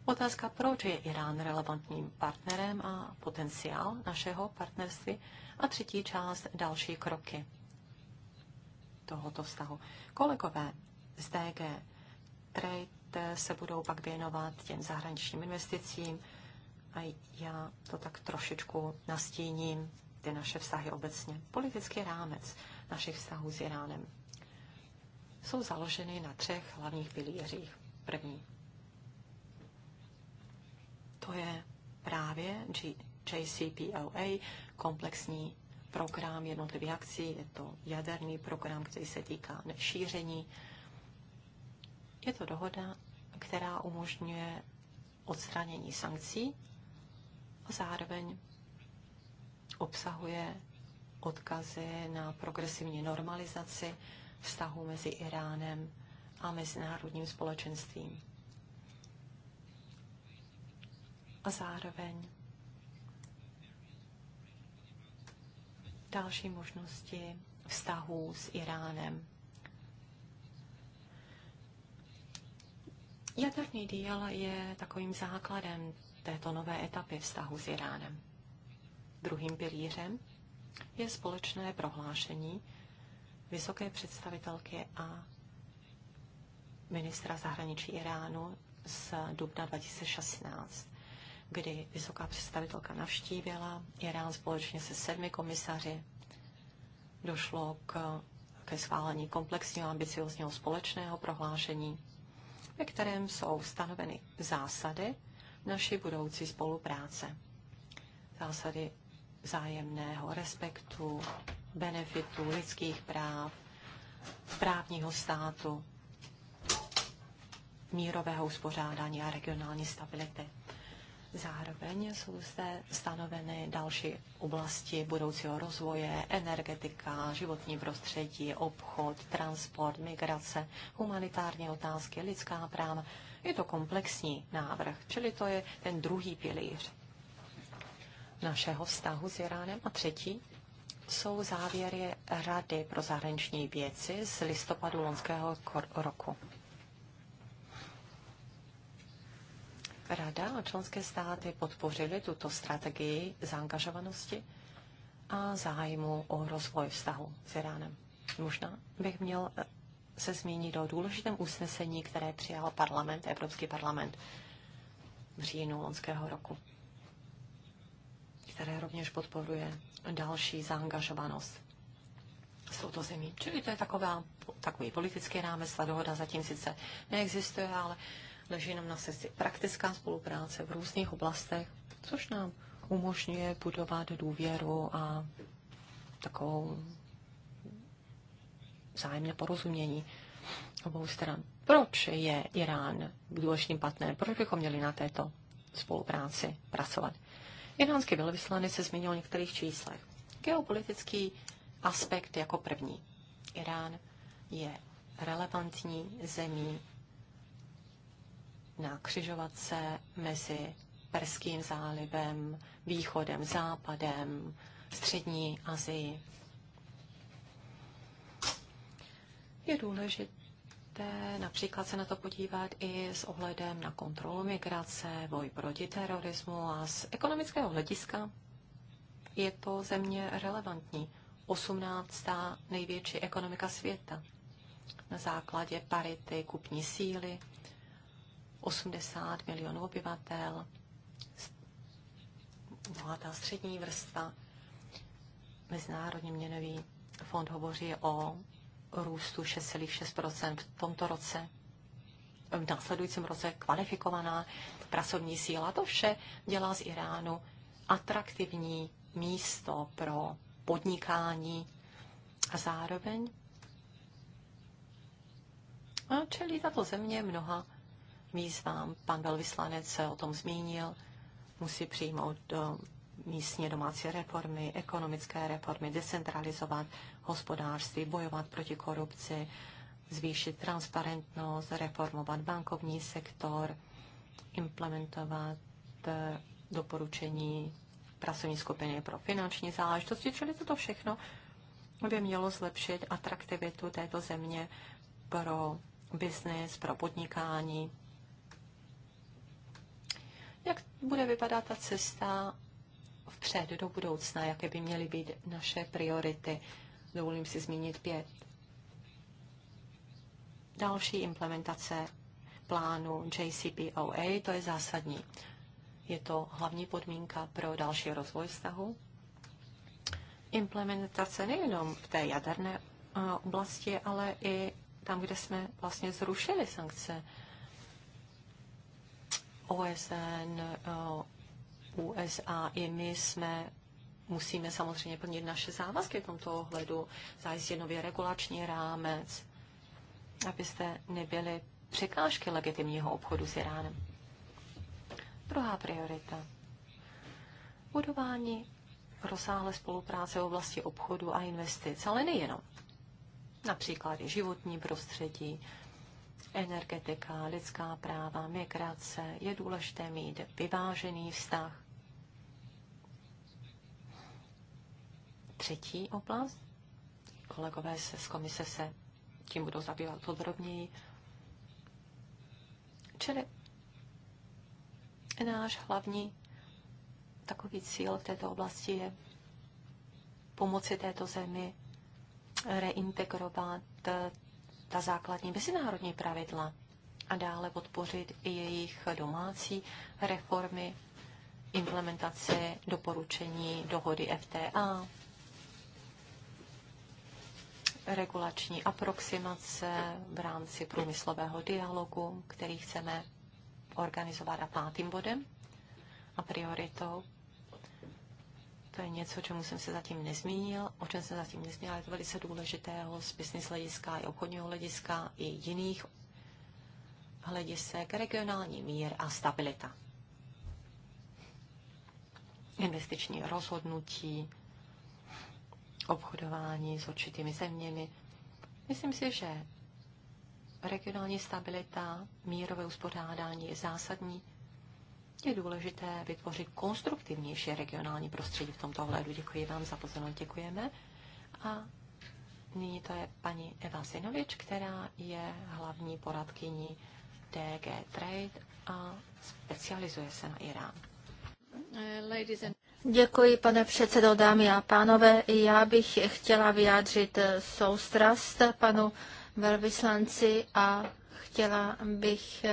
Otázka, proč je Irán relevantním partnerem a potenciál našeho partnerství. A třetí část, další kroky tohoto vztahu. Kolegové z DG Trade se budou pak věnovat těm zahraničním investicím a já to tak trošičku nastíním, ty naše vztahy obecně. Politický rámec našich vztahů s Iránem jsou založeny na třech hlavních pilířích. První to je právě G- JCPOA, komplexní program jednotlivých akcí, je to jaderný program, který se týká šíření. Je to dohoda, která umožňuje odstranění sankcí a zároveň obsahuje odkazy na progresivní normalizaci vztahu mezi Iránem a mezinárodním společenstvím. a zároveň další možnosti vztahů s Iránem. Jaderný díl je takovým základem této nové etapy vztahu s Iránem. Druhým pilířem je společné prohlášení vysoké představitelky a ministra zahraničí Iránu z dubna 2016 kdy vysoká představitelka navštívila Irán společně se sedmi komisaři. Došlo k, ke schválení komplexního ambiciozního společného prohlášení, ve kterém jsou stanoveny zásady naší budoucí spolupráce. Zásady vzájemného respektu, benefitu lidských práv, právního státu, mírového uspořádání a regionální stability. Zároveň jsou zde stanoveny další oblasti budoucího rozvoje, energetika, životní prostředí, obchod, transport, migrace, humanitární otázky, lidská práva. Je to komplexní návrh, čili to je ten druhý pilíř našeho vztahu s Iránem. A třetí jsou závěry Rady pro zahraniční věci z listopadu loňského roku. Rada a členské státy podpořily tuto strategii zaangažovanosti a zájmu o rozvoj vztahu s Iránem. Možná bych měl eh, se zmínit o důležitém usnesení, které přijal parlament, Evropský parlament v říjnu loňského roku, které rovněž podporuje další zaangažovanost s touto zemí. Čili to je taková, takový politický rámec, ta dohoda zatím sice neexistuje, ale uh, než jenom na sesi praktická spolupráce v různých oblastech, což nám umožňuje budovat důvěru a takovou vzájemné porozumění obou stran. Proč je Irán důležitým partnerem? Proč bychom měli na této spolupráci pracovat? Iránský velvyslanec se zmínil o některých číslech. Geopolitický aspekt jako první. Irán je relevantní zemí na křižovatce mezi Perským zálivem, východem, západem, střední Asii. Je důležité například se na to podívat i s ohledem na kontrolu migrace, boj proti terorismu a z ekonomického hlediska je to země relevantní. 18. největší ekonomika světa na základě parity kupní síly 80 milionů obyvatel, bohatá střední vrstva. Mezinárodní měnový fond hovoří o růstu 6,6 v tomto roce. V následujícím roce kvalifikovaná pracovní síla. To vše dělá z Iránu atraktivní místo pro podnikání a zároveň a čelí tato země mnoha výzvám. Pan velvyslanec se o tom zmínil. Musí přijmout do eh, místně domácí reformy, ekonomické reformy, decentralizovat hospodářství, bojovat proti korupci, zvýšit transparentnost, reformovat bankovní sektor, implementovat eh, doporučení pracovní skupiny pro finanční záležitosti, čili toto všechno by mělo zlepšit atraktivitu této země pro biznis, pro podnikání, jak bude vypadat ta cesta vpřed do budoucna, jaké by měly být naše priority. Dovolím si zmínit pět. Další implementace plánu JCPOA, to je zásadní. Je to hlavní podmínka pro další rozvoj vztahu. Implementace nejenom v té jaderné oblasti, ale i tam, kde jsme vlastně zrušili sankce OSN, eh, USA i my jsme musíme samozřejmě plnit naše závazky v tomto ohledu, zajistit nově regulační rámec, abyste nebyli překážky legitimního obchodu s Iránem. Druhá priorita. Budování rozsáhlé spolupráce v oblasti obchodu a investic, ale nejenom. Například i životní prostředí, energetika, lidská práva, migrace. Je důležité mít vyvážený vztah. Třetí oblast, kolegové se, z komise se tím budou zabývat podrobněji, čili náš hlavní takový cíl v této oblasti je pomoci této zemi reintegrovat ta základní mezinárodní pravidla a dále podpořit i jejich domácí reformy, implementaci doporučení dohody FTA, regulační aproximace v rámci průmyslového dialogu, který chceme organizovat a pátým bodem a prioritou to je něco, čemu jsem se zatím nezmínil, o čem jsem zatím nezmínil, ale je to velice důležitého z business hlediska i obchodního hlediska i jiných hledisek, regionální mír a stabilita. Investiční rozhodnutí, obchodování s určitými zeměmi. Myslím si, že regionální stabilita, mírové uspořádání je zásadní je důležité vytvořit konstruktivnější regionální prostředí v tomto ohledu. Děkuji vám za pozornost, děkujeme. A nyní to je paní Eva Sinovič, která je hlavní poradkyní DG Trade a specializuje se na Irán. Děkuji, pane předsedo, dámy a pánové. Já bych chtěla vyjádřit soustrast panu velvyslanci a chtěla bych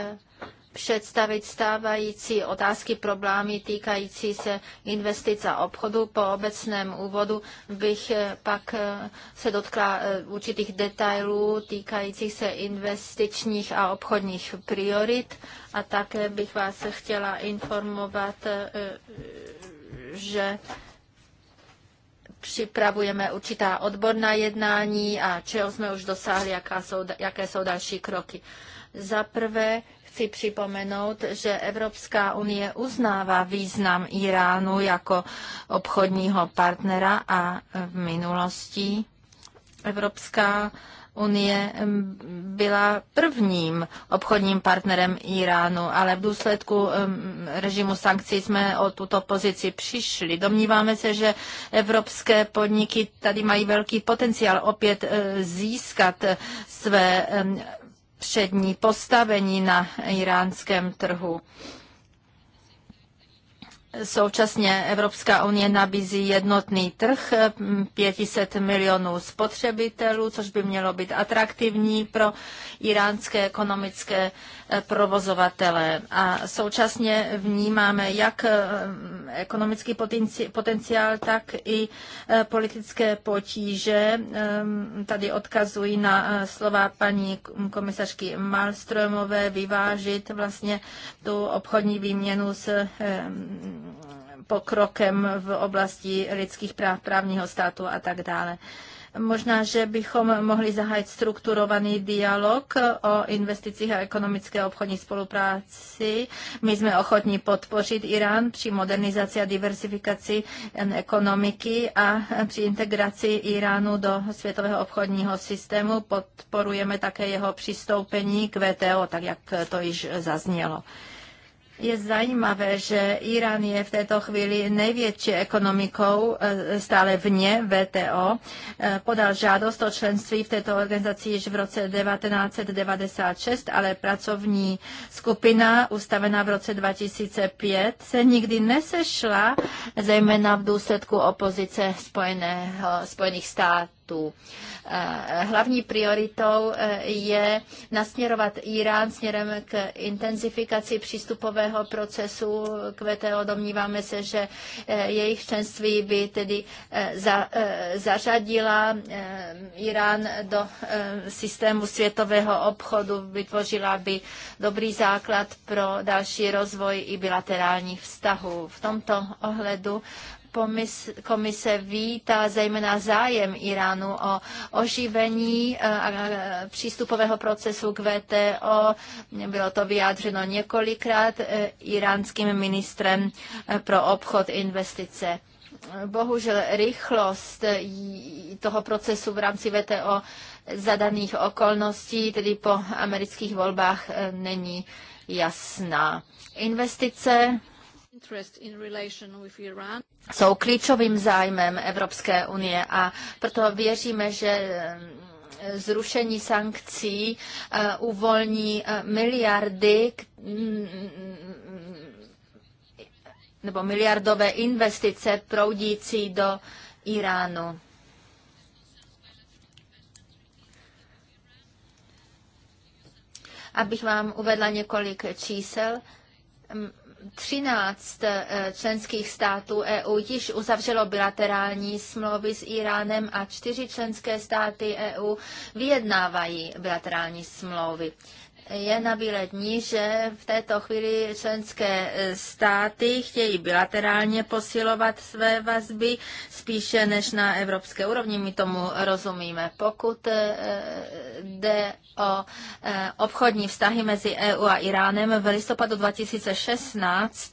představit stávající otázky, problémy týkající se investic a obchodu. Po obecném úvodu bych eh, pak eh, se dotkla eh, určitých detailů týkajících se investičních a obchodních priorit a také bych vás chtěla informovat, že připravujeme určitá odborná jednání a čeho jsme už dosáhli, jaká jsou, jaké jsou další kroky. Za prvé chci připomenout, že Evropská unie uznává význam Iránu jako obchodního partnera a v minulosti Evropská Unie byla prvním obchodním partnerem Iránu, ale v důsledku režimu sankcí jsme o tuto pozici přišli. Domníváme se, že evropské podniky tady mají velký potenciál opět eh, získat eh, své přední postavení na iránském trhu. Současně Evropská unie nabízí jednotný trh mm, 500 milionů spotřebitelů, což by mělo být atraktivní pro iránské ekonomické eh, provozovatele. A současně vnímáme jak eh, ekonomický potenciál, tak i eh, politické potíže. Ehm, tady odkazují na slova paní komisařky Malströmové vyvážit vlastně tu obchodní výměnu s ehm, pokrokem v oblasti lidských práv, právního státu a tak dále. Možná, že bychom mohli zahájit strukturovaný dialog o investicích a ekonomické obchodní spolupráci. My jsme ochotní podpořit Irán při modernizaci a diversifikaci ekonomiky a při integraci Iránu do světového obchodního systému. Podporujeme také jeho přistoupení k VTO, tak jak to již zaznělo. Je zajímavé, že Irán je v této chvíli největší ekonomikou eh, stále vně VTO. Eh, podal žádost o členství v této organizaci již v roce 1996, ale pracovní skupina ustavená v roce 2005 se nikdy nesešla, zejména v důsledku opozice Spojeného, Spojených států konfliktů. Eh, hlavní prioritou eh, je nasměrovat Irán směrem k intenzifikaci přístupového procesu k VTO. Domníváme se, že eh, jejich členství by tedy za, zařadila Irán do systému světového obchodu, vytvořila by dobrý základ pro další rozvoj i bilaterálních vztahů. V tomto ohledu komise vítá zejména zájem Iránu o oživení eh, přístupového procesu k VTO. Bylo to vyjádřeno několikrát eh, iránským ministrem eh, pro obchod investice bohužel rychlost toho procesu v rámci VTO za daných okolností, tedy po amerických volbách, není jasná. Investice jsou klíčovým zájmem Evropské unie a proto věříme, že eh, zrušení sankcí eh, uvolní eh, miliardy mm, nebo miliardové investice proudící do Iránu. Abych vám uvedla několik čísel, 13 eh, členských států EU již uzavřelo bilaterální smlouvy s Iránem a čtyři členské státy EU vyjednávají bilaterální smlouvy je na bílé dní, že v této chvíli členské e, státy chtějí bilaterálně posilovat své vazby spíše než na evropské úrovni. My tomu rozumíme. Pokud e, jde o e, obchodní vztahy mezi EU a Iránem, v listopadu 2016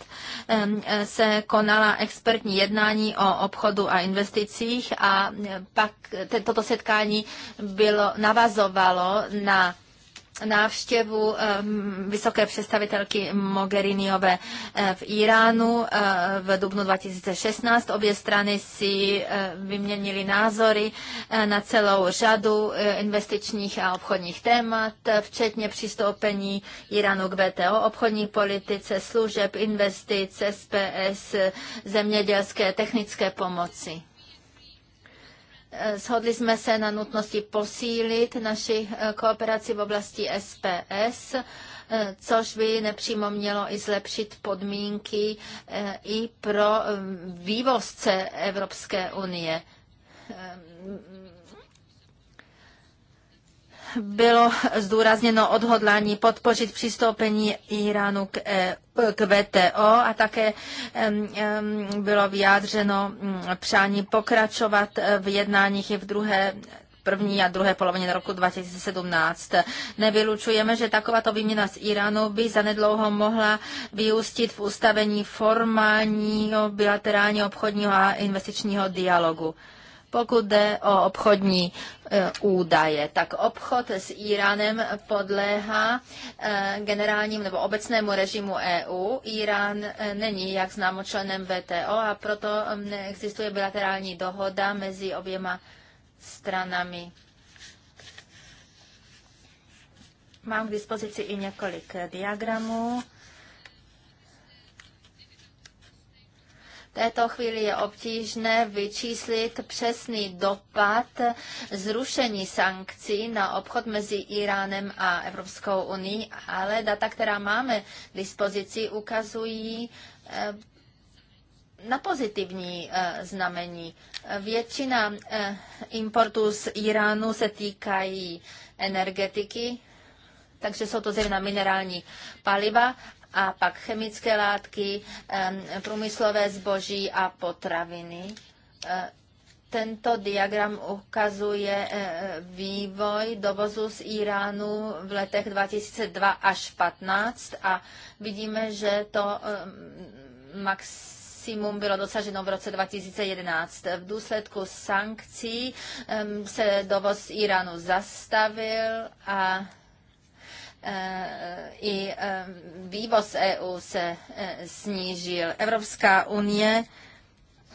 se konala expertní jednání o obchodu a investicích a pak toto setkání bylo, navazovalo na návštěvu ehm, vysoké představitelky Mogheriniové eh, v Iránu eh, v dubnu 2016. Obě strany si eh, vyměnily názory na celou řadu investičních a obchodních témat, včetně přistoupení Iránu k VTO, obchodní politice, služeb, investic, SPS, zemědělské, technické pomoci. Eh, shodli jsme se na nutnosti posílit naši eh, kooperaci v oblasti SPS, eh, což by nepřímo mělo i zlepšit podmínky i pro vývozce Evropské unie bylo zdůrazněno odhodlání podpořit přistoupení Iránu k, e, k VTO a také bylo vyjádřeno mm, přání pokračovat v jednáních i v druhé první a druhé polovině roku 2017. Nevylučujeme, že takováto výměna s Iránu by zanedlouho mohla vyústit v ustavení formálního bilaterálního obchodního a investičního dialogu. Pokud jde o obchodní e, údaje, tak obchod s Iránem podléhá e, generálním nebo obecnému režimu EU. Irán e, není, jak známo, členem VTO a proto existuje bilaterální dohoda mezi oběma stranami. Mám k dispozici i několik diagramů této chvíli je obtížné vyčíslit přesný dopad zrušení sankcí na obchod mezi Iránem a Evropskou unii, ale data, která máme k dispozici, ukazují eh, na pozitivní eh, znamení. Většina eh, importů z Iránu se týkají energetiky, takže jsou to zejména minerální paliva a pak chemické látky, průmyslové zboží a potraviny. E, tento diagram ukazuje e, vývoj dovozu z Iránu v letech 2002 až 2015 a vidíme, že to maximum bylo dosaženo v roce 2011. V důsledku sankcí se dovoz Iránu zastavil a i e, vývoz EU se e, snížil. Evropská unie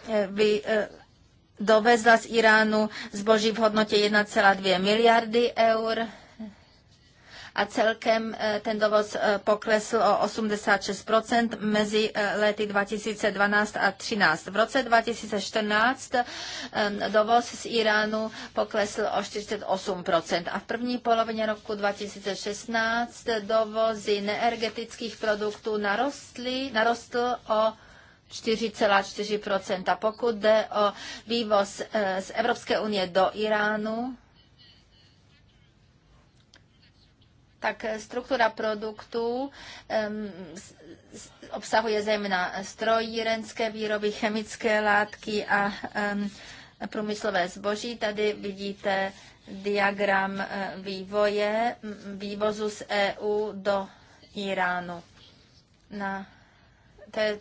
e, by dovezla z Iránu zboží v hodnotě 1,2 miliardy eur a celkem eh, ten dovoz eh, poklesl o 86% mezi eh, lety 2012 a 2013. V roce 2014 dovoz z Iránu poklesl o 48% a v první polovině roku 2016 dovozy neenergetických produktů narostly, narostl o 4,4 Pokud jde o vývoz z Evropské unie do Iránu, tak struktura produktů obsahuje zejména strojírenské výroby, chemické látky a průmyslové zboží. Tady vidíte diagram eh, vývoje vývozu z EU do Iránu. Na, to je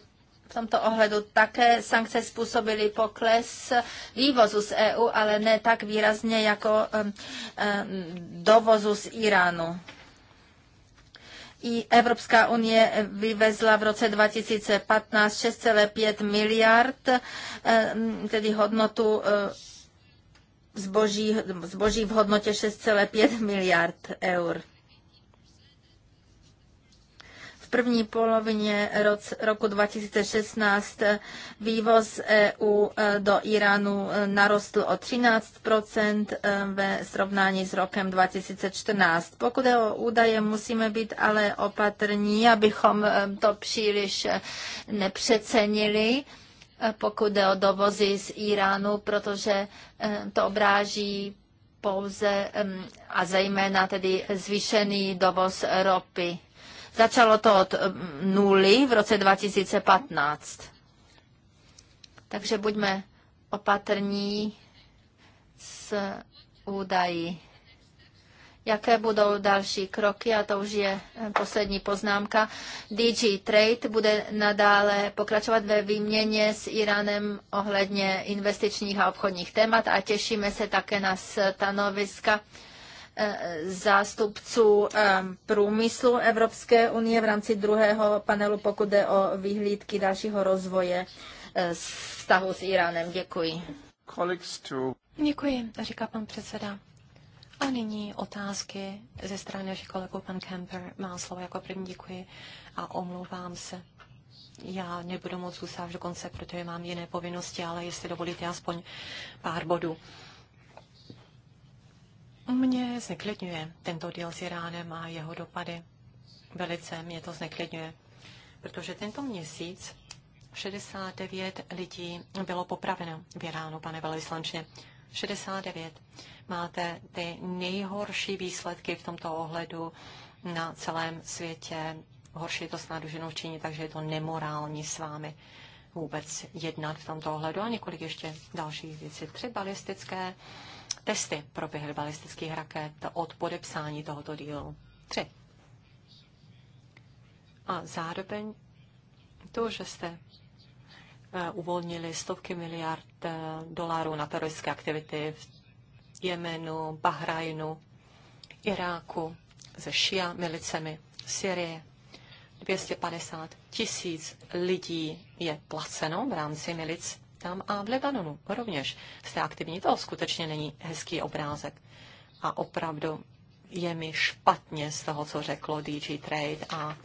v tomto ohledu také sankce způsobily pokles vývozu z EU, ale ne tak výrazně jako dovozu z Iránu i Evropská unie vyvezla v roce 2015 6,5 miliard, eh, tedy hodnotu eh, zboží, zboží v hodnotě 6,5 miliard eur. V první polovině roc, roku 2016 vývoz EU e, do Iránu e, narostl o 13 e, ve srovnání s rokem 2014. Pokud je o údaje, musíme být ale opatrní, abychom to příliš nepřecenili pokud jde o dovozy z Iránu, protože to obráží pouze a zejména tedy zvýšený dovoz ropy. Začalo to od eh, nuly v roce 2015. Takže buďme opatrní s údaji. Jaké budou další kroky, a to už je eh, poslední poznámka. DG Trade bude nadále pokračovat ve výměně s Iránem ohledně investičních a obchodních témat a těšíme se také na stanoviska zástupců průmyslu Evropské unie v rámci druhého panelu, pokud jde o vyhlídky dalšího rozvoje eh, vztahu s Iránem. Děkuji. Děkuji, říká pan předseda. A nyní otázky ze strany našich kolegů. Pan Kemper má slovo jako první. Děkuji a omlouvám se. Já nebudu moc zůstat do konce, protože mám jiné povinnosti, ale jestli dovolíte aspoň pár bodů. Mě zneklidňuje tento díl s Iránem a jeho dopady. Velice mě to zneklidňuje, protože tento měsíc 69 lidí bylo popraveno v Iránu, pane velvyslanče. 69. Máte ty nejhorší výsledky v tomto ohledu na celém světě. Horší je to snad už činí, takže je to nemorální s vámi vůbec jednat v tomto ohledu. A několik ještě dalších věcí, třeba balistické testy proběhly balistických raket od podepsání tohoto dílu. Tři. A zároveň to, že jste eh, uvolnili stovky miliard eh, dolarů na teroristické aktivity v Jemenu, Bahrajnu, Iráku, ze šia milicemi Syrie. 250 tisíc lidí je placeno v rámci milic tam a v Libanonu rovněž jste aktivní. To skutečně není hezký obrázek. A opravdu je mi špatně z toho, co řeklo DG Trade a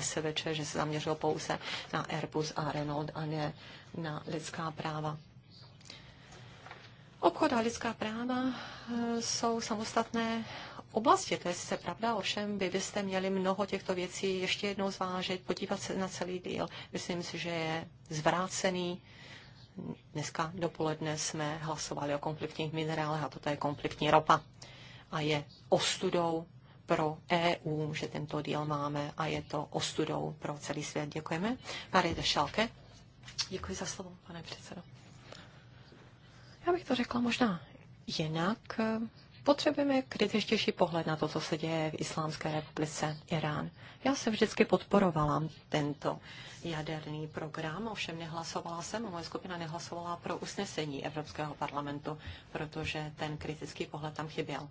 SVČ, že se zaměřilo pouze na Airbus a Renault a ne na lidská práva. Obchod a lidská práva eh, jsou samostatné oblasti, to je sice pravda, ovšem vy byste měli mnoho těchto věcí ještě jednou zvážit, podívat se na celý díl. Myslím si, že je zvrácený Dneska dopoledne jsme hlasovali o konfliktních minerálech a toto je konfliktní ropa. A je ostudou pro EU, že tento díl máme a je to ostudou pro celý svět. Děkujeme. Marie Šalke. Děkuji za slovo, pane předsedo. Já bych to řekla možná jinak. Potřebujeme kritičtější pohled na to, co se děje v Islámské republice Irán. Já jsem vždycky podporovala tento jaderný program, ovšem nehlasovala jsem a moje skupina nehlasovala pro usnesení Evropského parlamentu, protože ten kritický pohled tam chyběl.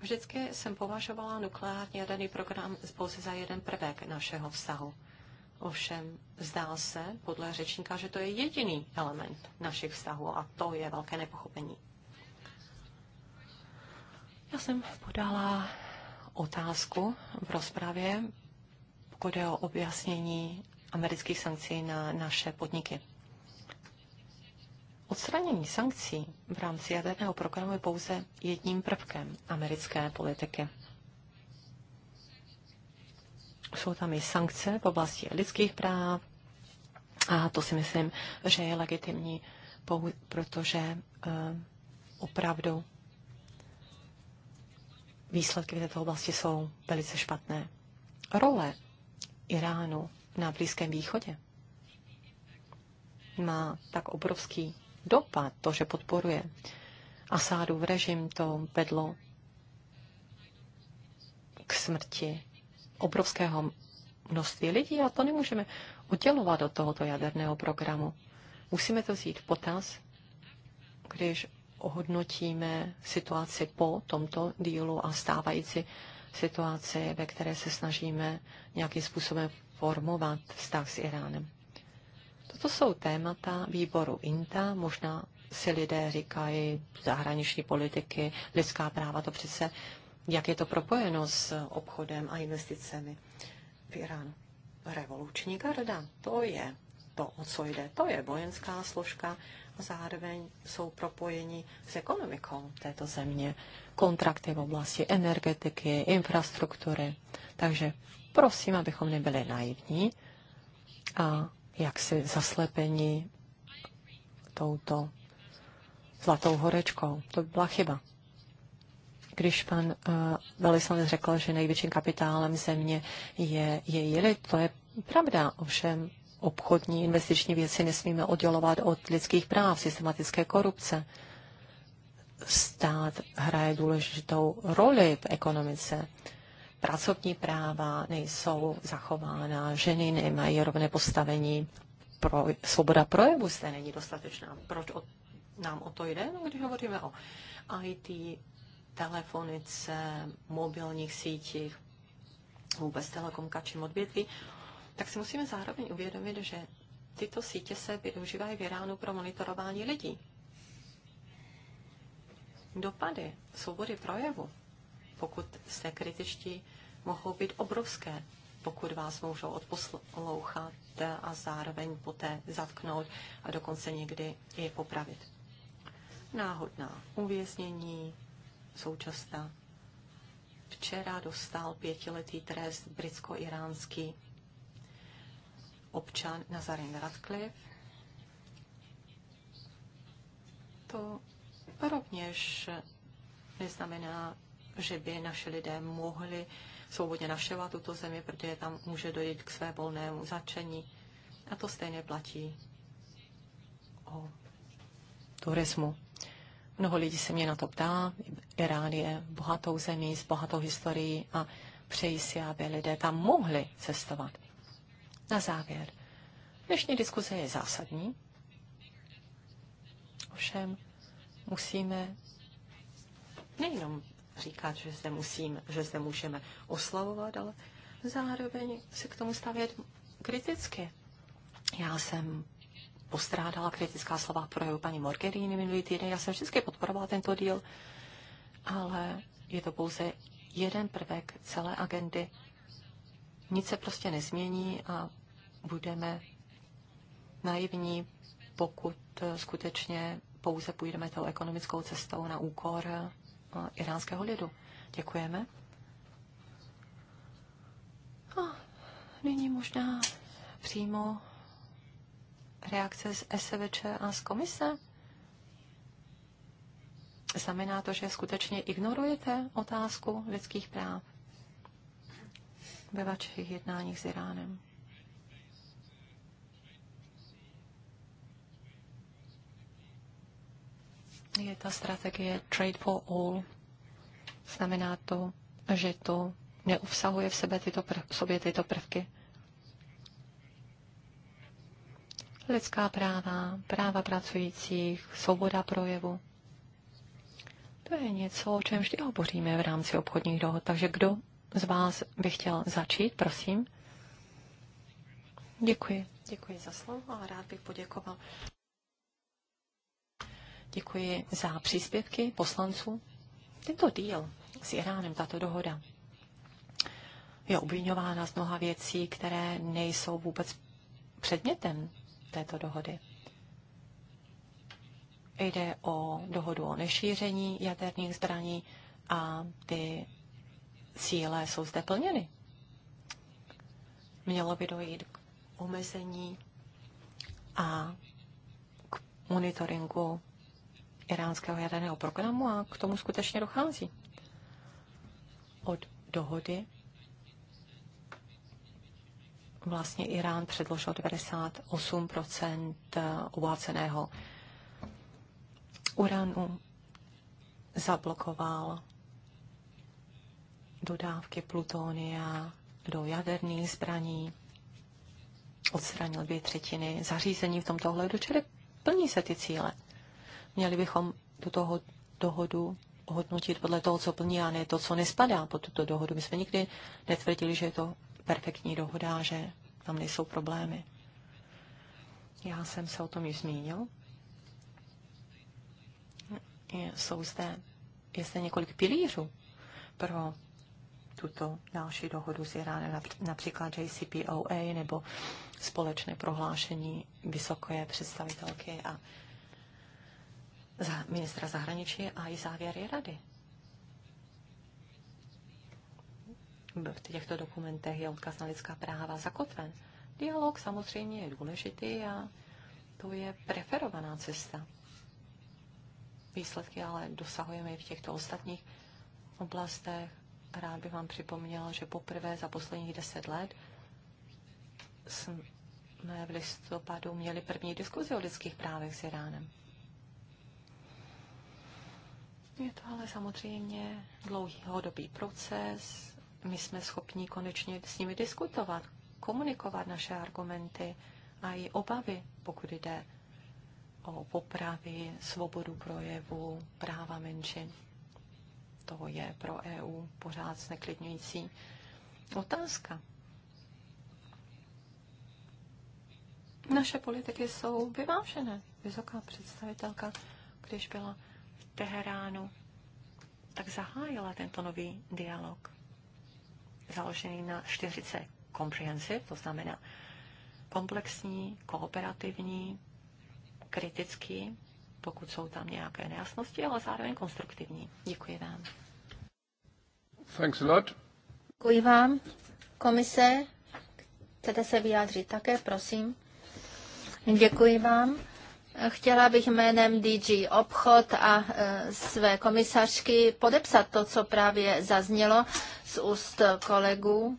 Vždycky jsem považovala nukleární jaderný program pouze za jeden prvek našeho vztahu. Ovšem zdá se podle řečníka, že to je jediný element našich vztahů a to je velké nepochopení. Já jsem podala otázku v rozpravě, pokud je o objasnění amerických sankcí na naše podniky. Odstranění sankcí v rámci jaderného programu je pouze jedním prvkem americké politiky. Jsou tam i sankce v oblasti lidských práv a to si myslím, že je legitimní, protože eh, opravdu výsledky v této oblasti jsou velice špatné. Role Iránu na Blízkém východě má tak obrovský dopad, to, že podporuje v režim, to vedlo k smrti obrovského množství lidí a to nemůžeme oddělovat od tohoto jaderného programu. Musíme to vzít v potaz, když ohodnotíme situaci po tomto dílu a stávající situaci, ve které se snažíme nějakým způsobem formovat vztah s Iránem. Toto jsou témata výboru INTA, možná si lidé říkají zahraniční politiky, lidská práva, to přece, jak je to propojeno s obchodem a investicemi v Iránu. Revoluční garda, to je to, o co jde. To je vojenská složka, zároveň jsou propojeni s ekonomikou této země. Kontrakty v oblasti energetiky, infrastruktury. Takže prosím, abychom nebyli naivní a jaksi zaslepení touto zlatou horečkou. To by byla chyba. Když pan uh, eh, velvyslanec řekl, že největším kapitálem země je její lid, to je pravda, ovšem obchodní investiční věci nesmíme oddělovat od lidských práv, systematické korupce. Stát hraje důležitou roli v ekonomice. Pracovní práva nejsou zachována, ženy nemají rovné postavení, pro, svoboda projevu zde není dostatečná. Proč o, nám o to jde? No, když hovoříme o IT, telefonice, mobilních sítích, vůbec telekomkačím odvětví tak si musíme zároveň uvědomit, že tyto sítě se využívají v Iránu pro monitorování lidí. Dopady svobody projevu, pokud jste kritičtí, mohou být obrovské, pokud vás můžou odposlouchat a zároveň poté zatknout a dokonce někdy i popravit. Náhodná uvěznění, současná. Včera dostal pětiletý trest britsko-iránský občan Nazarin Radcliffe. To rovněž neznamená, že by naše lidé mohli svobodně navštěvovat tuto zemi, protože tam může dojít k své volnému začení. A to stejně platí o turismu. Mnoho lidí se mě na to ptá. Irán je bohatou zemí s bohatou historií a přeji si, aby lidé tam mohli cestovat. Na závěr. Dnešní diskuze je zásadní, ovšem musíme nejenom říkat, že zde, musím, že zde můžeme oslavovat, ale zároveň se k tomu stavět kriticky. Já jsem postrádala kritická slova projevu paní Morgerini minulý týden. Já jsem vždycky podporovala tento díl, ale je to pouze jeden prvek celé agendy nic se prostě nezmění a budeme naivní, pokud eh, skutečně pouze půjdeme tou ekonomickou cestou na úkor eh, iránského lidu. Děkujeme. A nyní možná přímo reakce z SVČ a z komise. Znamená to, že skutečně ignorujete otázku lidských práv? ve vašich jednáních s Iránem? Je ta strategie Trade for All. Znamená to, že to neobsahuje v, sebe tyto prv, v sobě tyto prvky. Lidská práva, práva pracujících, svoboda projevu. To je něco, o čem vždy hovoříme v rámci obchodních dohod. Takže kdo z vás by chtěl začít, prosím. Děkuji. Děkuji za slovo a rád bych poděkoval. Děkuji za příspěvky poslanců. Tento díl s Iránem, tato dohoda, je obvinována z mnoha věcí, které nejsou vůbec předmětem této dohody. Jde o dohodu o nešíření jaderných zbraní a ty cíle jsou zde plněny. Mělo by dojít k omezení a k monitoringu iránského jaderného programu a k tomu skutečně dochází. Od dohody vlastně Irán předložil 98 uváceného uranu, zablokoval dodávky plutonia do jaderných zbraní, odstranil dvě třetiny zařízení v tomto ohledu, čili plní se ty cíle. Měli bychom do toho dohodu hodnotit podle toho, co plní a ne to, co nespadá pod tuto dohodu. My jsme nikdy netvrdili, že je to perfektní dohoda, že tam nejsou problémy. Já jsem se o tom již zmínil. Jsou zde, je zde několik pilířů pro tuto další dohodu s Iránem, například JCPOA nebo společné prohlášení vysoké představitelky a ministra zahraničí a i závěry rady. V těchto dokumentech je odkaz na lidská práva zakotven. Dialog samozřejmě je důležitý a to je preferovaná cesta. Výsledky ale dosahujeme i v těchto ostatních oblastech rád bych vám připomněl, že poprvé za posledních deset let jsme v listopadu měli první diskuzi o lidských právech s Iránem. Je to ale samozřejmě dlouhodobý proces. My jsme schopni konečně s nimi diskutovat, komunikovat naše argumenty a i obavy, pokud jde o popravy, svobodu projevu, práva menšin to je pro EU pořád zneklidňující otázka. Naše politiky jsou vyvážené. Vysoká představitelka, když byla v Teheránu, tak zahájila tento nový dialog, založený na 40 komprehensiv, to znamená komplexní, kooperativní, kritický pokud jsou tam nějaké nejasnosti, ale zároveň konstruktivní. Děkuji vám. Thanks a lot. Děkuji vám. Komise, chcete se vyjádřit také, prosím. Děkuji vám. Chtěla bych jménem DG Obchod a e, své komisařky podepsat to, co právě zaznělo z úst kolegů.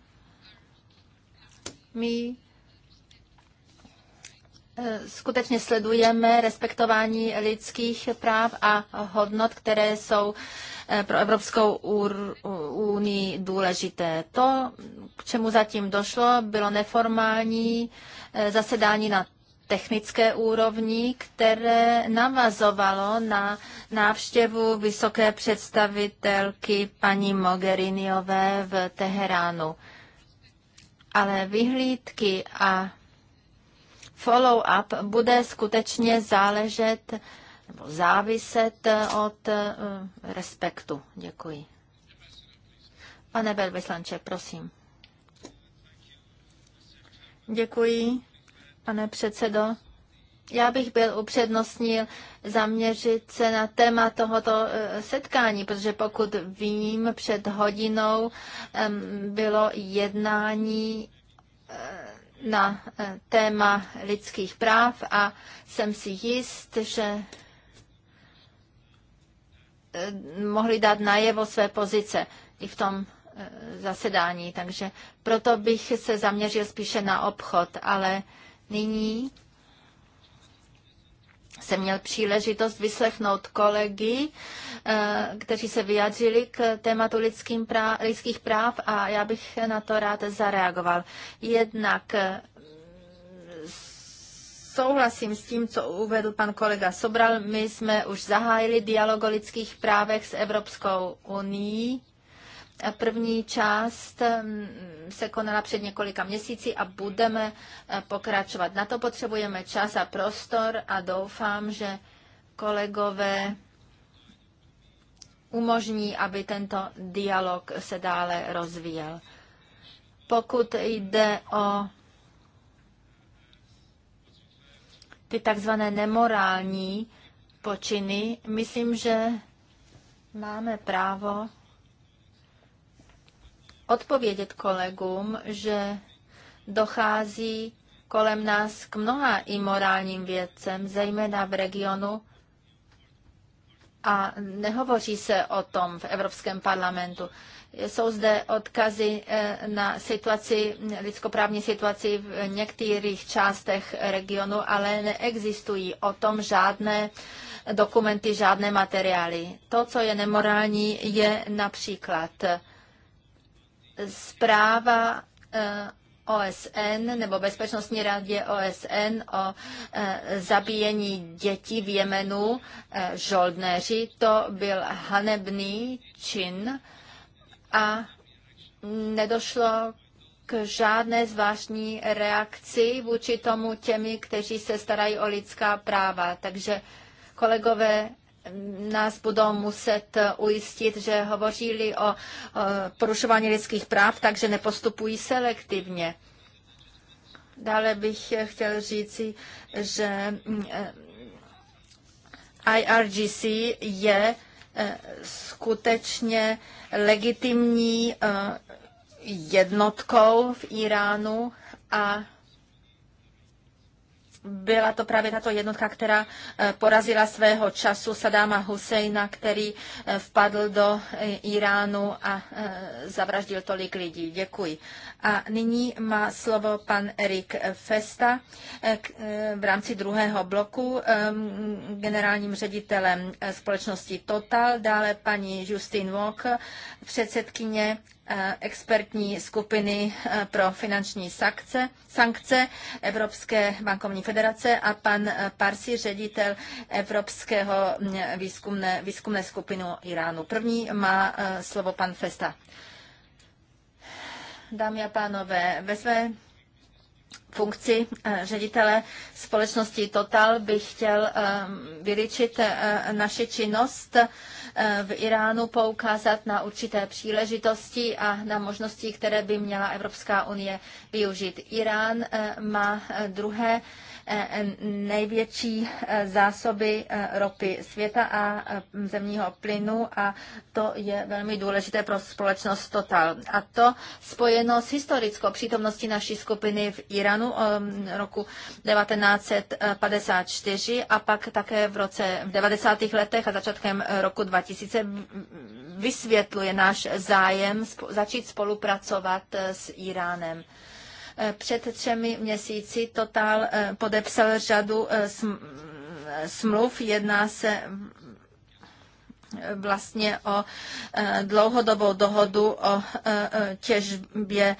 My Eh, skutečně sledujeme respektování lidských práv a hodnot, které jsou eh, pro Evropskou unii důležité. To, k čemu zatím došlo, bylo neformální eh, zasedání na technické úrovni, které navazovalo na návštěvu vysoké představitelky paní Mogheriniové v Teheránu. Ale vyhlídky a follow-up bude skutečně záležet nebo záviset od eh, respektu. Děkuji. Pane velvyslanče, prosím. Děkuji, pane předsedo. Já bych byl upřednostnil zaměřit se na téma tohoto eh, setkání, protože pokud vím, před hodinou bylo jednání eh, na eh, téma lidských práv a jsem si jist, že eh, mohli dát najevo své pozice i v tom eh, zasedání. Takže proto bych se zaměřil spíše na obchod, ale nyní jsem měl příležitost vyslechnout kolegy, eh, kteří se vyjadřili k tématu lidským práv, lidských práv a já bych na to rád zareagoval. Jednak eh, souhlasím s tím, co uvedl pan kolega Sobral. My jsme už zahájili dialog o lidských právech s Evropskou unii První část mm, se konala před několika měsíci a budeme eh, pokračovat. Na to potřebujeme čas a prostor a doufám, že kolegové umožní, aby tento dialog se dále rozvíjel. Pokud jde o ty takzvané nemorální počiny, myslím, že máme právo odpovědět kolegům, že dochází kolem nás k mnoha imorálním věcem, zejména v regionu, a nehovoří se o tom v Evropském parlamentu. Jsou zde odkazy eh, na situaci, lidskoprávní situaci v některých částech regionu, ale neexistují o tom žádné dokumenty, žádné materiály. To, co je nemorální, je například zpráva eh, OSN nebo Bezpečnostní radě OSN o eh, zabíjení dětí v Jemenu eh, žoldnéři. To byl hanebný čin a nedošlo k žádné zvláštní reakci vůči tomu těmi, kteří se starají o lidská práva. Takže kolegové nás budou muset ujistit, že hovořili o porušování lidských práv, takže nepostupují selektivně. Dále bych chtěl říci, že eh, IRGC je eh, skutečně legitimní eh, jednotkou v Iránu a byla to právě tato jednotka, která eh, porazila svého času Sadáma Husejna, který eh, vpadl do eh, Iránu a zavraždil tolik lidí. Děkuji. A nyní má slovo pan Erik Festa v rámci druhého bloku ehm, generálním ředitelem společnosti Total, dále paní Justine Walker, předsedkyně Eh, expertní skupiny eh, pro finanční sankce, sankce Evropské bankovní federace a pan eh, Parsi, ředitel Evropského mm, výzkumné, výzkumné skupiny Iránu. První má slovo pan Festa. Dámy a pánové, ve své funkci ředitele společnosti Total bych chtěl vyličit naši činnost Eh, v Iránu poukázat na určité příležitosti a na možnosti, které by měla Evropská unie využít. Irán eh, má eh, druhé Eh, eh, největší eh, zásoby ropy světa a zemního plynu a to je velmi důležité pro společnost Total. A to spojeno s historickou přítomností naší skupiny v Iránu roku 1954 a pak také v roce v 90. letech a začátkem roku 2000 vysvětluje náš zájem začít spolupracovat s Iránem. Eh, před třemi měsíci Total eh, podepsal řadu eh, smluv. Jedná se vlastně o dlouhodobou dohodu o těžbě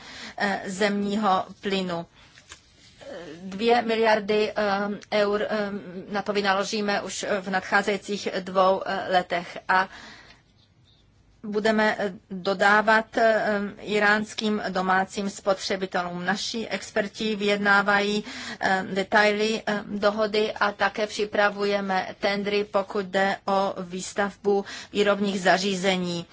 zemního plynu. 2 miliardy eur na to vynaložíme už v nadcházejících dvou letech. A budeme eh, dodávat eh, eh, iránským domácím spotřebitelům. Naši experti vyjednávají detaily dohody a také připravujeme tendry, pokud jde o výstavbu výrobních zařízení.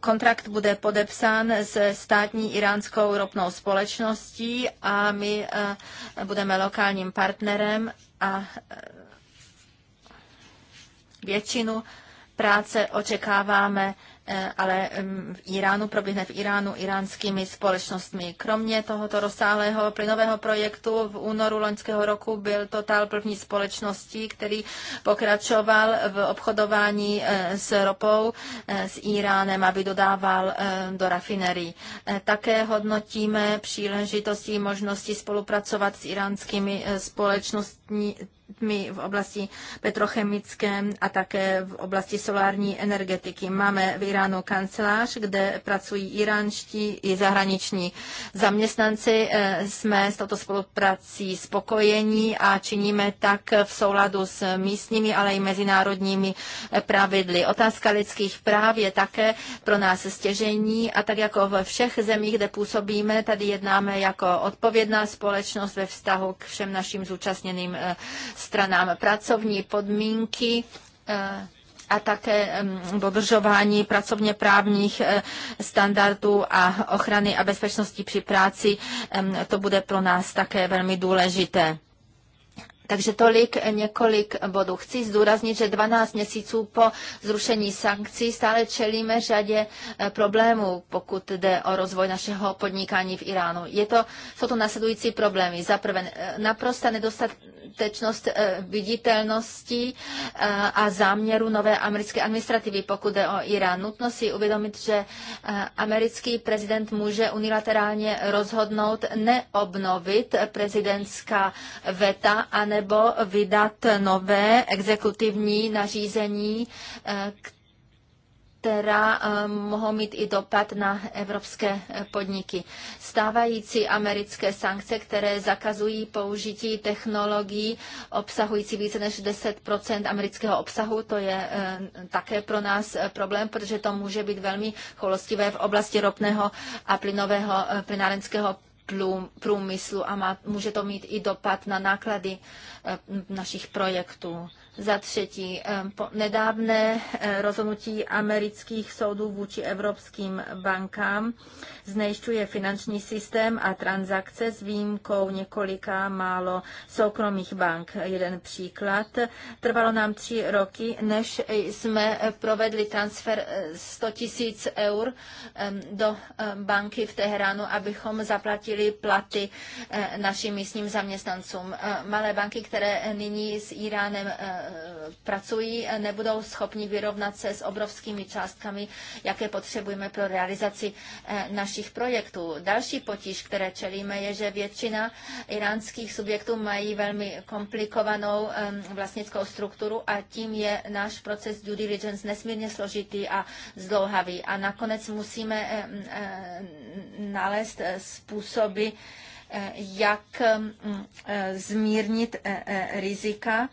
Kontrakt bude podepsán s státní iránskou ropnou společností a my budeme lokálním partnerem a většinu práce očekáváme eh, ale mm, v Iránu proběhne v Iránu iránskými společnostmi. Kromě tohoto rozsáhlého plynového projektu v únoru loňského roku byl Total první společností, který pokračoval v obchodování eh, s ropou eh, s Iránem, aby dodával do rafinerii. Také hodnotíme příležitosti možnosti spolupracovat s iránskými společnostmi my v oblasti petrochemické a také v oblasti solární energetiky. Máme v Iránu kancelář, kde pracují iránští i zahraniční zaměstnanci. Eh, jsme s touto spoluprací spokojení a činíme tak v souladu s místními, ale i mezinárodními eh, pravidly. Otázka lidských práv je také pro nás stěžení a tak jako ve všech zemích, kde působíme, tady jednáme jako odpovědná společnost ve vztahu k všem našim zúčastněným eh, stranám. Pracovní podmínky eh, a také dodržování pracovně právních eh, standardů a ochrany a bezpečnosti při práci, to bude pro nás také velmi důležité. Takže tolik eh, několik bodů. Chci zdůraznit, že 12 měsíců po zrušení sankcí stále čelíme řadě problémů, pokud jde o rozvoj našeho podnikání v Iránu. Je to, jsou to následující problémy. Za prvé, naprosto nedostat, skutečnost eh, viditelnosti eh, a záměru nové americké administrativy, pokud jde o Irán. Nutno si uvědomit, že eh, americký prezident může unilaterálně rozhodnout neobnovit prezidentská veta anebo vydat nové exekutivní nařízení, které která ehm, mohou mít i dopad na evropské eh, podniky. Stávající americké sankce, které zakazují použití technologií obsahující více než 10 amerického obsahu, to je eh, také pro nás eh, problém, protože to může být velmi cholostivé v oblasti ropného a plynového plynárenského průmyslu a má, může to mít i dopad na náklady našich projektů. Za třetí, eh, po nedávné eh, rozhodnutí amerických soudů vůči evropským bankám znejišťuje finanční systém a transakce s výjimkou několika málo soukromých bank. Jeden příklad. Trvalo nám tři roky, než jsme provedli transfer 100 eh, tisíc eur do banky v Teheránu, abychom zaplatili platy našim místním zaměstnancům. Malé banky, které nyní s Iránem pracují, nebudou schopni vyrovnat se s obrovskými částkami, jaké potřebujeme pro realizaci eh, našich projektů. Další potíž, které čelíme, je, že většina iránských subjektů mají velmi komplikovanou vlastnickou strukturu a tím je náš proces due diligence nesmírně složitý a zdlouhavý. A nakonec musíme nalézt eh, způsoby, eh, jak zmírnit rizika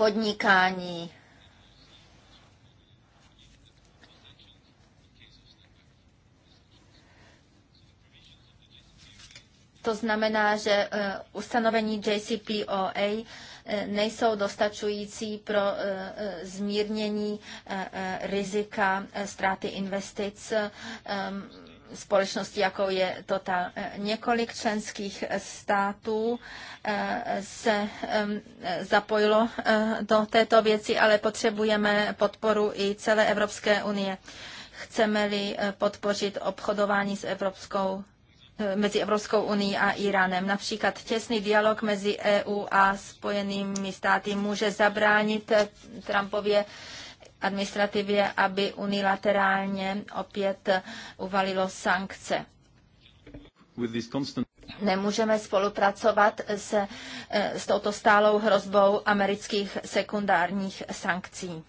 podnikání. To znamená, že eh, ustanovení JCPOA eh, nejsou dostačující pro eh, zmírnění rizika ztráty investic společnosti, jako je to ta eh, Několik členských států eh, se zapojilo eh, do této věci, ale potřebujeme podporu i celé Evropské unie. Chceme-li podpořit obchodování s Evropskou mezi Evropskou unii a Iránem. Například těsný dialog mezi EU a Spojenými státy může zabránit Trumpově administrativě, aby unilaterálně opět uvalilo sankce. Nemůžeme spolupracovat se eh, s touto stálou hrozbou amerických sekundárních sankcí.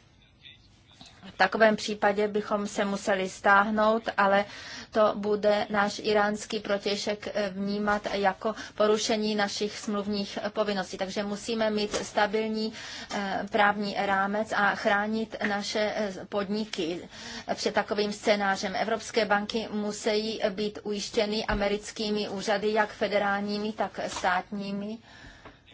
V takovém případě bychom se museli stáhnout, ale to bude náš iránský protějšek eh, vnímat jako porušení našich smluvních povinností. Takže musíme mít stabilní eh, právní rámec a chránit naše eh, podniky před takovým scénářem. Evropské banky musí být ujištěny americkými úřady, jak federálními, tak státními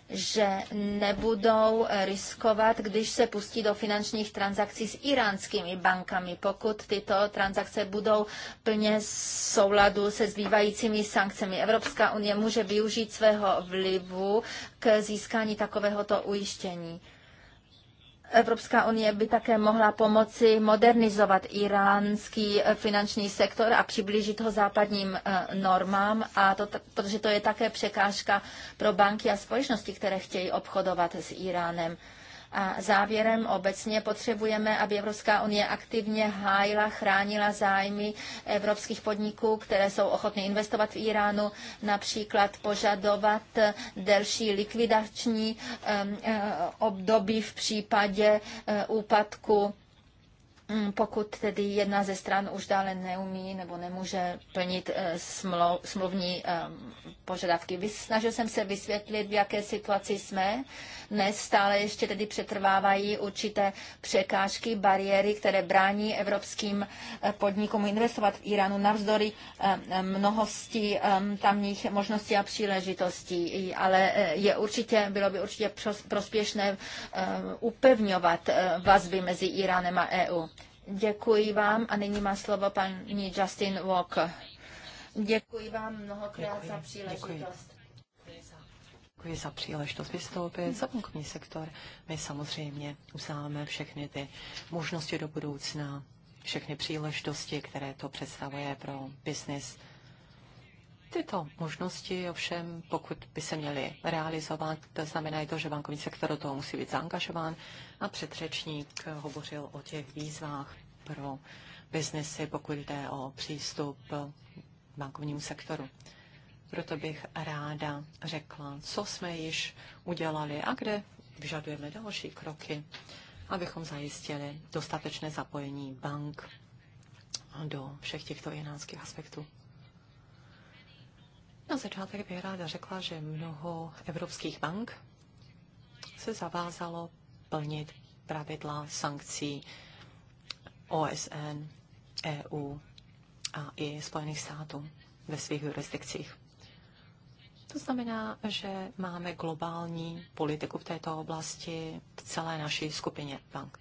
že nebudou eh, riskovat, když se pustí do finančních transakcí s iránskými bankami, pokud tyto transakce budou plně souladu se zbývajícími sankcemi. Evropská unie může využít svého vlivu k získání takovéhoto ujištění. Evropská unie by také mohla pomoci modernizovat iránský eh, finanční sektor a přiblížit ho západním eh, normám, a to, protože to je také překážka pro banky a společnosti, které chtějí obchodovat s Iránem. A závěrem obecně potřebujeme, aby Evropská unie aktivně hájila, chránila zájmy evropských podniků, které jsou ochotny investovat v Iránu, například požadovat delší likvidační eh, období v případě eh, úpadku Mm, pokud tedy jedna ze stran už dále neumí nebo nemůže plnit eh, smluvní ehm, požadavky. Snažil jsem se vysvětlit, v jaké situaci jsme. Dnes stále ještě tedy přetrvávají určité překážky, bariéry, které brání evropským eh, podnikům investovat v Iránu navzdory ehm, mnohosti ehm, tamních možností a příležitostí. Ale eh, je určitě, bylo by určitě prospěšné upevňovat vazby mezi Iránem a EU. Děkuji vám a nyní má slovo paní Justin Walker. Děkuji vám mnohokrát děkuji, za příležitost. Děkuji. děkuji za příležitost vystoupit za bankovní sektor. My samozřejmě uznáme všechny ty možnosti do budoucna, všechny příležitosti, které to představuje pro biznis. Tyto možnosti ovšem, pokud by se měly realizovat, to znamená i to, že bankovní sektor do toho musí být zaangažován, a předřečník hovořil o těch výzvách pro biznesy, pokud jde o přístup k bankovnímu sektoru. Proto bych ráda řekla, co jsme již udělali a kde vyžadujeme další kroky, abychom zajistili dostatečné zapojení bank do všech těchto jenáckých aspektů. Na začátek bych ráda řekla, že mnoho evropských bank se zavázalo plnit pravidla sankcí OSN, EU a i Spojených států ve svých jurisdikcích. To znamená, že máme globální politiku v této oblasti v celé naší skupině bank.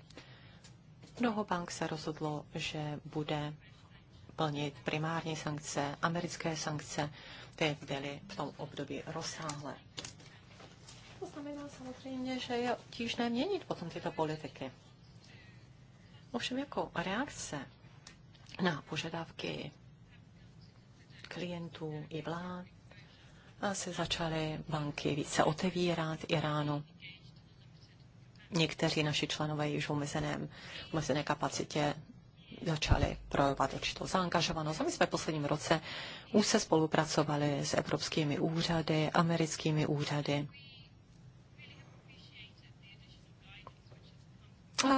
Mnoho bank se rozhodlo, že bude plnit primární sankce, americké sankce, které byly v tom období rozsáhlé. To znamená samozřejmě, že je obtížné měnit potom tyto politiky. Ovšem jako reakce na požadavky klientů i vlád se začaly banky více otevírat Iránu. Někteří naši členové již v omezeném, omezené kapacitě začali projevovat určitou zaangažovanost. A my jsme v posledním roce už se spolupracovali s evropskými úřady, americkými úřady A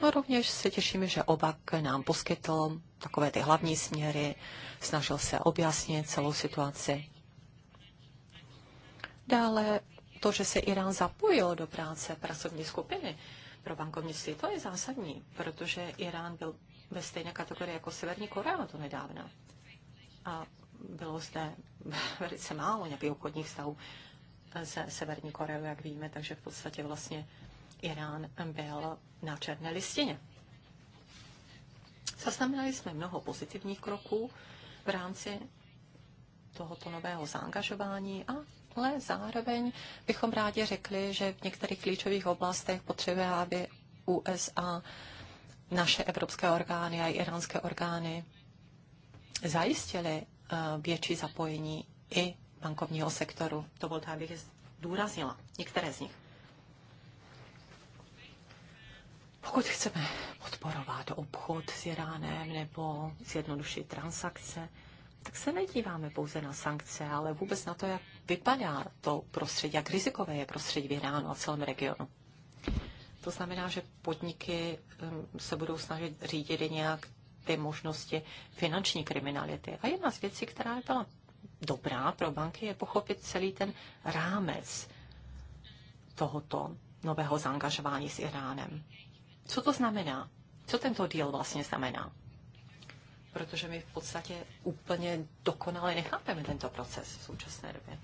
no, rovněž se těšíme, že OBAK nám poskytl takové ty hlavní směry, snažil se objasnit celou situaci. Dále to, že se Irán zapojil do práce pracovní skupiny pro bankovnictví, to je zásadní, protože Irán byl ve stejné kategorii jako Severní Korea to nedávna. A bylo zde velice málo nějakých obchodních vztahů se Severní Koreou, jak víme, takže v podstatě vlastně Irán byl na černé listině. Zaznamenali jsme mnoho pozitivních kroků v rámci tohoto nového zaangažování, ale zároveň bychom rádi řekli, že v některých klíčových oblastech potřebuje, aby USA, naše evropské orgány a iránské orgány zajistili eh, větší zapojení i bankovního sektoru. To bylo byl abych zdůraznila některé z nich. Pokud chceme podporovat obchod s Iránem nebo zjednodušit transakce, tak se nedíváme pouze na sankce, ale vůbec na to, jak vypadá to prostředí, jak rizikové je prostředí v Iránu a celém regionu. To znamená, že podniky um, se budou snažit řídit nějak ty možnosti finanční kriminality. A jedna z věcí, která by byla dobrá pro banky, je pochopit celý ten rámec tohoto nového zaangažování s Iránem. Co to znamená? Co tento díl vlastně znamená? Protože my v podstatě úplně dokonale nechápeme tento proces v současné době.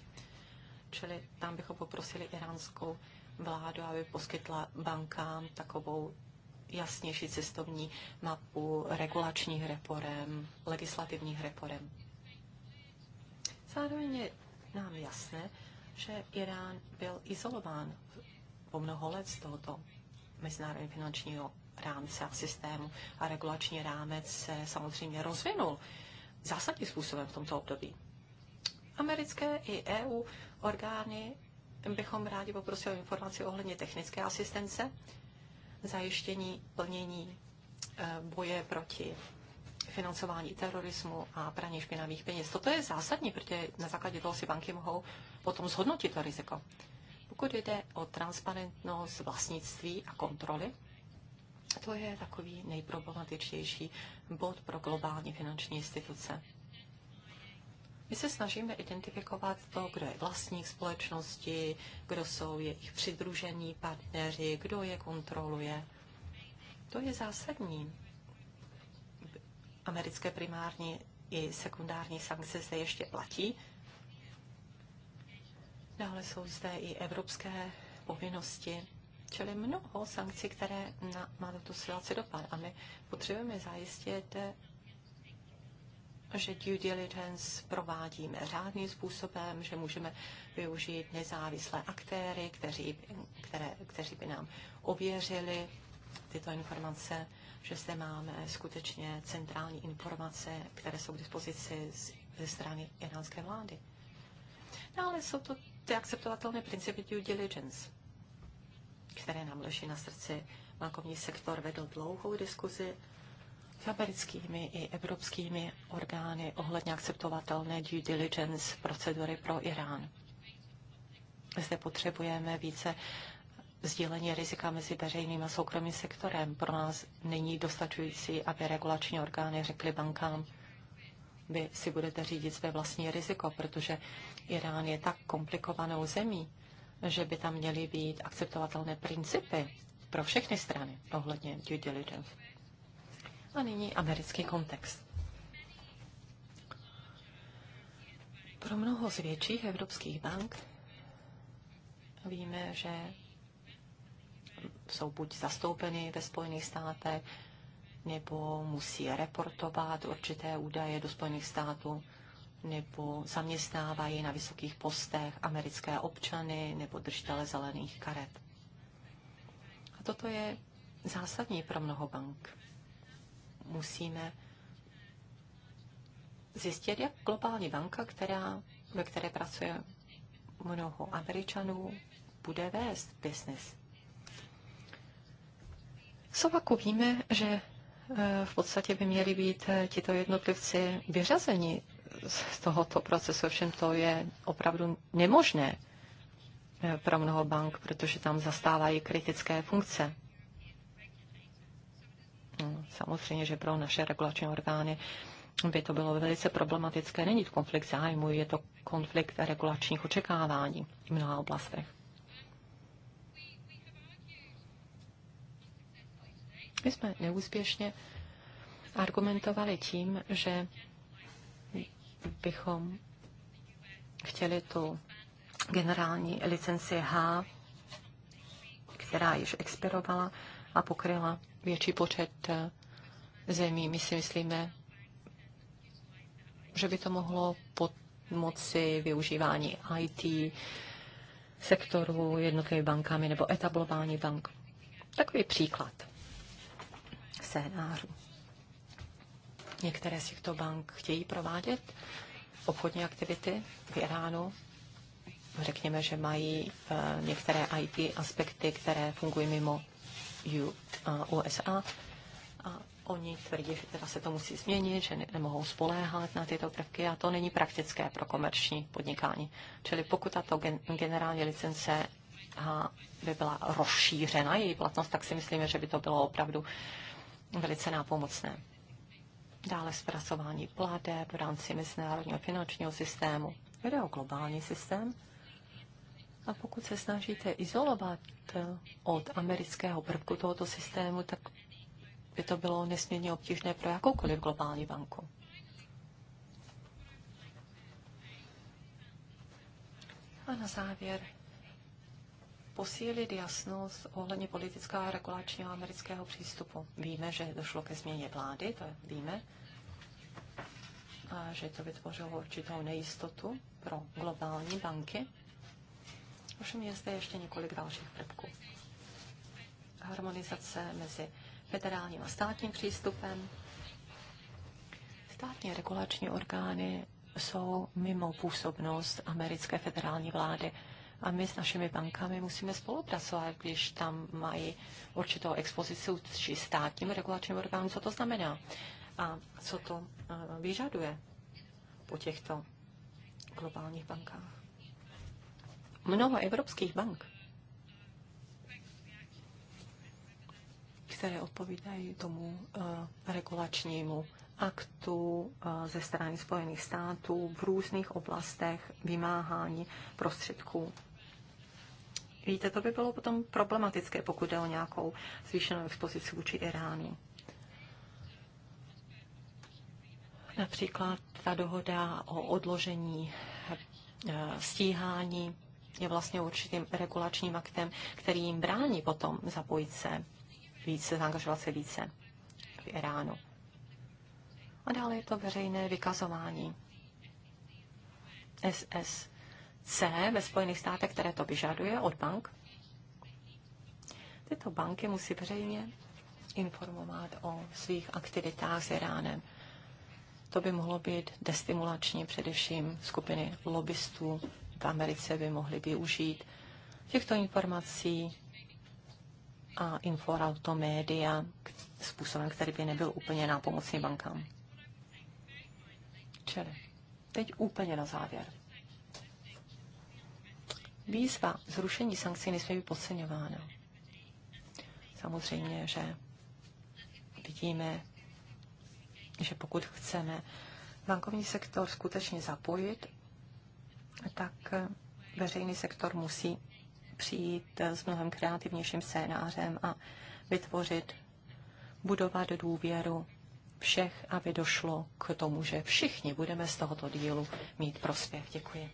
Čili tam bychom poprosili iránskou vládu, aby poskytla bankám takovou jasnější cestovní mapu regulačních reform, legislativních reform. Zároveň je nám jasné, že Irán byl izolován po mnoho let z tohoto mezinárodně finančního rámce a systému a regulační rámec se samozřejmě rozvinul zásadním způsobem v tomto období. Americké i EU orgány bychom rádi poprosili o informaci ohledně technické asistence, zajištění plnění e, boje proti financování terorismu a praní špinavých peněz. Toto je zásadní, protože na základě toho si banky mohou potom zhodnotit to riziko. Pokud jde o transparentnost vlastnictví a kontroly, to je takový nejproblematičtější bod pro globální finanční instituce. My se snažíme identifikovat to, kdo je vlastník společnosti, kdo jsou jejich přidružení partneři, kdo je kontroluje. To je zásadní. Americké primární i sekundární sankce se ještě platí, Dále jsou zde i evropské povinnosti, čili mnoho sankcí, které na, má na tu situaci dopad. A my potřebujeme zajistit, že due diligence provádíme řádným způsobem, že můžeme využít nezávislé aktéry, kteří, které, kteří by nám ověřili tyto informace, že zde máme skutečně centrální informace, které jsou k dispozici z, ze strany iránské vlády. Dále ale jsou to ty akceptovatelné principy due diligence, které nám leží na srdci. Bankovní sektor vedl dlouhou diskuzi s americkými i evropskými orgány ohledně akceptovatelné due diligence procedury pro Irán. Zde potřebujeme více sdílení rizika mezi veřejným a soukromým sektorem. Pro nás není dostačující, aby regulační orgány řekly bankám, vy si budete řídit své vlastní riziko, protože Irán je tak komplikovanou zemí, že by tam měly být akceptovatelné principy pro všechny strany ohledně due diligence. A nyní americký kontext. Pro mnoho z větších evropských bank víme, že jsou buď zastoupeny ve Spojených státech, nebo musí reportovat určité údaje do Spojených států, nebo zaměstnávají na vysokých postech americké občany nebo držitele zelených karet. A toto je zásadní pro mnoho bank. Musíme zjistit, jak globální banka, která, ve které pracuje mnoho Američanů, bude vést business. Sovaku víme, že v podstatě by měli být eh, tito jednotlivci vyřazeni z tohoto procesu, všem to je opravdu nemožné eh, pro mnoho bank, protože tam zastávají kritické funkce. No, samozřejmě, že pro naše regulační orgány by to bylo velice problematické. Není to konflikt zájmu, je to konflikt regulačních očekávání v mnoha oblastech. My jsme neúspěšně argumentovali tím, že bychom chtěli tu generální licenci H, která již expirovala a pokryla větší počet eh, zemí. My si myslíme, že by to mohlo pomoci využívání IT sektoru jednotlivými bankami nebo etablování bank. Takový příklad scénářů. Některé z těchto bank chtějí provádět obchodní aktivity v Iránu. Řekněme, že mají eh, některé IT aspekty, které fungují mimo USA. Eh, a oni tvrdí, že teda se to musí změnit, že nemohou spoléhat na tyto prvky a to není praktické pro komerční podnikání. Čili pokud tato generální licence by byla rozšířena, její platnost, tak si myslíme, že by to bylo opravdu velice nápomocné. Dále zpracování plade v rámci mezinárodního finančního systému. Jde o globální systém. A pokud se snažíte izolovat eh, od amerického prvku tohoto systému, tak by to bylo nesmírně obtížné pro jakoukoliv globální banku. A na závěr posílit jasnost ohledně politického a regulačního amerického přístupu. Víme, že došlo ke změně vlády, to víme, a že to vytvořilo určitou nejistotu pro globální banky. Ovšem je zde ještě několik dalších prvků. Harmonizace mezi federálním a státním přístupem. Státní regulační orgány jsou mimo působnost americké federální vlády. A my s našimi bankami musíme spolupracovat, když tam mají určitou expozici či státním regulačním orgánům, co to znamená a co to eh, vyžaduje po těchto globálních bankách. Mnoho evropských bank, které odpovídají tomu eh, regulačnímu aktu eh, ze strany Spojených států v různých oblastech vymáhání prostředků Víte, to by bylo potom problematické, pokud jde o nějakou zvýšenou expozici vůči Iránu. Například ta dohoda o odložení eh, stíhání je vlastně určitým regulačním aktem, který jim brání potom zapojit se více, zaangažovat se více v Iránu. A dále je to veřejné vykazování. SS C ve Spojených státech, které to vyžaduje od bank. Tyto banky musí veřejně informovat o svých aktivitách s Iránem. To by mohlo být destimulační především skupiny lobbystů v Americe by mohly využít těchto informací a informovat to média způsobem, který by nebyl úplně na pomocí bankám. Čili teď úplně na závěr. Výzva zrušení sankcí nesmí být podceňována. Samozřejmě, že vidíme, že pokud chceme bankovní sektor skutečně zapojit, tak veřejný sektor musí přijít s mnohem kreativnějším scénářem a vytvořit, budovat důvěru všech, aby došlo k tomu, že všichni budeme z tohoto dílu mít prospěch. Děkuji.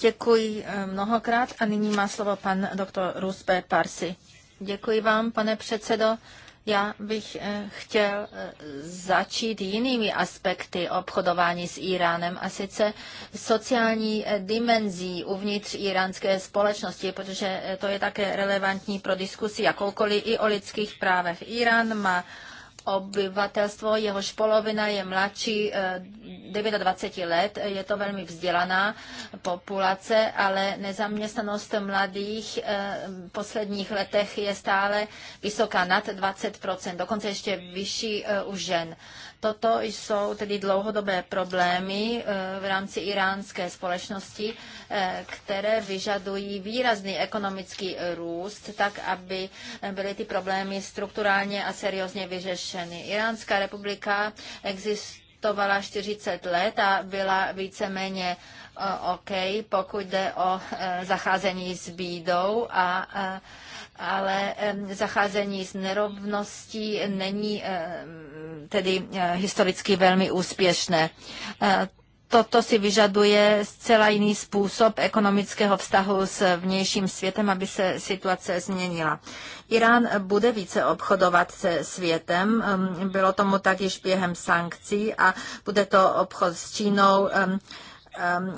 Děkuji eh, mnohokrát a nyní má slovo pan doktor Ruspe Parsi. Děkuji vám, pane předsedo. Já bych eh, chtěl eh, začít jinými aspekty obchodování s Iránem a sice sociální dimenzí uvnitř iránské společnosti, protože to je také relevantní pro diskusi jakoukoliv i o lidských právech. Irán má obyvatelstvo, jehož polovina je mladší 29 let. Je to velmi vzdělaná populace, ale nezaměstnanost mladých eh, v posledních letech je stále vysoká nad 20 dokonce ještě vyšší eh, u žen. Toto jsou tedy dlouhodobé problémy eh, v rámci iránské společnosti, které vyžadují výrazný ekonomický růst, tak aby byly ty problémy strukturálně a seriózně vyřešeny. Iránská republika existuje tovala 40 let a byla víceméně eh, OK, pokud jde o eh, zacházení s bídou, a, eh, ale zacházení s nerovností není tedy historicky velmi úspěšné toto si vyžaduje zcela jiný způsob ekonomického vztahu s vnějším světem, aby se situace změnila. Irán bude více obchodovat se světem, um, bylo tomu tak již během sankcí a bude to obchod s Čínou, um, Um,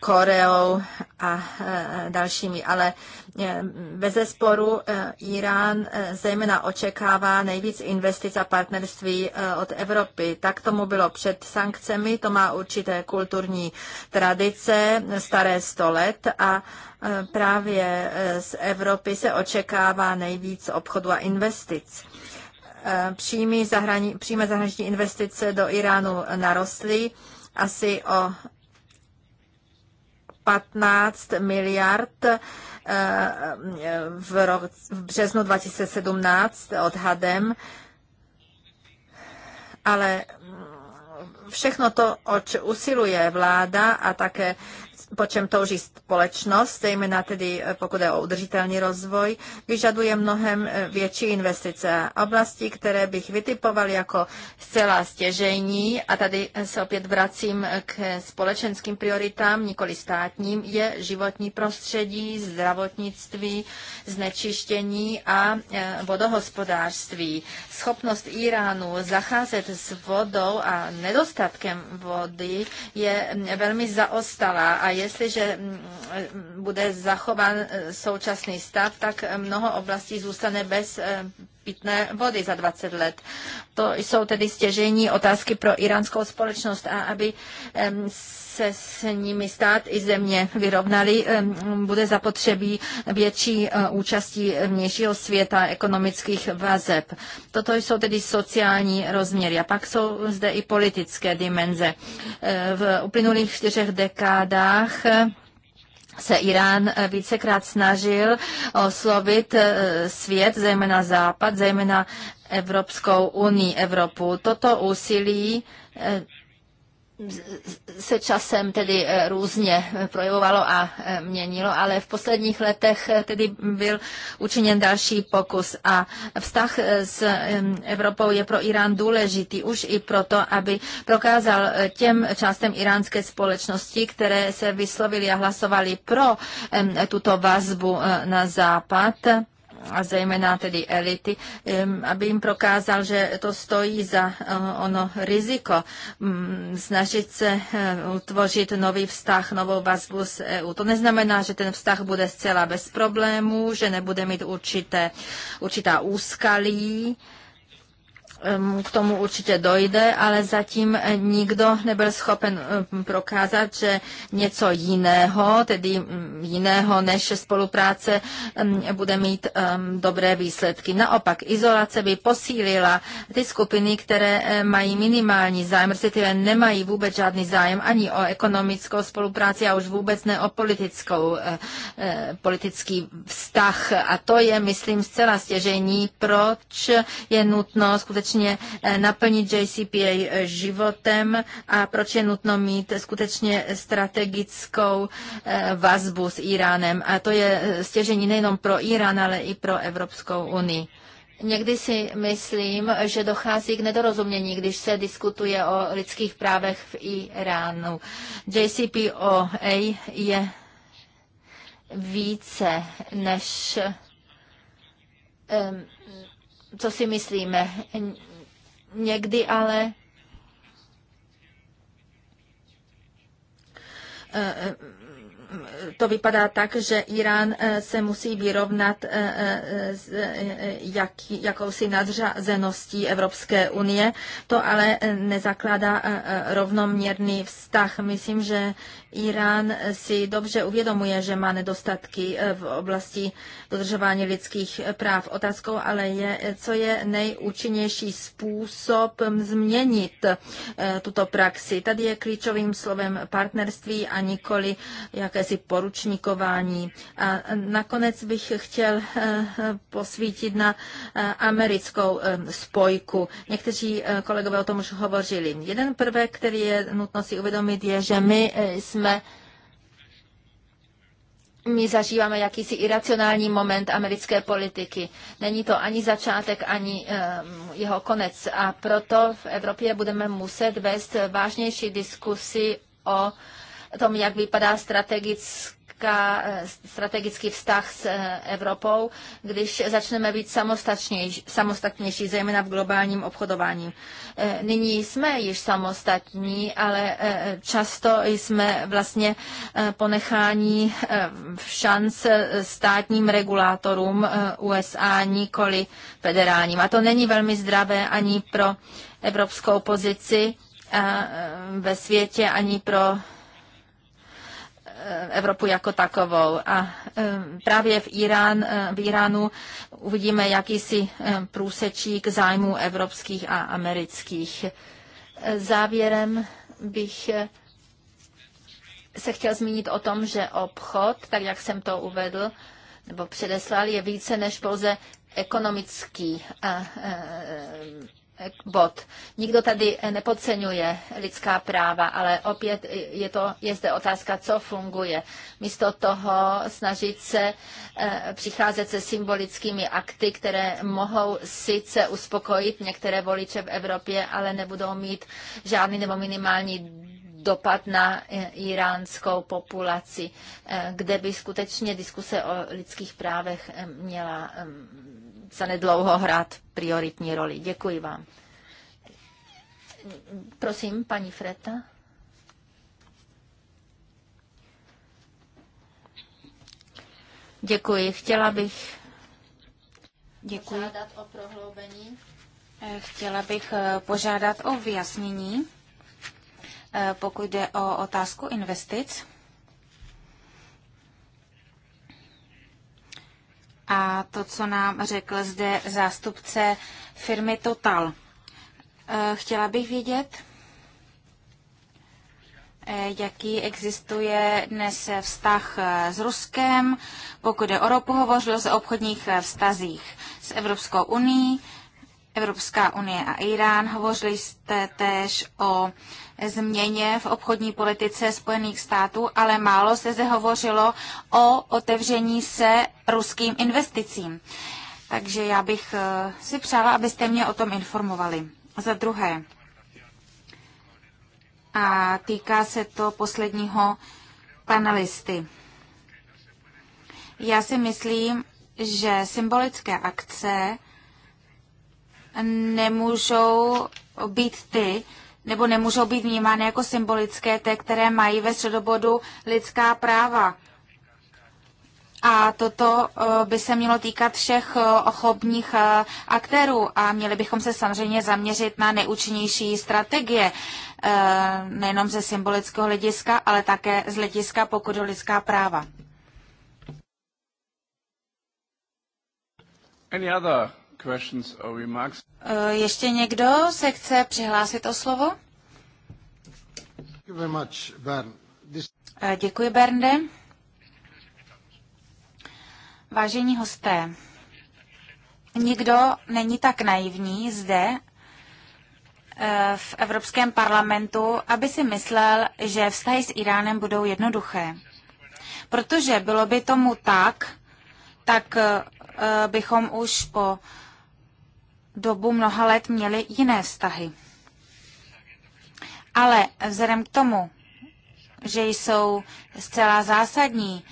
Koreou a eh, dalšími, ale eh, bez sporu eh, Irán zejména očekává nejvíc investic a partnerství od Evropy. Tak tomu bylo před sankcemi, to má určité kulturní tradice, staré 100 let a právě z Evropy se očekává nejvíc obchodu a investic příjmy zahrani, přímé zahraniční investice do Iránu narostly asi o 15 miliard eh, v, rok, v březnu 2017 odhadem, ale všechno to, oč usiluje vláda a také po čem touží společnost, zejména tedy eh, pokud je o udržitelný rozvoj, vyžaduje mnohem eh, větší investice. Oblasti, které bych vytipoval jako zcela stěžení, a tady se opět vracím k společenským prioritám, nikoli státním, je životní prostředí, zdravotnictví, znečištění a eh, vodohospodářství. Schopnost Iránu zacházet s vodou a nedostatkem vody je mm, velmi zaostalá a je jestliže mm, mm, bude zachován eh, současný stav, tak eh, mnoho oblastí zůstane bez eh, pitné vody za 20 let. To jsou tedy stěžení otázky pro iránskou společnost a aby se s nimi stát i země vyrovnali, bude zapotřebí větší e, účastí vnějšího světa ekonomických vazeb. Toto jsou tedy sociální rozměry. A pak jsou zde i politické dimenze. E, v uplynulých čtyřech dekádách e, se Irán vícekrát snažil oslovit svět, zejména Západ, zejména Evropskou unii, Evropu. Toto úsilí se časem tedy eh, různě eh, projevovalo a eh, měnilo, ale v posledních letech tedy byl učiněn další pokus a vztah s Evropou je pro Irán důležitý už i proto, aby prokázal těm částem iránské společnosti, které se vyslovili a hlasovali pro tuto vazbu na západ, a zejména tedy elity, aby jim prokázal, že to stojí za eh, ono riziko mm, snažit se eh, utvořit nový vztah, novou vazbu s EU. To neznamená, že ten vztah bude zcela bez problémů, že nebude mít určité, určitá úskalí, Ehm, k tomu určitě dojde, ale zatím eh, nikdo nebyl schopen ehm, prokázat, že něco jiného, tedy mm, jiného než spolupráce, ehm, bude mít dobré výsledky. Naopak, izolace by posílila ty skupiny, které eh, mají minimální zájem, respektive nemají vůbec žádný zájem ani o ekonomickou spolupráci a už vůbec ne o politickou, eh, politický vztah. A to je, myslím, zcela stěžení, proč je nutno skutečně skutečně eh, naplnit JCPA eh, životem a proč je nutno mít skutečně strategickou eh, vazbu s Iránem. A to je stěžení nejenom pro Irán, ale i pro Evropskou unii. Někdy si myslím, že dochází k nedorozumění, když se diskutuje o lidských právech v Iránu. JCPOA je více než um, co si myslíme. Někdy ale eh, eh, to vypadá tak, že Irán eh, se musí vyrovnat s jaký, jakousi nadřazeností Evropské unie. To ale nezakládá rovnoměrný vztah. Myslím, že Irán si dobře uvědomuje, že má nedostatky eh, v oblasti dodržování lidských eh, práv. Otázkou ale je, eh, co je nejúčinnější způsob mm, změnit tuto praxi. Tady je klíčovým slovem partnerství a nikoli jakési poručníkování. A nakonec bych chtěl posvítit na americkou spojku. Někteří kolegové o tom už hovořili. Jeden prvek, který je nutno si uvědomit, je, že my jsme jsme my zažíváme jakýsi iracionální moment americké politiky. Není to ani začátek, ani ehm, jeho konec. A proto v Evropě budeme muset vést vážnější diskusy o tom, jak vypadá strategický týká eh, strategický vztah s eh, Evropou, když začneme být samostatnější, zejména v globálním obchodování. Eh, nyní jsme již samostatní, ale často jsme vlastně ponecháni v šanc státním regulátorům USA, nikoli federálním. A to není velmi zdravé ani pro evropskou pozici ve světě, ani pro Evropu jako takovou. A e, právě v, Irán, e, v Iránu uvidíme jakýsi e, průsečík zájmů evropských a amerických. Závěrem bych se chtěl zmínit o tom, že obchod, tak jak jsem to uvedl nebo předeslal, je více než pouze ekonomický bod. Nikdo tady nepodceňuje lidská práva, ale opět je, to, je zde otázka, co funguje. Místo toho snažit se eh, přicházet se symbolickými akty, které mohou sice uspokojit některé voliče v Evropě, ale nebudou mít žádný nebo minimální dopad na eh, iránskou populaci, eh, kde by skutečně diskuse o lidských právech měla zanedlouho hrát prioritní roli. Děkuji vám. Prosím, paní Freta. Děkuji. Chtěla bych Děkuji. požádat o prohloubení. Eh, chtěla bych eh, požádat o vyjasnění, eh, pokud jde o otázku investic. a to, co nám řekl zde zástupce firmy Total. Eh, chtěla bych vědět, eh, jaký existuje dnes vztah eh, s Ruskem, pokud je o ropu, hovořil o obchodních vztazích s Evropskou unii, Evropská unie a Irán. Hovořili jste též o změně v obchodní politice Spojených států, ale málo se zde hovořilo o otevření se ruským investicím. Takže já bych eh, si přála, abyste mě o tom informovali. Za druhé, a týká se to posledního panelisty. Já si myslím, že symbolické akce nemůžou být ty, nebo nemůžou být vnímány jako symbolické, té, které mají ve středobodu lidská práva. A toto eh, by se mělo týkat všech eh, ochobních eh, aktérů a měli bychom se samozřejmě zaměřit na neúčinnější strategie, nejenom ze symbolického hlediska, ale také z hlediska pokud o lidská práva. Any other questions or remarks? Eh, ještě někdo se chce přihlásit o slovo? Eh, děkuji, Bernde. Vážení hosté, nikdo není tak naivní zde eh, v Evropském parlamentu, aby si myslel, že vztahy s Iránem budou jednoduché. Protože bylo by tomu tak, tak bychom už po dobu mnoha let měli jiné vztahy. Ale vzhledem k tomu, že jsou zcela zásadní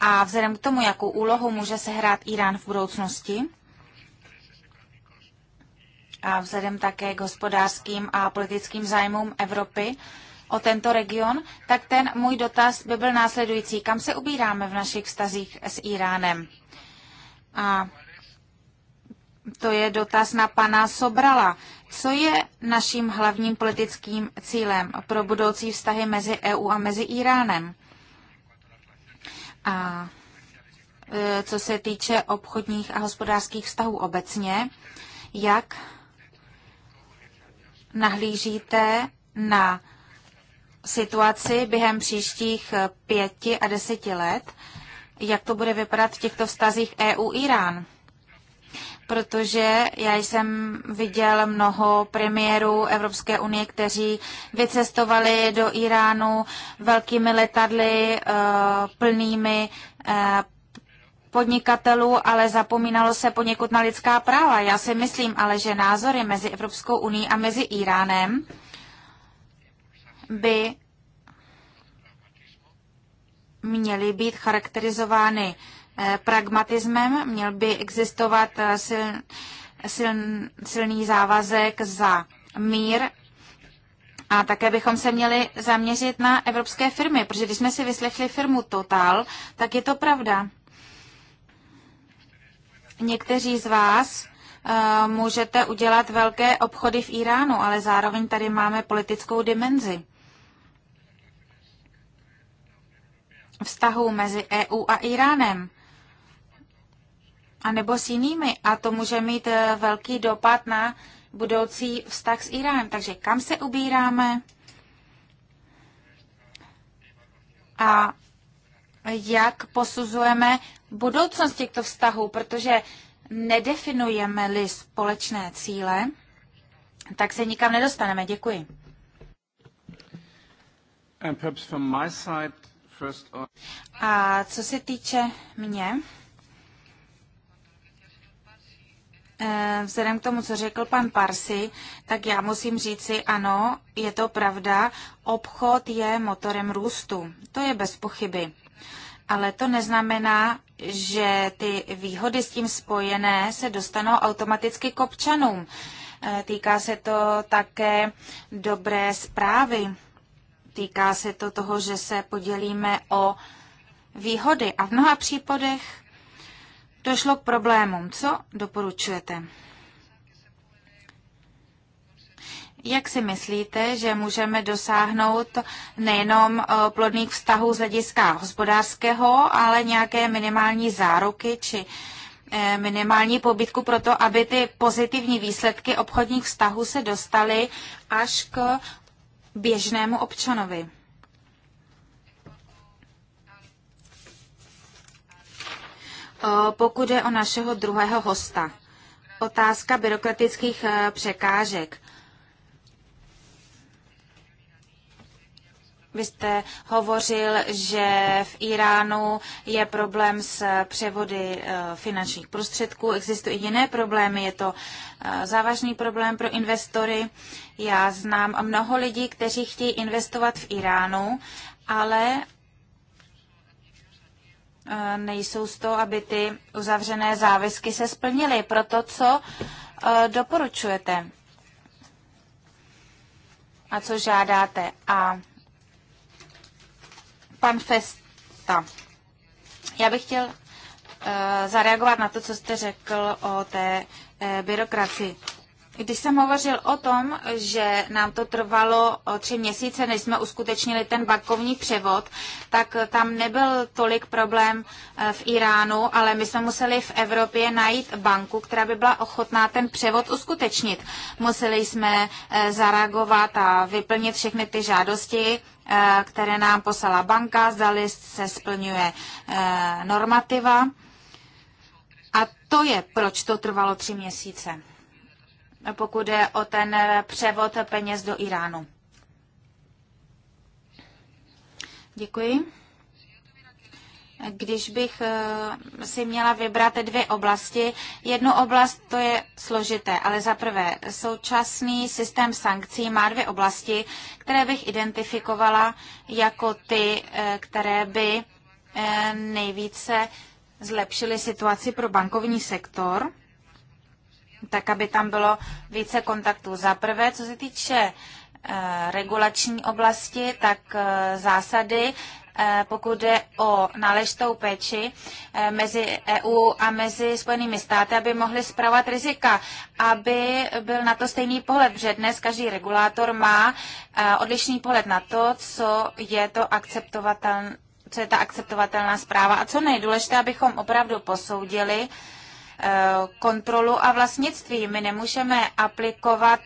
a vzhledem k tomu, jakou úlohu může sehrát Irán v budoucnosti, a vzhledem také k hospodářským a politickým zájmům Evropy o tento region, tak ten můj dotaz by byl následující. Kam se ubíráme v našich vztazích s Iránem? A to je dotaz na pana Sobrala. Co je naším hlavním politickým cílem pro budoucí vztahy mezi EU a mezi Iránem? A e, co se týče obchodních a hospodářských vztahů obecně, jak nahlížíte na situaci během příštích e, pěti a deseti let, jak to bude vypadat v těchto vztazích EU-Irán? protože já jsem viděl mnoho premiérů Evropské unie, kteří vycestovali do Iránu velkými letadly eh, plnými eh, podnikatelů, ale zapomínalo se poněkud na lidská práva. Já si myslím ale, že názory mezi Evropskou uní a mezi Iránem by měly být charakterizovány uh, Eh, pragmatismem, měl by existovat eh, sil, sil, silný závazek za mír a také bychom se měli zaměřit na evropské firmy, protože když jsme si vyslechli firmu Total, tak je to pravda. Někteří z vás uh, můžete udělat velké obchody v Iránu, ale zároveň tady máme politickou dimenzi. vztahu mezi EU a Iránem anebo s jinými. A to může mít eh, velký dopad na budoucí vztah s Iránem. Takže kam se ubíráme a jak posuzujeme budoucnost těchto vztahů, protože nedefinujeme-li společné cíle, tak se nikam nedostaneme. Děkuji. A co se týče mě, Eh, vzhledem k tomu, co řekl pan Parsi, tak já musím říci, ano, je to pravda, obchod je motorem růstu. To je bez pochyby. Ale to neznamená, že ty výhody s tím spojené se dostanou automaticky k občanům. Eh, týká se to také dobré zprávy. Týká se to toho, že se podělíme o výhody. A v mnoha případech došlo k problémům. Co doporučujete? Jak si myslíte, že můžeme dosáhnout nejenom eh, plodných vztahů z hlediska hospodářského, ale nějaké minimální záruky či eh, minimální pobytku pro to, aby ty pozitivní výsledky obchodních vztahů se dostaly až k běžnému občanovi? pokud je o našeho druhého hosta. Otázka byrokratických e, překážek. Vy jste hovořil, že v Iránu je problém s převody e, finančních prostředků. Existují jiné problémy, je to e, závažný problém pro investory. Já znám mnoho lidí, kteří chtějí investovat v Iránu, ale Eh, nejsou z toho, aby ty uzavřené závisky se splnily. Proto co eh, doporučujete a co žádáte. A pan Festa, já bych chtěl eh, zareagovat na to, co jste řekl o té byrokracii. Když jsem hovořil o tom, že nám to trvalo tři měsíce, než jsme uskutečnili ten bankovní převod, tak tam nebyl tolik problém eh, v Iránu, ale my jsme museli v Evropě najít banku, která by byla ochotná ten převod uskutečnit. Museli jsme eh, zareagovat a vyplnit všechny ty žádosti, eh, které nám poslala banka, list se splňuje normativa. A to je, proč to trvalo tři měsíce pokud je o ten převod peněz do Iránu. Děkuji. Když bych eh, si měla vybrat dvě oblasti, jednu oblast to je složité, ale za prvé současný systém sankcí má dvě oblasti, které bych identifikovala jako ty, eh, které by eh, nejvíce zlepšily situaci pro bankovní sektor tak aby tam bylo více kontaktů. Za prvé, co se týče eh, regulační oblasti, tak eh, zásady, eh, pokud jde o náležitou péči mezi EU a mezi Spojenými státy, aby mohly zpravovat rizika, aby byl na to stejný pohled, že dnes každý regulátor má odlišný pohled na to, co je to akceptovatelné co je ta akceptovatelná zpráva. A co nejdůležité, abychom opravdu posoudili, Eh, kontrolu a vlastnictví. My nemůžeme aplikovat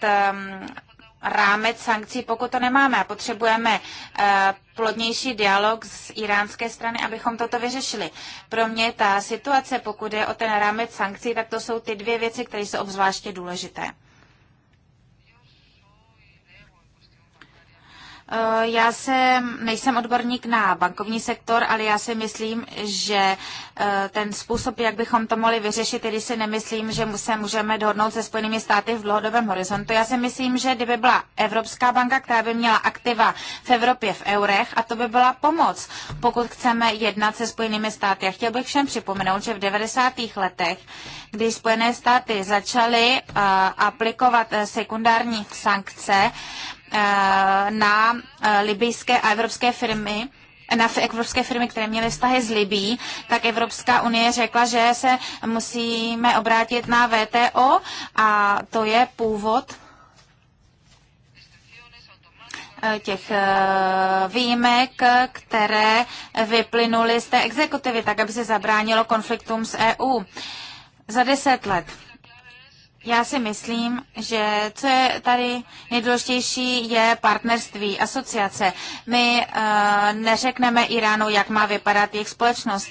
rámec sankcí, pokud to nemáme. Potřebujeme eh, plodnější dialog z iránské strany, abychom toto vyřešili. Pro mě ta situace, pokud je o ten rámec sankcí, tak to jsou ty dvě věci, které jsou obzvláště důležité. Eh, já jsem, nejsem odborník na bankovní sektor, ale já si myslím, že eh, ten způsob, jak bychom to mohli vyřešit, tedy si nemyslím, že se můžeme dohodnout se Spojenými státy v dlouhodobém horizontu. Já si myslím, že kdyby byla Evropská banka, která by měla aktiva v Evropě v eurech, a to by byla pomoc, pokud chceme jednat se Spojenými státy. Já chtěl bych všem připomenout, že v 90. letech, kdy Spojené státy začaly eh, aplikovat sekundární sankce, Eh, na eh, libijské a evropské firmy, na evropské firmy, které měly vztahy s Libí, tak Evropská unie řekla, že se musíme obrátit na VTO a to je původ eh, těch výjimek, které vyplynuly z té exekutivy, tak aby se zabránilo konfliktům s EU. Za deset let já si myslím, že co je tady nejdůležitější, je partnerství, asociace. My uh, neřekneme Iránu, jak má vypadat jejich společnost.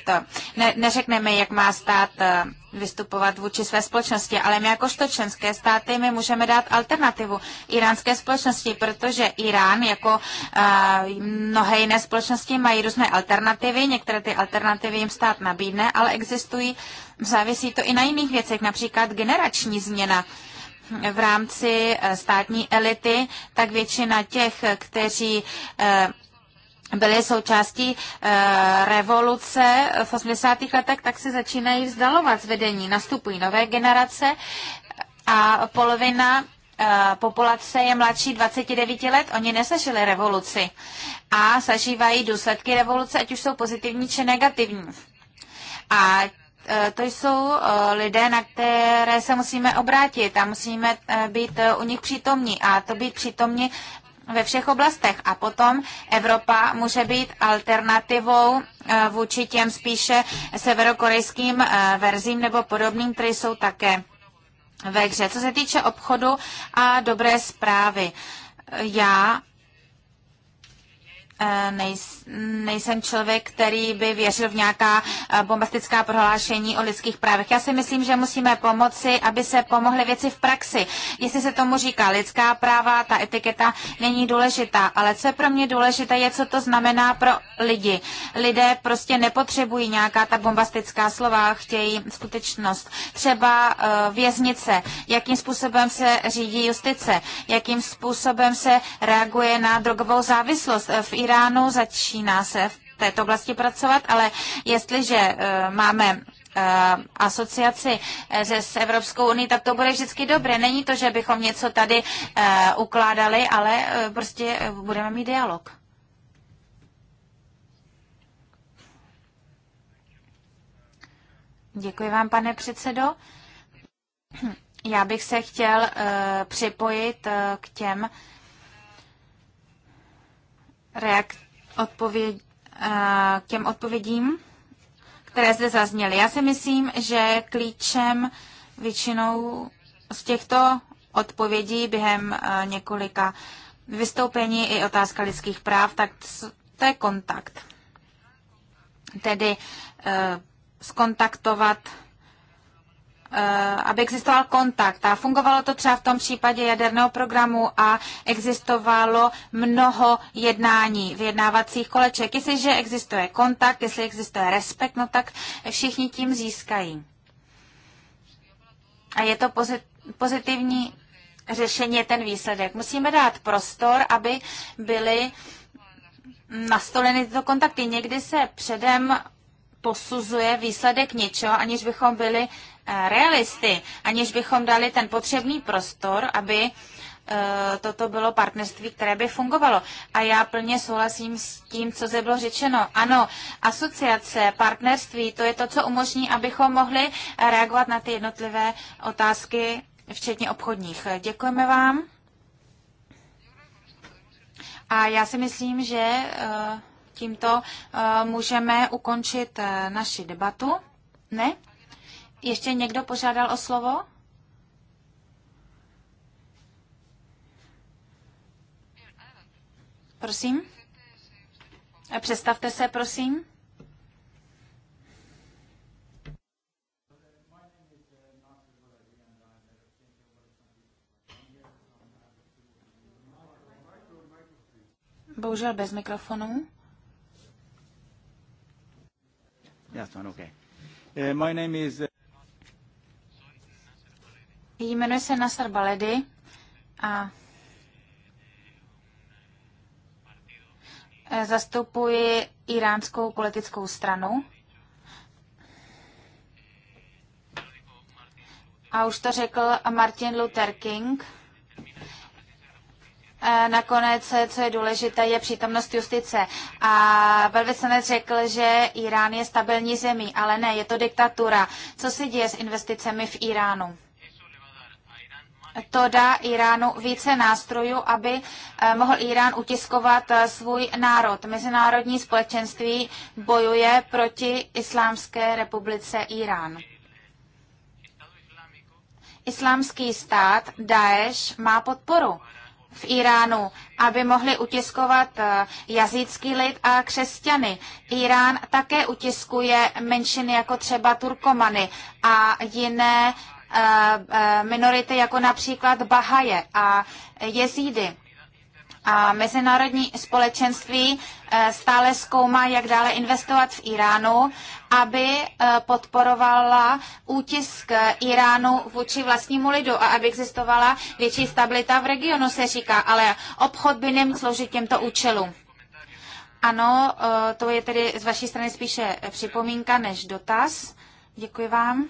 Ne, neřekneme, jak má stát uh, vystupovat vůči své společnosti, ale my jakožto členské státy my můžeme dát alternativu iránské společnosti, protože Irán jako uh, mnohé jiné společnosti mají různé alternativy, některé ty alternativy jim stát nabídne, ale existují, závisí to i na jiných věcech, například generační změna v rámci eh, státní elity, tak většina těch, kteří eh, byly součástí e, revoluce v 80. letech, tak se začínají vzdalovat z vedení. Nastupují nové generace a polovina eh, populace je mladší 29 let, oni nesažili revoluci a zažívají důsledky revoluce, ať už jsou pozitivní či negativní. A eh, to jsou lidé, na které se musíme obrátit a musíme být u nich přítomní. A to být přítomní ve všech oblastech. A potom Evropa může být alternativou eh, vůči těm spíše severokorejským eh, verzím nebo podobným, které jsou také ve hře. Co se týče obchodu a dobré zprávy, já Eh, nejsem člověk, který by věřil v nějaká eh, bombastická prohlášení o lidských právech. Já si myslím, že musíme pomoci, aby se pomohly věci v praxi. Jestli se tomu říká lidská práva, ta etiketa není důležitá, ale co je pro mě důležité, je, co to znamená pro lidi. Lidé prostě nepotřebují nějaká ta bombastická slova, chtějí skutečnost. Třeba eh, věznice, jakým způsobem se řídí justice, jakým způsobem se reaguje na drogovou závislost v Iránu Iránu, začíná se v této oblasti pracovat, ale jestliže eh, máme eh, asociaci eh, se s Evropskou unii, tak to bude vždycky dobré. Není to, že bychom něco tady ukládali, ale prostě budeme mít dialog. Děkuji vám, pane předsedo. Já bych se chtěl připojit k těm, reak- odpověd, uh, eh, těm odpovědím, které zde zazněly. Já si myslím, že klíčem většinou z těchto odpovědí během eh, několika vystoupení i otázka lidských práv, tak to je kontakt. Tedy eh, skontaktovat Eh, aby existoval kontakt. A fungovalo to třeba v tom případě jaderného programu a existovalo mnoho jednání, vyjednávacích koleček. Jestliže existuje kontakt, jestli existuje respekt, no tak všichni tím získají. A je to pozitivní řešení, je ten výsledek. Musíme dát prostor, aby byly nastoleny tyto kontakty. Někdy se předem posuzuje výsledek něčeho, aniž bychom byli Eh, realisty, aniž bychom dali ten potřebný prostor, aby eh, toto bylo partnerství, které by fungovalo. A já plně souhlasím s tím, co zde bylo řečeno. Ano, asociace, partnerství, to je to, co umožní, abychom mohli reagovat na ty jednotlivé otázky, včetně obchodních. Děkujeme vám. A já si myslím, že eh, tímto můžeme ukončit naši debatu. Ne? Ještě někdo požádal o slovo? Prosím. A představte se, prosím. Bohužel bez mikrofonu. Yes, one, OK. Uh, my name is... Jmenuje se Nasar Baledy a e, zastupuji iránskou politickou stranu. A už to řekl Martin Luther King. E, nakonec, e, co je důležité, je přítomnost justice. A velvyslanec řekl, že Irán je stabilní zemí, ale ne, je to diktatura. Co se děje s investicemi v Iránu? to dá Iránu více nástrojů, aby eh, mohl Irán utiskovat eh, svůj národ. Mezinárodní společenství bojuje proti Islámské republice Irán. Islámský stát Daesh má podporu v Iránu, aby mohli utiskovat eh, jazycký lid a křesťany. Irán také utiskuje menšiny jako třeba Turkomany a jiné Eh, eh, minority, jako například Bahaje a Jezídy. A mezinárodní společenství eh, stále zkoumá, jak dále investovat v Iránu, aby podporovala útisk Iránu vůči vlastnímu lidu a aby existovala větší stabilita v regionu, se říká, ale obchod by neměl sloužit těmto účelům. Ano, to je tedy z vaší strany spíše připomínka než dotaz. Děkuji vám.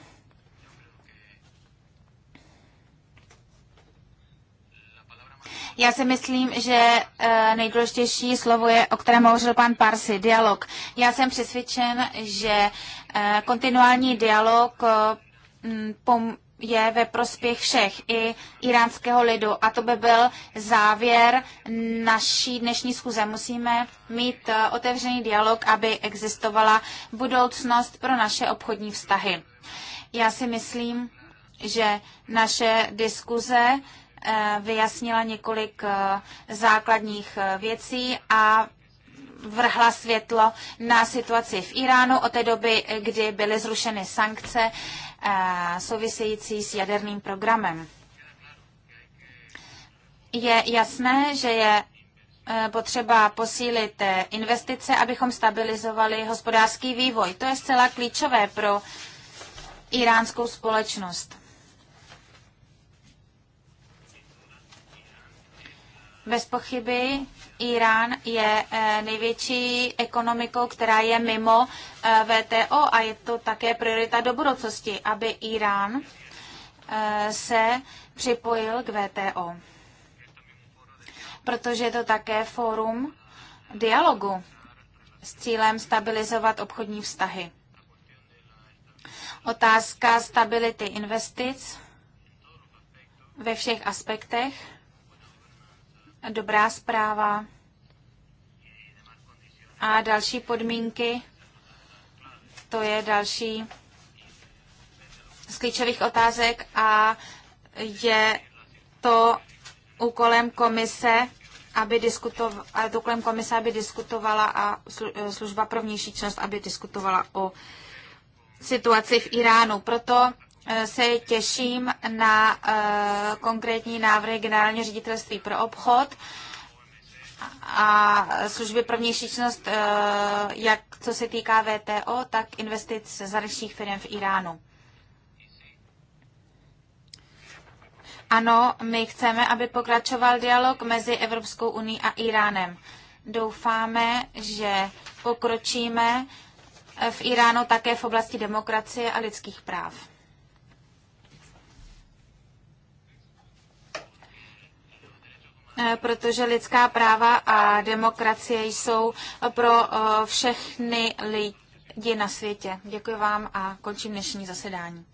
Já si myslím, že eh, nejdůležitější slovo je, o kterém hovořil pan Parsi, dialog. Já jsem přesvědčen, že eh, kontinuální dialog eh, mm, je ve prospěch všech, i iránského lidu. A to by byl závěr naší dnešní schůze. Musíme mít otevřený dialog, aby existovala budoucnost pro naše obchodní vztahy. Já si myslím, že naše diskuze Eh, vyjasnila několik eh, základních eh, věcí a vrhla světlo na situaci v Iránu od té doby, kdy byly zrušeny sankce související s jaderným programem. Je jasné, že je potřeba posílit investice, abychom stabilizovali hospodářský vývoj. To je zcela klíčové pro iránskou společnost. Bez pochyby Irán je eh, největší ekonomikou, která je mimo eh, VTO a je to také priorita do budoucnosti, aby Irán eh, se připojil k VTO. Protože je to také fórum dialogu s cílem stabilizovat obchodní vztahy. Otázka stability investic ve všech aspektech dobrá zpráva a další podmínky, to je další z klíčových otázek a je to úkolem komise, aby diskutovala, úkolem komise, aby diskutovala a e, služba pro vnější činnost, aby diskutovala o situaci v Iránu. Proto Eh, se těším na eh, konkrétní návrhy generální ředitelství pro obchod a služby pro vnější činnost, eh, jak co se týká VTO, tak investic zahraničních firm v Iránu. Ano, my chceme, aby pokračoval dialog mezi Evropskou uní a Iránem. Doufáme, že pokročíme v Iránu také v oblasti demokracie a lidských práv. Eh, protože lidská práva a demokracie jsou pro eh, všechny lidi na světě. Děkuji vám a končím dnešní zasedání.